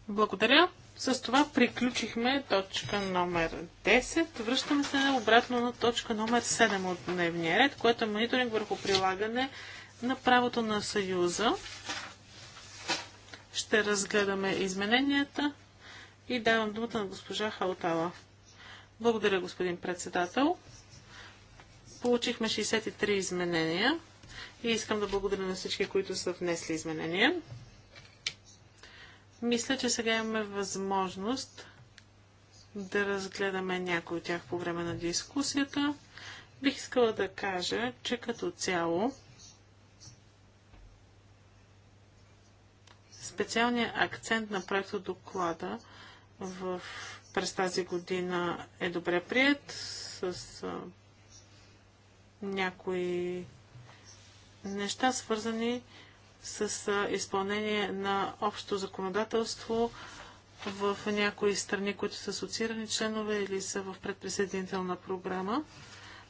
Благодаря. С това приключихме точка номер 10. Връщаме се обратно на точка номер 7 от дневния ред, което е мониторинг върху прилагане на правото на Съюза. Ще разгледаме измененията и давам думата на госпожа Халтала. Благодаря, господин председател. Получихме 63 изменения и искам да благодаря на всички, които са внесли изменения. Мисля, че сега имаме възможност да разгледаме някои от тях по време на дискусията. Бих искала да кажа, че като цяло специалният акцент на проекта доклада в, през тази година е добре прият с а, някои неща, свързани с с изпълнение на общо законодателство в някои страни, които са асоциирани членове или са в предприсъединителна програма.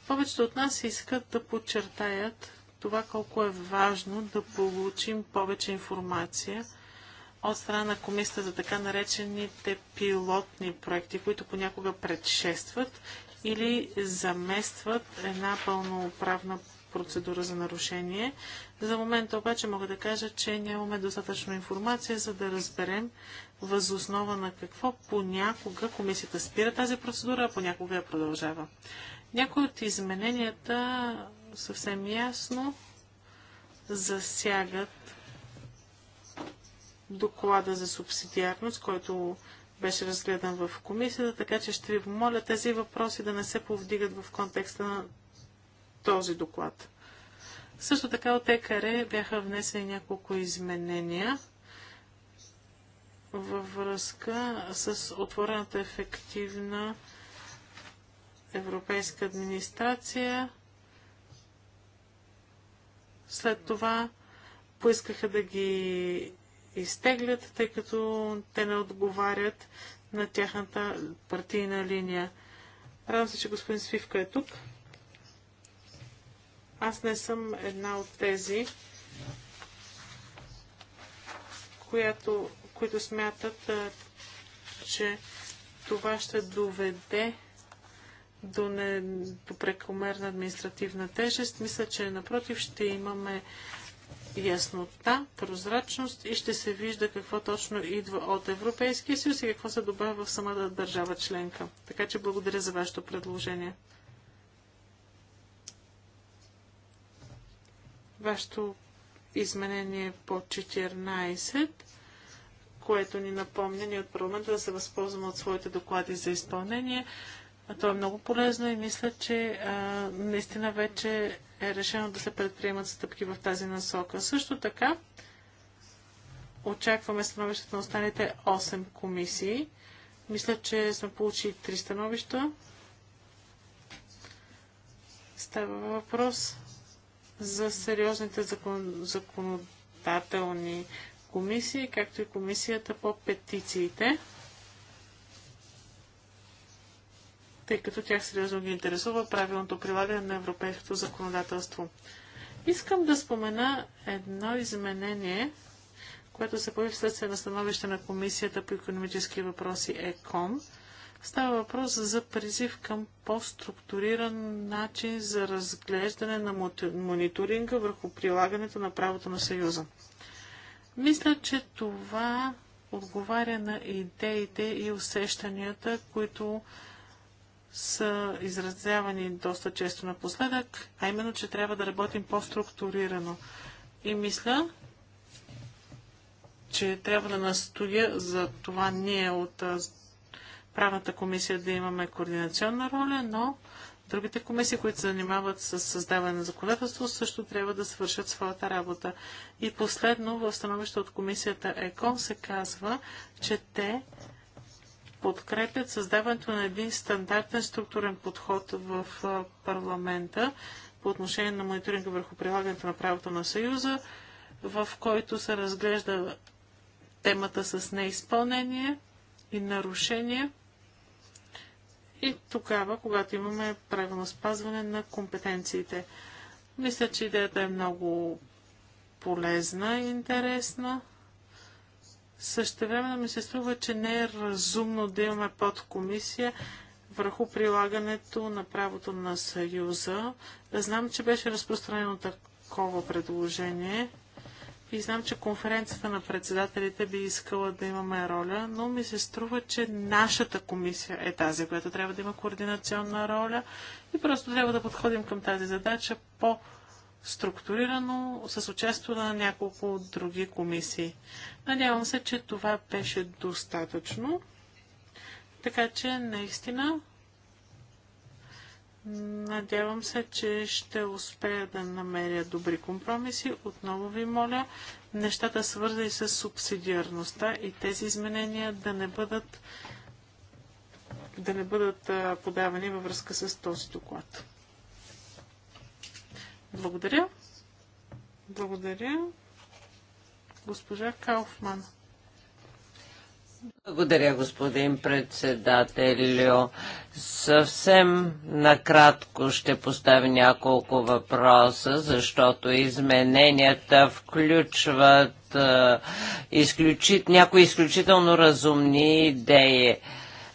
Повечето от нас искат да подчертаят това колко е важно да получим повече информация от страна на комисията за така наречените пилотни проекти, които понякога предшестват или заместват една пълноправна процедура за нарушение. За момента обаче мога да кажа, че нямаме достатъчно информация, за да разберем възоснова на какво понякога комисията спира тази процедура, а понякога я продължава. Някои от измененията съвсем ясно засягат доклада за субсидиарност, който беше разгледан в комисията, така че ще ви помоля тези въпроси да не се повдигат в контекста на този доклад. Също така от ЕКР бяха внесени няколко изменения във връзка с отворената ефективна европейска администрация. След това поискаха да ги изтеглят, тъй като те не отговарят на тяхната партийна линия. Радвам се, че господин Свивка е тук. Аз не съм една от тези, която, които смятат, че това ще доведе до, не, до прекомерна административна тежест. Мисля, че напротив ще имаме яснота, прозрачност и ще се вижда какво точно идва от Европейския съюз и какво се добавя в самата държава членка. Така че благодаря за вашето предложение. вашето изменение е по 14, което ни напомня ни от парламента да се възползваме от своите доклади за изпълнение. А то е много полезно и мисля, че а, наистина вече е решено да се предприемат стъпки в тази насока. Също така, очакваме становището на останалите 8 комисии. Мисля, че сме получили 3 становища. Става въпрос за сериозните закон, законодателни комисии, както и комисията по петициите, тъй като тях сериозно ги интересува правилното прилагане на европейското законодателство. Искам да спомена едно изменение, което се появи вследствие на становище на Комисията по економически въпроси ЕКОН – Става въпрос за призив към по-структуриран начин за разглеждане на мониторинга върху прилагането на правото на Съюза. Мисля, че това отговаря на идеите и усещанията, които са изразявани доста често напоследък, а именно, че трябва да работим по-структурирано. И мисля, че трябва да настоя за това ние от правната комисия да имаме координационна роля, но другите комисии, които се занимават с създаване на законодателство, също трябва да свършат своята работа. И последно, в становище от комисията ЕКОН се казва, че те подкрепят създаването на един стандартен структурен подход в парламента по отношение на мониторинга върху прилагането на правото на Съюза, в който се разглежда темата с неизпълнение и нарушение и тогава, когато имаме правилно спазване на компетенциите. Мисля, че идеята е много полезна и интересна. време ми се струва, че не е разумно да имаме подкомисия върху прилагането на правото на Съюза. Знам, че беше разпространено такова предложение. И знам, че конференцията на председателите би искала да имаме роля, но ми се струва, че нашата комисия е тази, която трябва да има координационна роля и просто трябва да подходим към тази задача по структурирано с участието на няколко други комисии. Надявам се, че това беше достатъчно. Така че, наистина, Надявам се, че ще успея да намеря добри компромиси. Отново ви моля, нещата свързани с субсидиарността и тези изменения да не бъдат, да не бъдат подавани във връзка с този доклад. Благодаря. Благодаря. Госпожа Кауфман. Благодаря, господин председателю. Съвсем накратко ще поставя няколко въпроса, защото измененията включват изключит, някои изключително разумни идеи.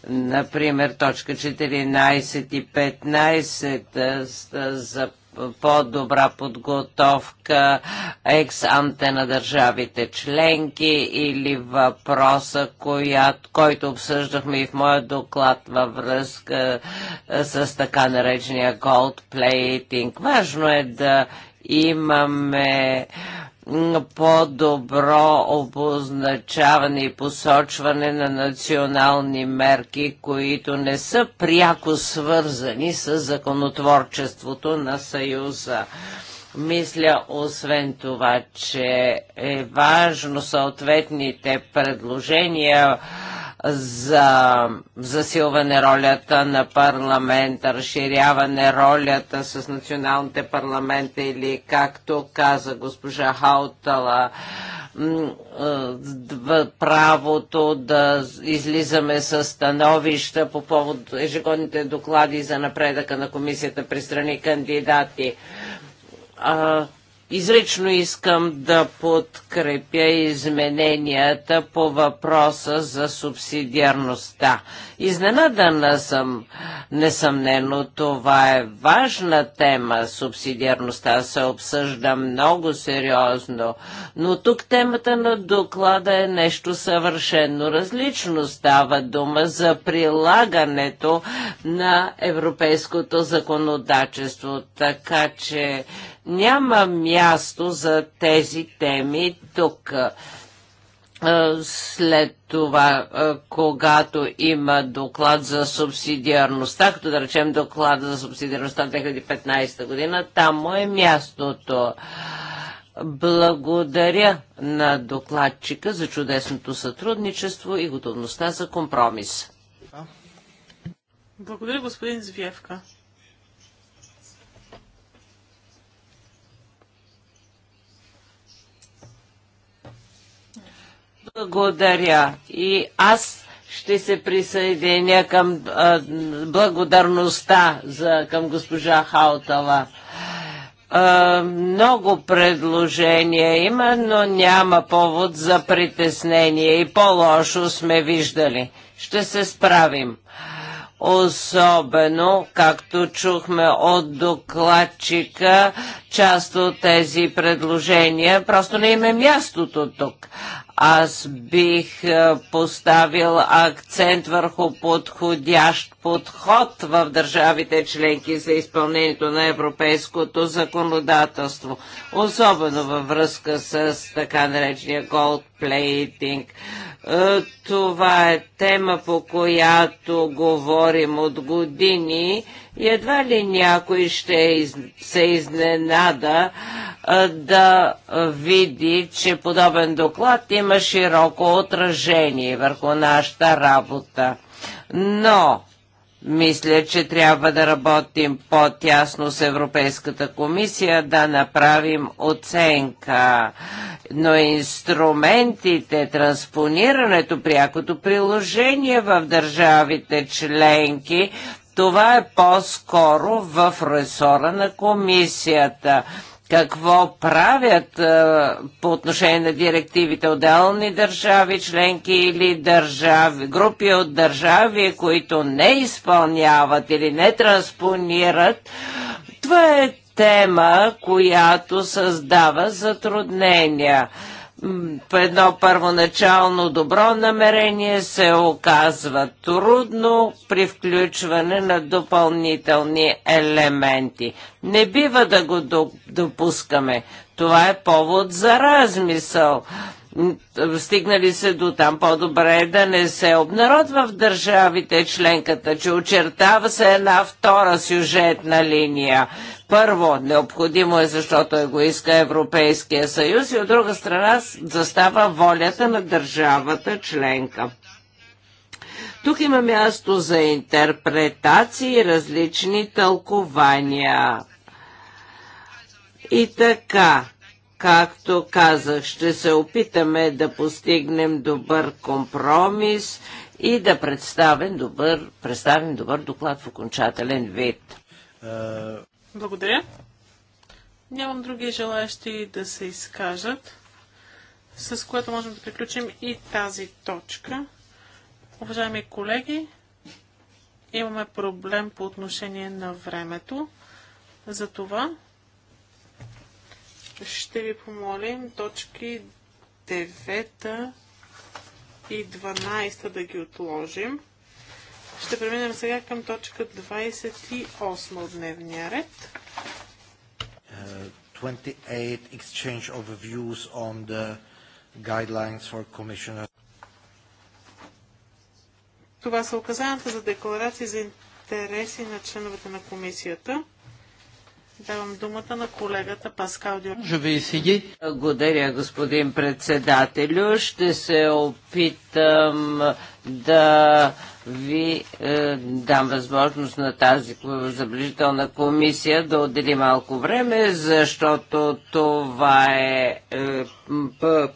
Например, точка 14 и 15 за по-добра подготовка екс-анте на държавите членки или въпроса, коя, който обсъждахме и в моя доклад във връзка е, с така наречения gold plating. Важно е да имаме по-добро обозначаване и посочване на национални мерки, които не са пряко свързани с законотворчеството на Съюза. Мисля, освен това, че е важно съответните предложения за засилване ролята на парламента, разширяване ролята с националните парламенти или, както каза госпожа Хаутала, правото да излизаме с становища по повод ежегодните доклади за напредъка на комисията при страни кандидати Изрично искам да подкрепя измененията по въпроса за субсидиарността. Изненадана съм. Несъмнено това е важна тема. Субсидиарността се обсъжда много сериозно, но тук темата на доклада е нещо съвършено различно. Става дума за прилагането на европейското законодателство, така че няма място за тези теми тук. След това, когато има доклад за субсидиарността, като да речем доклада за субсидиарността 2015 година, там му е мястото. Благодаря на докладчика за чудесното сътрудничество и готовността за компромис. Благодаря, господин Звиевка. Благодаря. И аз ще се присъединя към а, благодарността за, към госпожа Хаутала. А, много предложения има, но няма повод за притеснение и по-лошо сме виждали. Ще се справим. Особено, както чухме от докладчика, част от тези предложения просто не има е мястото тук. Аз бих е, поставил акцент върху подходящ подход в държавите членки за изпълнението на европейското законодателство, особено във връзка с така наречения gold plating. Е, това е тема, по която говорим от години и едва ли някой ще се изненада е, да види, че подобен доклад има широко отражение върху нашата работа. Но мисля, че трябва да работим по-тясно с Европейската комисия, да направим оценка, но инструментите, транспонирането, прякото приложение в държавите членки, това е по-скоро в ресора на комисията какво правят а, по отношение на директивите отделни държави, членки или държави, групи от държави, които не изпълняват или не транспонират. Това е тема, която създава затруднения едно първоначално добро намерение се оказва трудно при включване на допълнителни елементи. Не бива да го допускаме. Това е повод за размисъл. Стигнали се до там по-добре е да не се обнародва в държавите членката, че очертава се една втора сюжетна линия. Първо, необходимо е, защото е го иска Европейския съюз и от друга страна застава волята на държавата членка. Тук има място за интерпретации и различни тълкования. И така, както казах, ще се опитаме да постигнем добър компромис и да представим добър, представим добър доклад в окончателен вид. Е, благодаря. Нямам други желаящи да се изкажат, с което можем да приключим и тази точка. Уважаеми колеги, имаме проблем по отношение на времето. Затова ще ви помолим точки 9 и 12 да ги отложим. Ще преминем сега към точка 28 от дневния ред. Uh, 28 exchange of views on the guidelines for commissioner. Това са указанията за декларации за интереси на членовете на комисията. Давам думата на колегата Паскал Дюрчев. Благодаря, господин председателю. Ще се опитам да ви е, дам възможност на тази заближителна комисия да отдели малко време, защото това е, е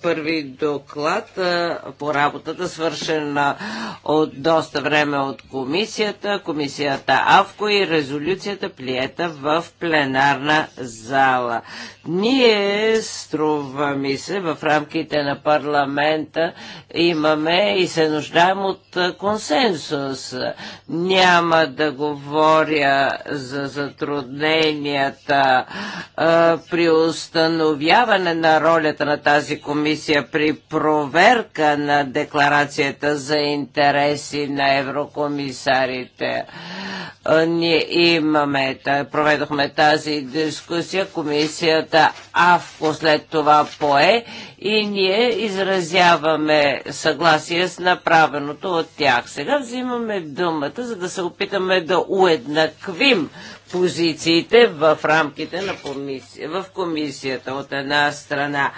първи доклад е, по работата, свършена от доста време от комисията, комисията АВКО и резолюцията приета в пленарна зала. Ние, струва ми се, в рамките на парламента имаме и се нуждаем от консенсус. Няма да говоря за затрудненията а, при установяване на ролята на тази комисия при проверка на декларацията за интереси на еврокомисарите. ние имаме, проведохме тази дискусия, комисията думата АВКО след това пое и ние изразяваме съгласие с направеното от тях. Сега взимаме думата, за да се опитаме да уеднаквим позициите в рамките на комисия, в комисията от една страна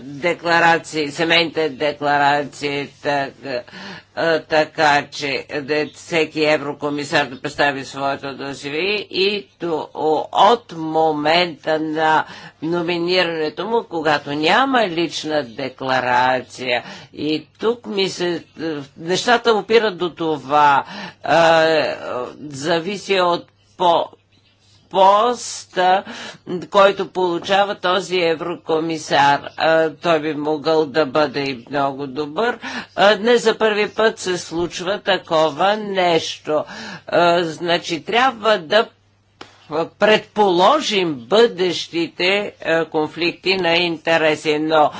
декларации, семейните декларации, така, така че всеки еврокомисар да представи своето досие и то, от момента на номинирането му, когато няма лична декларация. И тук ми се... Е, нещата опират до това. А, зависи от по поста, който получава този еврокомисар. Той би могъл да бъде и много добър. Не за първи път се случва такова нещо. Значи трябва да е, предположим бъдещите е, конфликти на интереси, но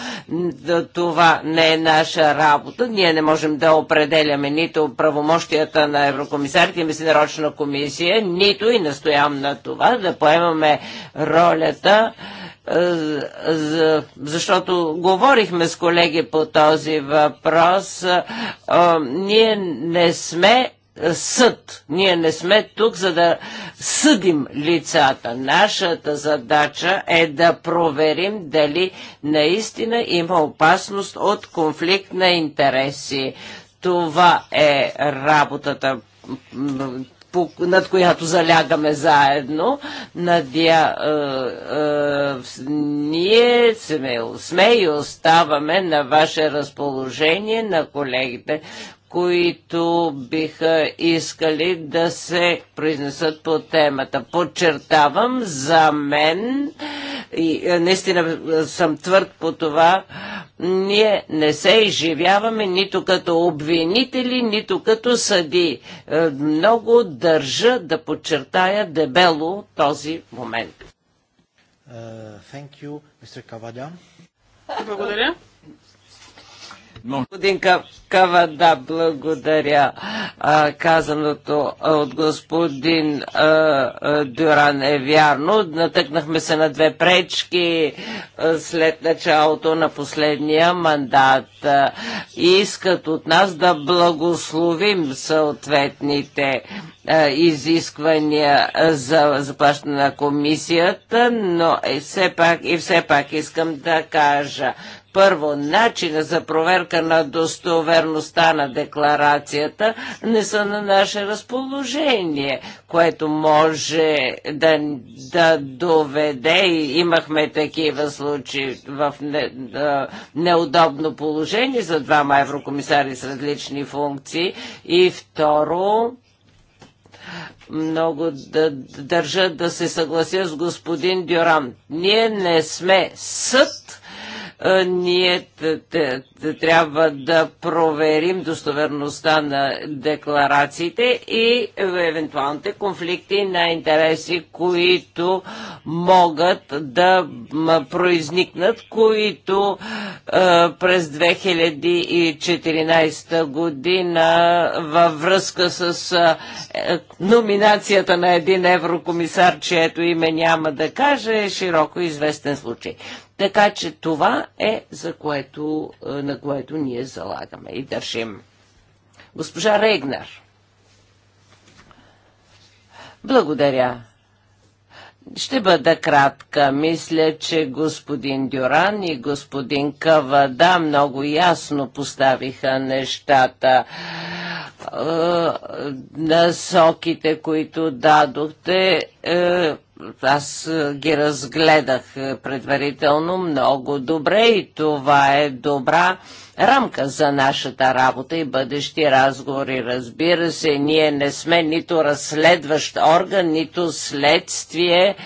това не е наша работа. Ние не можем да определяме нито правомощията на еврокомисарите и международна комисия, нито и настоявам на това да поемаме ролята е, защото говорихме с колеги по този въпрос, ние не сме съд. Ние не сме тук, за да съдим лицата. Нашата задача е да проверим дали наистина има опасност от конфликт на интереси. Това е работата над която залягаме заедно. Надя, е, е, ние сме, сме и оставаме на ваше разположение, на колегите, които биха искали да се произнесат по темата. Подчертавам, за мен, и е, наистина съм твърд по това, ние не се изживяваме нито като обвинители, нито като съди. Е, много държа да подчертая дебело този момент. Uh, thank you, Благодаря. Господин Кавада, благодаря а, казаното от господин а, Дюран е вярно. Натъкнахме се на две пречки а, след началото на последния мандат. И искат от нас да благословим съответните изисквания за заплащане на комисията, но и е, все пак, и все пак искам да кажа, първо, начина за проверка на достоверността на декларацията не са на наше разположение, което може да, да доведе, и имахме такива случаи в не, да, неудобно положение за двама еврокомисари с различни функции. И второ, много да, държа да се съглася с господин Дюран. Ние не сме съд, е, ние трябва да проверим достоверността на декларациите и е, евентуалните конфликти на интереси, които могат да произникнат, които е, през 2014 година във връзка с номинацията на един еврокомисар, чието име няма да каже, е широко известен случай. Така че това е за което, е, на което ние залагаме и държим. Госпожа Регнер. Благодаря. Ще бъда кратка. Мисля, че господин Дюран и господин Кавада много ясно поставиха нещата. Е, насоките, които дадохте, е, аз е, ги разгледах е, предварително много добре и това е добра рамка за нашата работа и бъдещи разговори. Разбира се, ние не сме нито разследващ орган, нито следствие,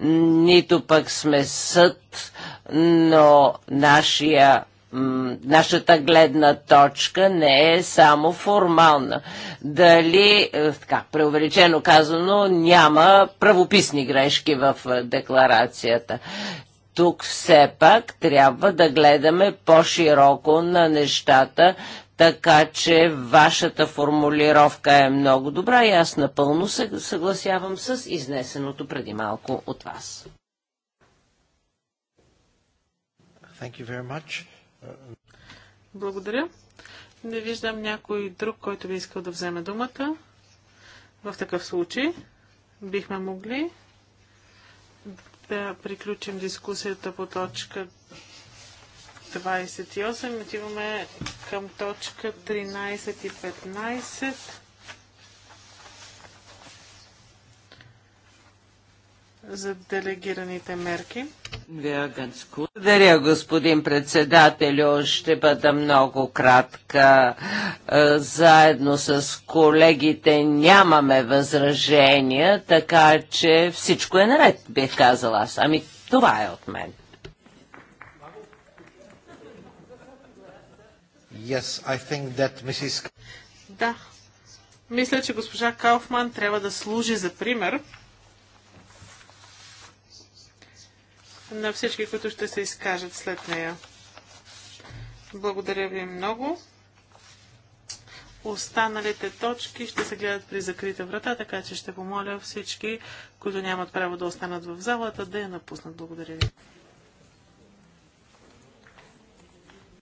нито пък сме съд, но нашия нашата гледна точка не е само формална. Дали, е, така, преувеличено казано, няма правописни грешки в е, декларацията. Тук все пак трябва да гледаме по-широко на нещата, така че вашата формулировка е много добра и аз напълно се съгласявам с изнесеното преди малко от вас. Thank you very much. Благодаря. Не виждам някой друг, който би искал да вземе думата. В такъв случай бихме могли да приключим дискусията по точка 28. Отиваме към точка 13 и 15. за делегираните мерки. Благодаря, господин председателю. Ще бъда много кратка. Е, заедно с колегите нямаме възражения, така че всичко е наред, бих казала аз. Ами това е от мен. Yes, I think that Mrs. Да. Мисля, че госпожа Кауфман трябва да служи за пример на всички, които ще се изкажат след нея. Благодаря ви много. Останалите точки ще се гледат при закрита врата, така че ще помоля всички, които нямат право да останат в залата, да я напуснат. Благодаря ви.